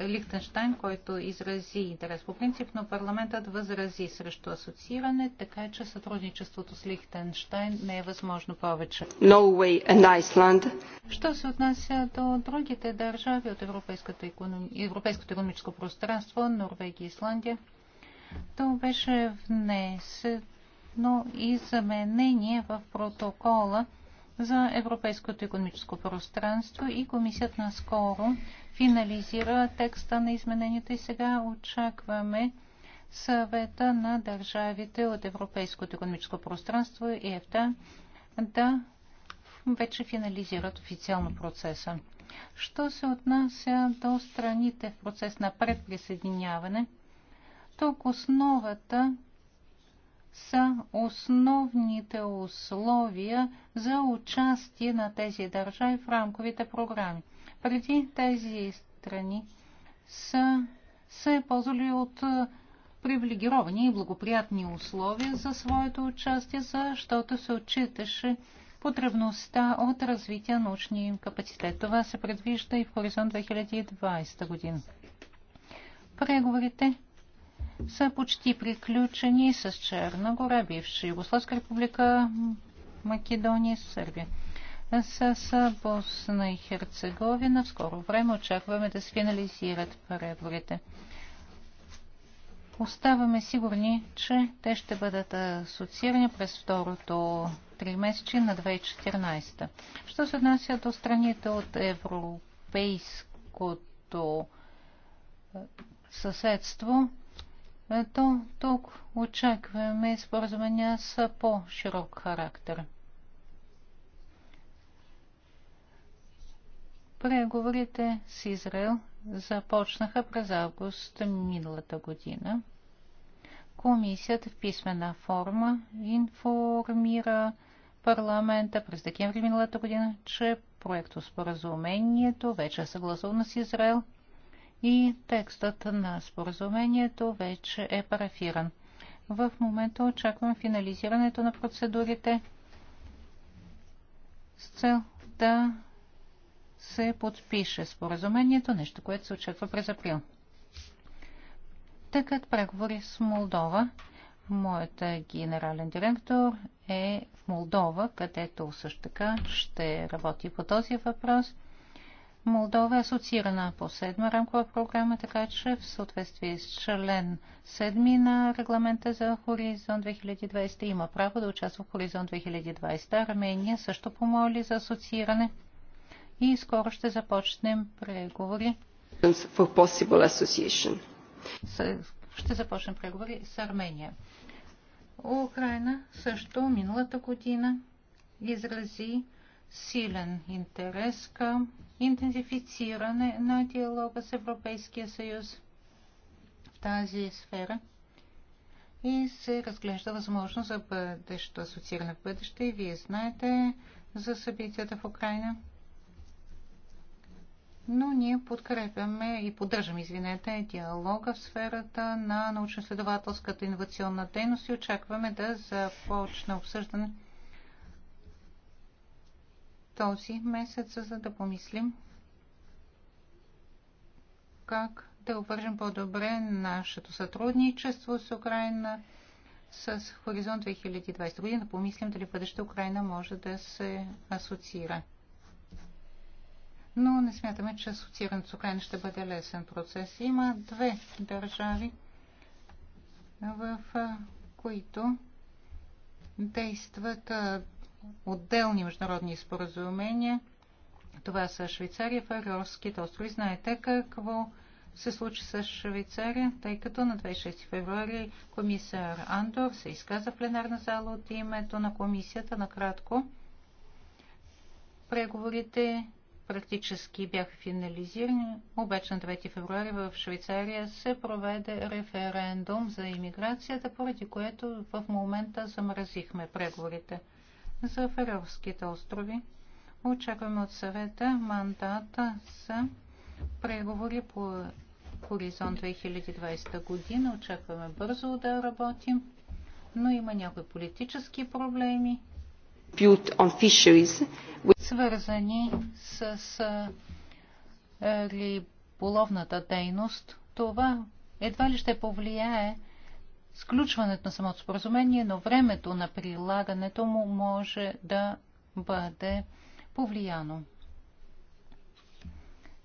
Лихтенштайн, който изрази интерес по принцип, но парламентът възрази срещу асоцииране, така че сътрудничеството с Лихтенштайн не е възможно повече. Norway and Iceland. Що се отнася до другите държави от Европейското, економ... Европейското економическо пространство, Норвегия и Исландия, то беше внесено и заменение в протокола за Европейското економическо пространство и комисията наскоро финализира текста на изменението и сега очакваме съвета на държавите от Европейското економическо пространство и ЕФТА да вече финализират официално процеса. Що се отнася до страните в процес на предприсъединяване, тук основата са основните условия за участие на тези държави в рамковите програми. Преди тези страни са се е ползвали от привилегировани и благоприятни условия за своето участие, защото се отчиташе потребността от развитие на научния им капацитет. Това се предвижда и в Хоризонт 2020 година. Преговорите са почти приключени с Черна гора, бивша Югославска република, Македония и Сърбия. С Босна и Херцеговина в скоро време очакваме да се финализират преговорите. Оставаме сигурни, че те ще бъдат асоциирани през второто три месечи на 2014. Що се отнася до страните от европейското съседство, е, то тук очакваме споразумения с по-широк характер. Преговорите с Израел започнаха през август миналата година. Комисията в писмена форма информира парламента през декември миналата година, че проектоспоразумението вече е съгласувано с Израел – и текстът на споразумението вече е парафиран. В момента очаквам финализирането на процедурите с цел да се подпише споразумението, нещо, което се очаква през април. Тъкът преговори с Молдова. Моят генерален директор е в Молдова, където също така ще работи по този въпрос. Молдова е асоциирана по седма рамкова програма, така че в съответствие с член 7 на регламента за Хоризонт 2020 има право да участва в Хоризонт 2020. Армения също помоли за асоцииране и скоро ще започнем преговори. Ще започнем преговори с Армения. Украина също миналата година изрази силен интерес към интензифициране на диалога с Европейския съюз в тази сфера и се разглежда възможност за бъдещето асоцииране в бъдеще. И вие знаете за събитията в Украина. Но ние подкрепяме и поддържаме, извинете, диалога в сферата на научно-следователската инновационна дейност и очакваме да започне обсъждане този месец, за да помислим как да обвържем по-добре нашето сътрудничество с Украина с Хоризонт 2020 година. Помислим дали бъдеще Украина може да се асоциира. Но не смятаме, че асоциирането с Украина ще бъде лесен процес. Има две държави, в които действат отделни международни споразумения. Това са Швейцария, Фарерският острови. Знаете какво се случи с Швейцария, тъй като на 26 февруари комисар Андор се изказа в пленарна зала от името на комисията накратко. Преговорите практически бяха финализирани, обаче на 9 февруари в Швейцария се проведе референдум за иммиграцията, поради което в момента замразихме преговорите за Фарерските острови. Очакваме от съвета мандата за преговори по хоризонт 2020 година. Очакваме бързо да работим, но има някои политически проблеми, свързани с риболовната дейност. Това едва ли ще повлияе сключването на самото споразумение, но времето на прилагането му може да бъде повлияно.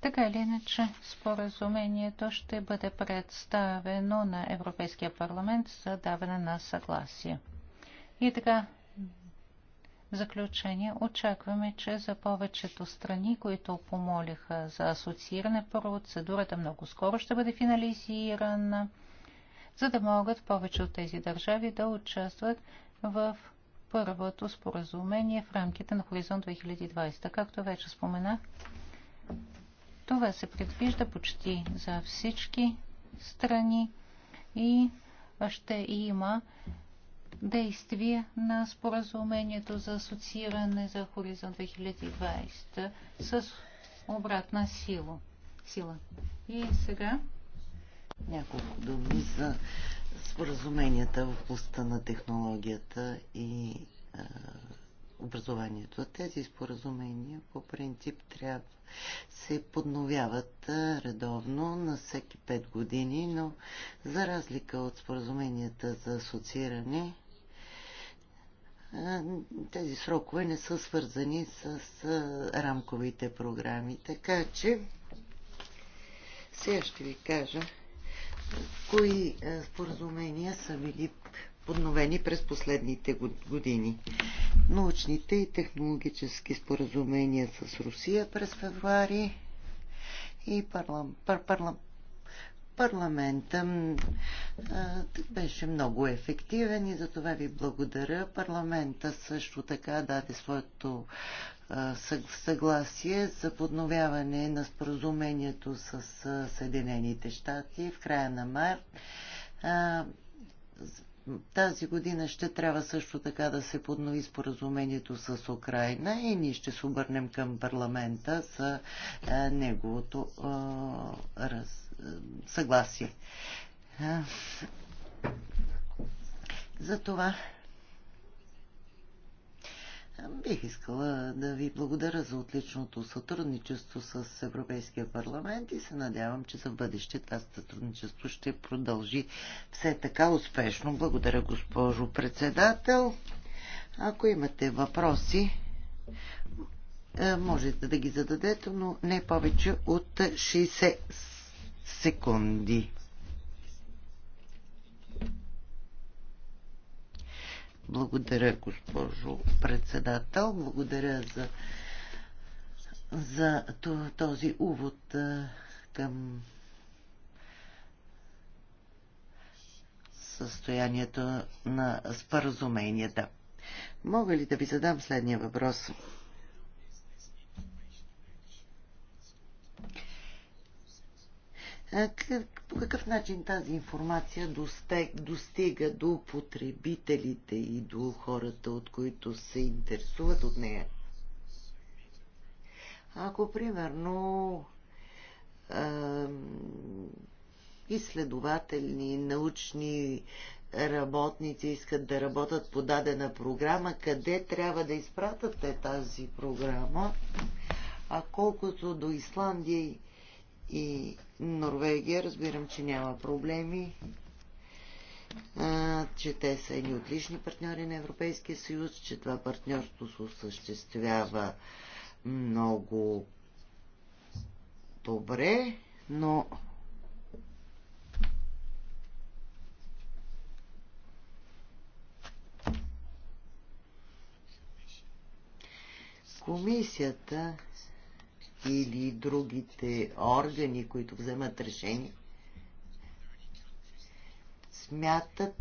Така или иначе, споразумението ще бъде представено на Европейския парламент за даване на съгласие. И така, в заключение, очакваме, че за повечето страни, които помолиха за асоцииране, процедурата много скоро ще бъде финализирана за да могат повече от тези държави да участват в първото споразумение в рамките на Хоризонт 2020. Както вече споменах, това се предвижда почти за всички страни и ще има действие на споразумението за асоцииране за Хоризонт 2020 с обратна сила. сила. И сега няколко думи за споразуменията в областта на технологията и образованието. Тези споразумения по принцип трябва се подновяват редовно на всеки 5 години, но за разлика от споразуменията за асоцииране, тези срокове не са свързани с рамковите програми. Така че сега ще ви кажа кои е, споразумения са били подновени през последните години. Научните и технологически споразумения с Русия през февруари и парлам, пар, парлам, парламента а, беше много ефективен и за това ви благодаря. Парламента също така даде своето съгласие за подновяване на споразумението с Съединените щати в края на март. Тази година ще трябва също така да се поднови споразумението с Украина и ние ще се обърнем към парламента за неговото съгласие. За това Бих искала да ви благодаря за отличното сътрудничество с Европейския парламент и се надявам, че за бъдеще това сътрудничество ще продължи все така успешно. Благодаря, госпожо председател. Ако имате въпроси, е, можете да ги зададете, но не повече от 60 секунди. Благодаря, госпожо председател. Благодаря за, за този увод към състоянието на споразуменията. Мога ли да ви задам следния въпрос? По какъв начин тази информация достига до потребителите и до хората, от които се интересуват от нея? Ако, примерно, изследователни, научни работници искат да работят по дадена програма, къде трябва да изпратят те тази програма? А колкото до Исландия и Норвегия. Разбирам, че няма проблеми, а, че те са едни отлични партньори на Европейския съюз, че това партньорство се осъществява много добре, но комисията или другите органи, които вземат решения, смятат,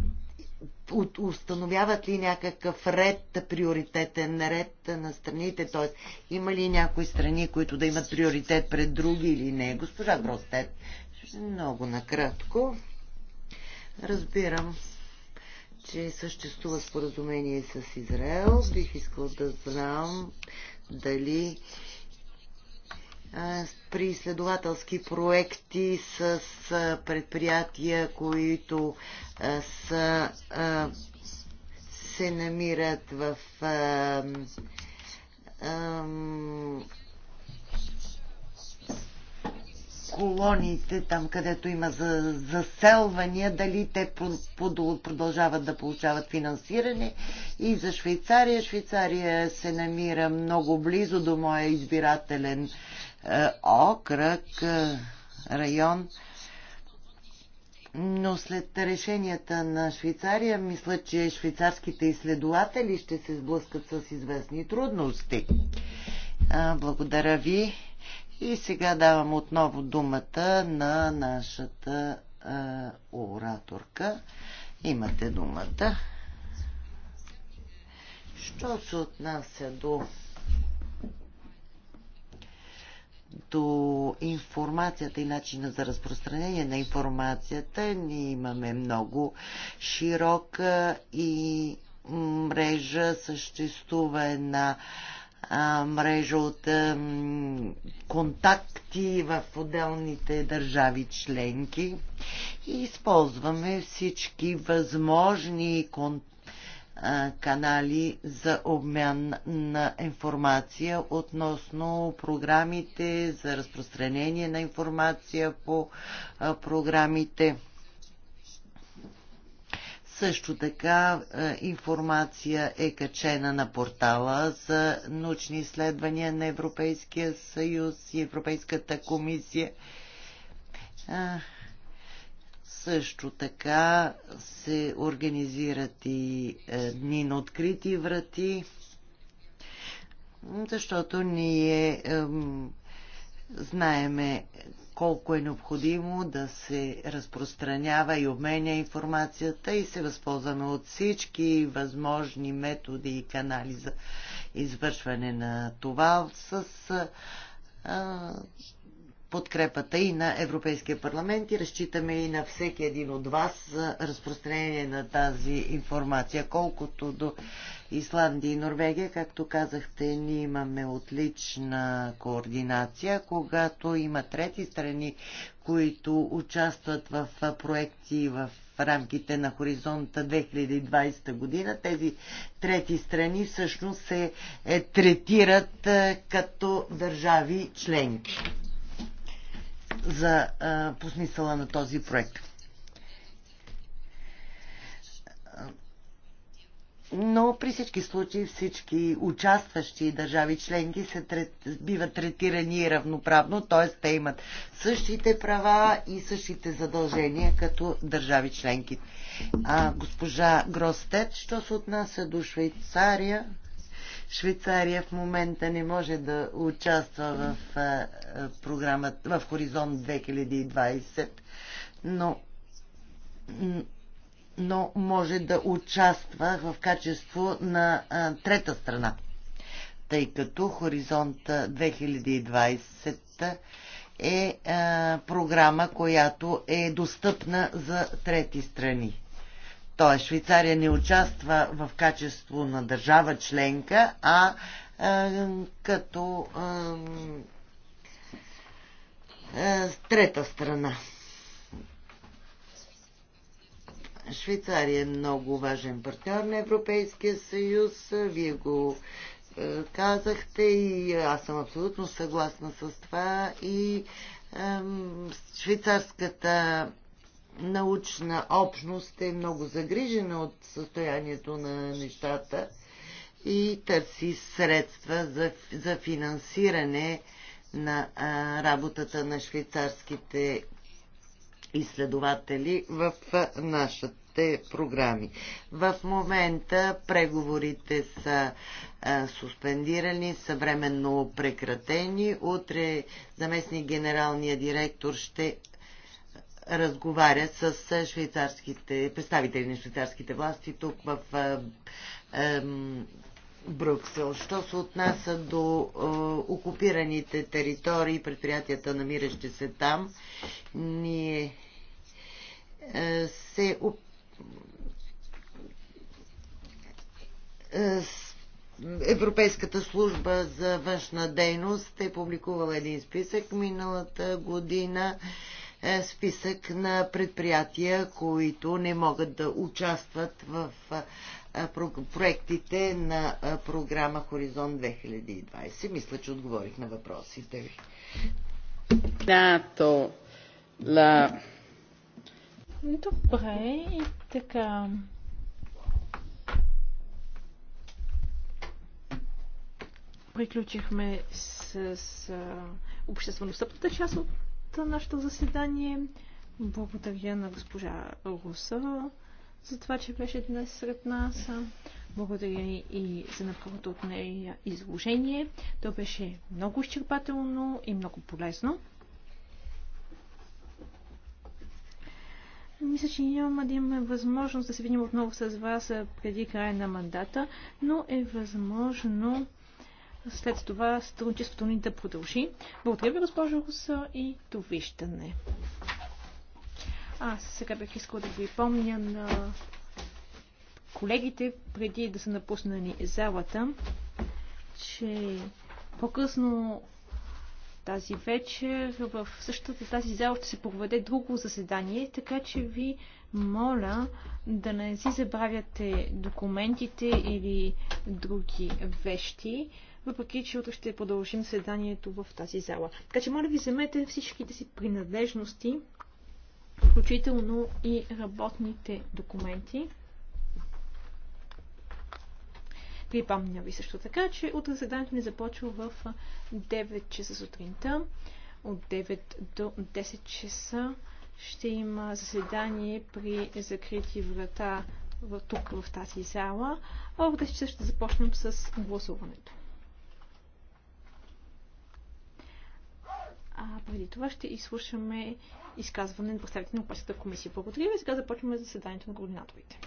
установяват ли някакъв ред, приоритетен ред на страните, т.е. има ли някои страни, които да имат приоритет пред други или не. Госпожа Гростет, много накратко. Разбирам, че съществува споразумение с Израел. Бих искал да знам дали при изследователски проекти с предприятия, които са, се намират в колониите, там където има заселвания, дали те продължават да получават финансиране. И за Швейцария. Швейцария се намира много близо до моя избирателен окръг, е, район. Но след решенията на Швейцария, мисля, че швейцарските изследователи ще се сблъскат с известни трудности. благодаря ви. И сега давам отново думата на нашата а, ораторка. Имате думата. Що се отнася до до информацията и начина за разпространение на информацията, ние имаме много широка и мрежа, съществува една мрежа от контакти в отделните държави членки и използваме всички възможни контакти канали за обмен на информация относно програмите за разпространение на информация по програмите. Също така информация е качена на портала за научни изследвания на Европейския съюз и Европейската комисия. Също така се организират и е, дни на открити врати, защото ние знаеме колко е необходимо да се разпространява и обменя информацията и се възползваме от всички възможни методи и канали за извършване на това с а, е, подкрепата и на Европейския парламент и разчитаме и на всеки един от вас за разпространение на тази информация. Колкото до Исландия и Норвегия, както казахте, ние имаме отлична координация. Когато има трети страни, които участват в проекти в рамките на хоризонта 2020 година, тези трети страни всъщност се е третират е, като държави членки за, а, по смисъла на този проект. Но при всички случаи всички участващи държави членки се трет, биват третирани равноправно, т.е. те имат същите права и същите задължения като държави членки. А госпожа Гростет, що се отнася до Швейцария, Швейцария в момента не може да участва в програмата в Хоризонт 2020, но но може да участва в качество на трета страна, тъй като Хоризонт 2020 е а, програма, която е достъпна за трети страни. Тоест Швейцария не участва в качество на държава членка, а е, като е, е, трета страна. Швейцария е много важен партньор на Европейския съюз. Вие го е, казахте и аз съм абсолютно съгласна с това. И е, швейцарската научна общност е много загрижена от състоянието на нещата и търси средства за, за финансиране на а, работата на швейцарските изследователи в нашите програми. В момента преговорите са а, суспендирани, са временно прекратени. Утре заместник генералния директор ще разговаря с е, швейцарските, представители на швейцарските власти тук в е, е, Брюксел. Що се отнася до окупираните територии, предприятията, намиращи се там, ние се Европейската служба за външна дейност е публикувала един списък миналата година. Е, е, списък на предприятия, които не могат да участват в е, е, проектите на програма Хоризонт 2020. Мисля, че отговорих на въпросите ви. Добре, и така. Приключихме с, с общественостъпната част от нашето заседание. Благодаря на госпожа Руса за това, че беше днес сред нас. Благодаря и за направото от нея изложение. То беше много изчерпателно и много полезно. Мисля, че няма да имаме възможност да се видим отново с вас преди края на мандата, но е възможно след това сътрудничеството ни да продължи. Благодаря ви, госпожо Руса, и довиждане. Аз сега бих искал да припомня на колегите, преди да са напуснали залата, че по-късно тази вечер в същата тази зала ще се проведе друго заседание, така че ви моля да не си забравяте документите или други вещи въпреки че утре ще продължим седанието в тази зала. Така че, моля ви, вземете всичките си принадлежности, включително и работните документи. Припомня ви също така, че утре заседанието ни започва в 9 часа сутринта. От 9 до 10 часа ще има заседание при закрити врата тук в тази зала. А в 10 часа ще започнем с гласуването. А преди това ще изслушаме изказване на представителите на Опасната комисия. Благодаря ви. Сега започваме заседанието на координаторите.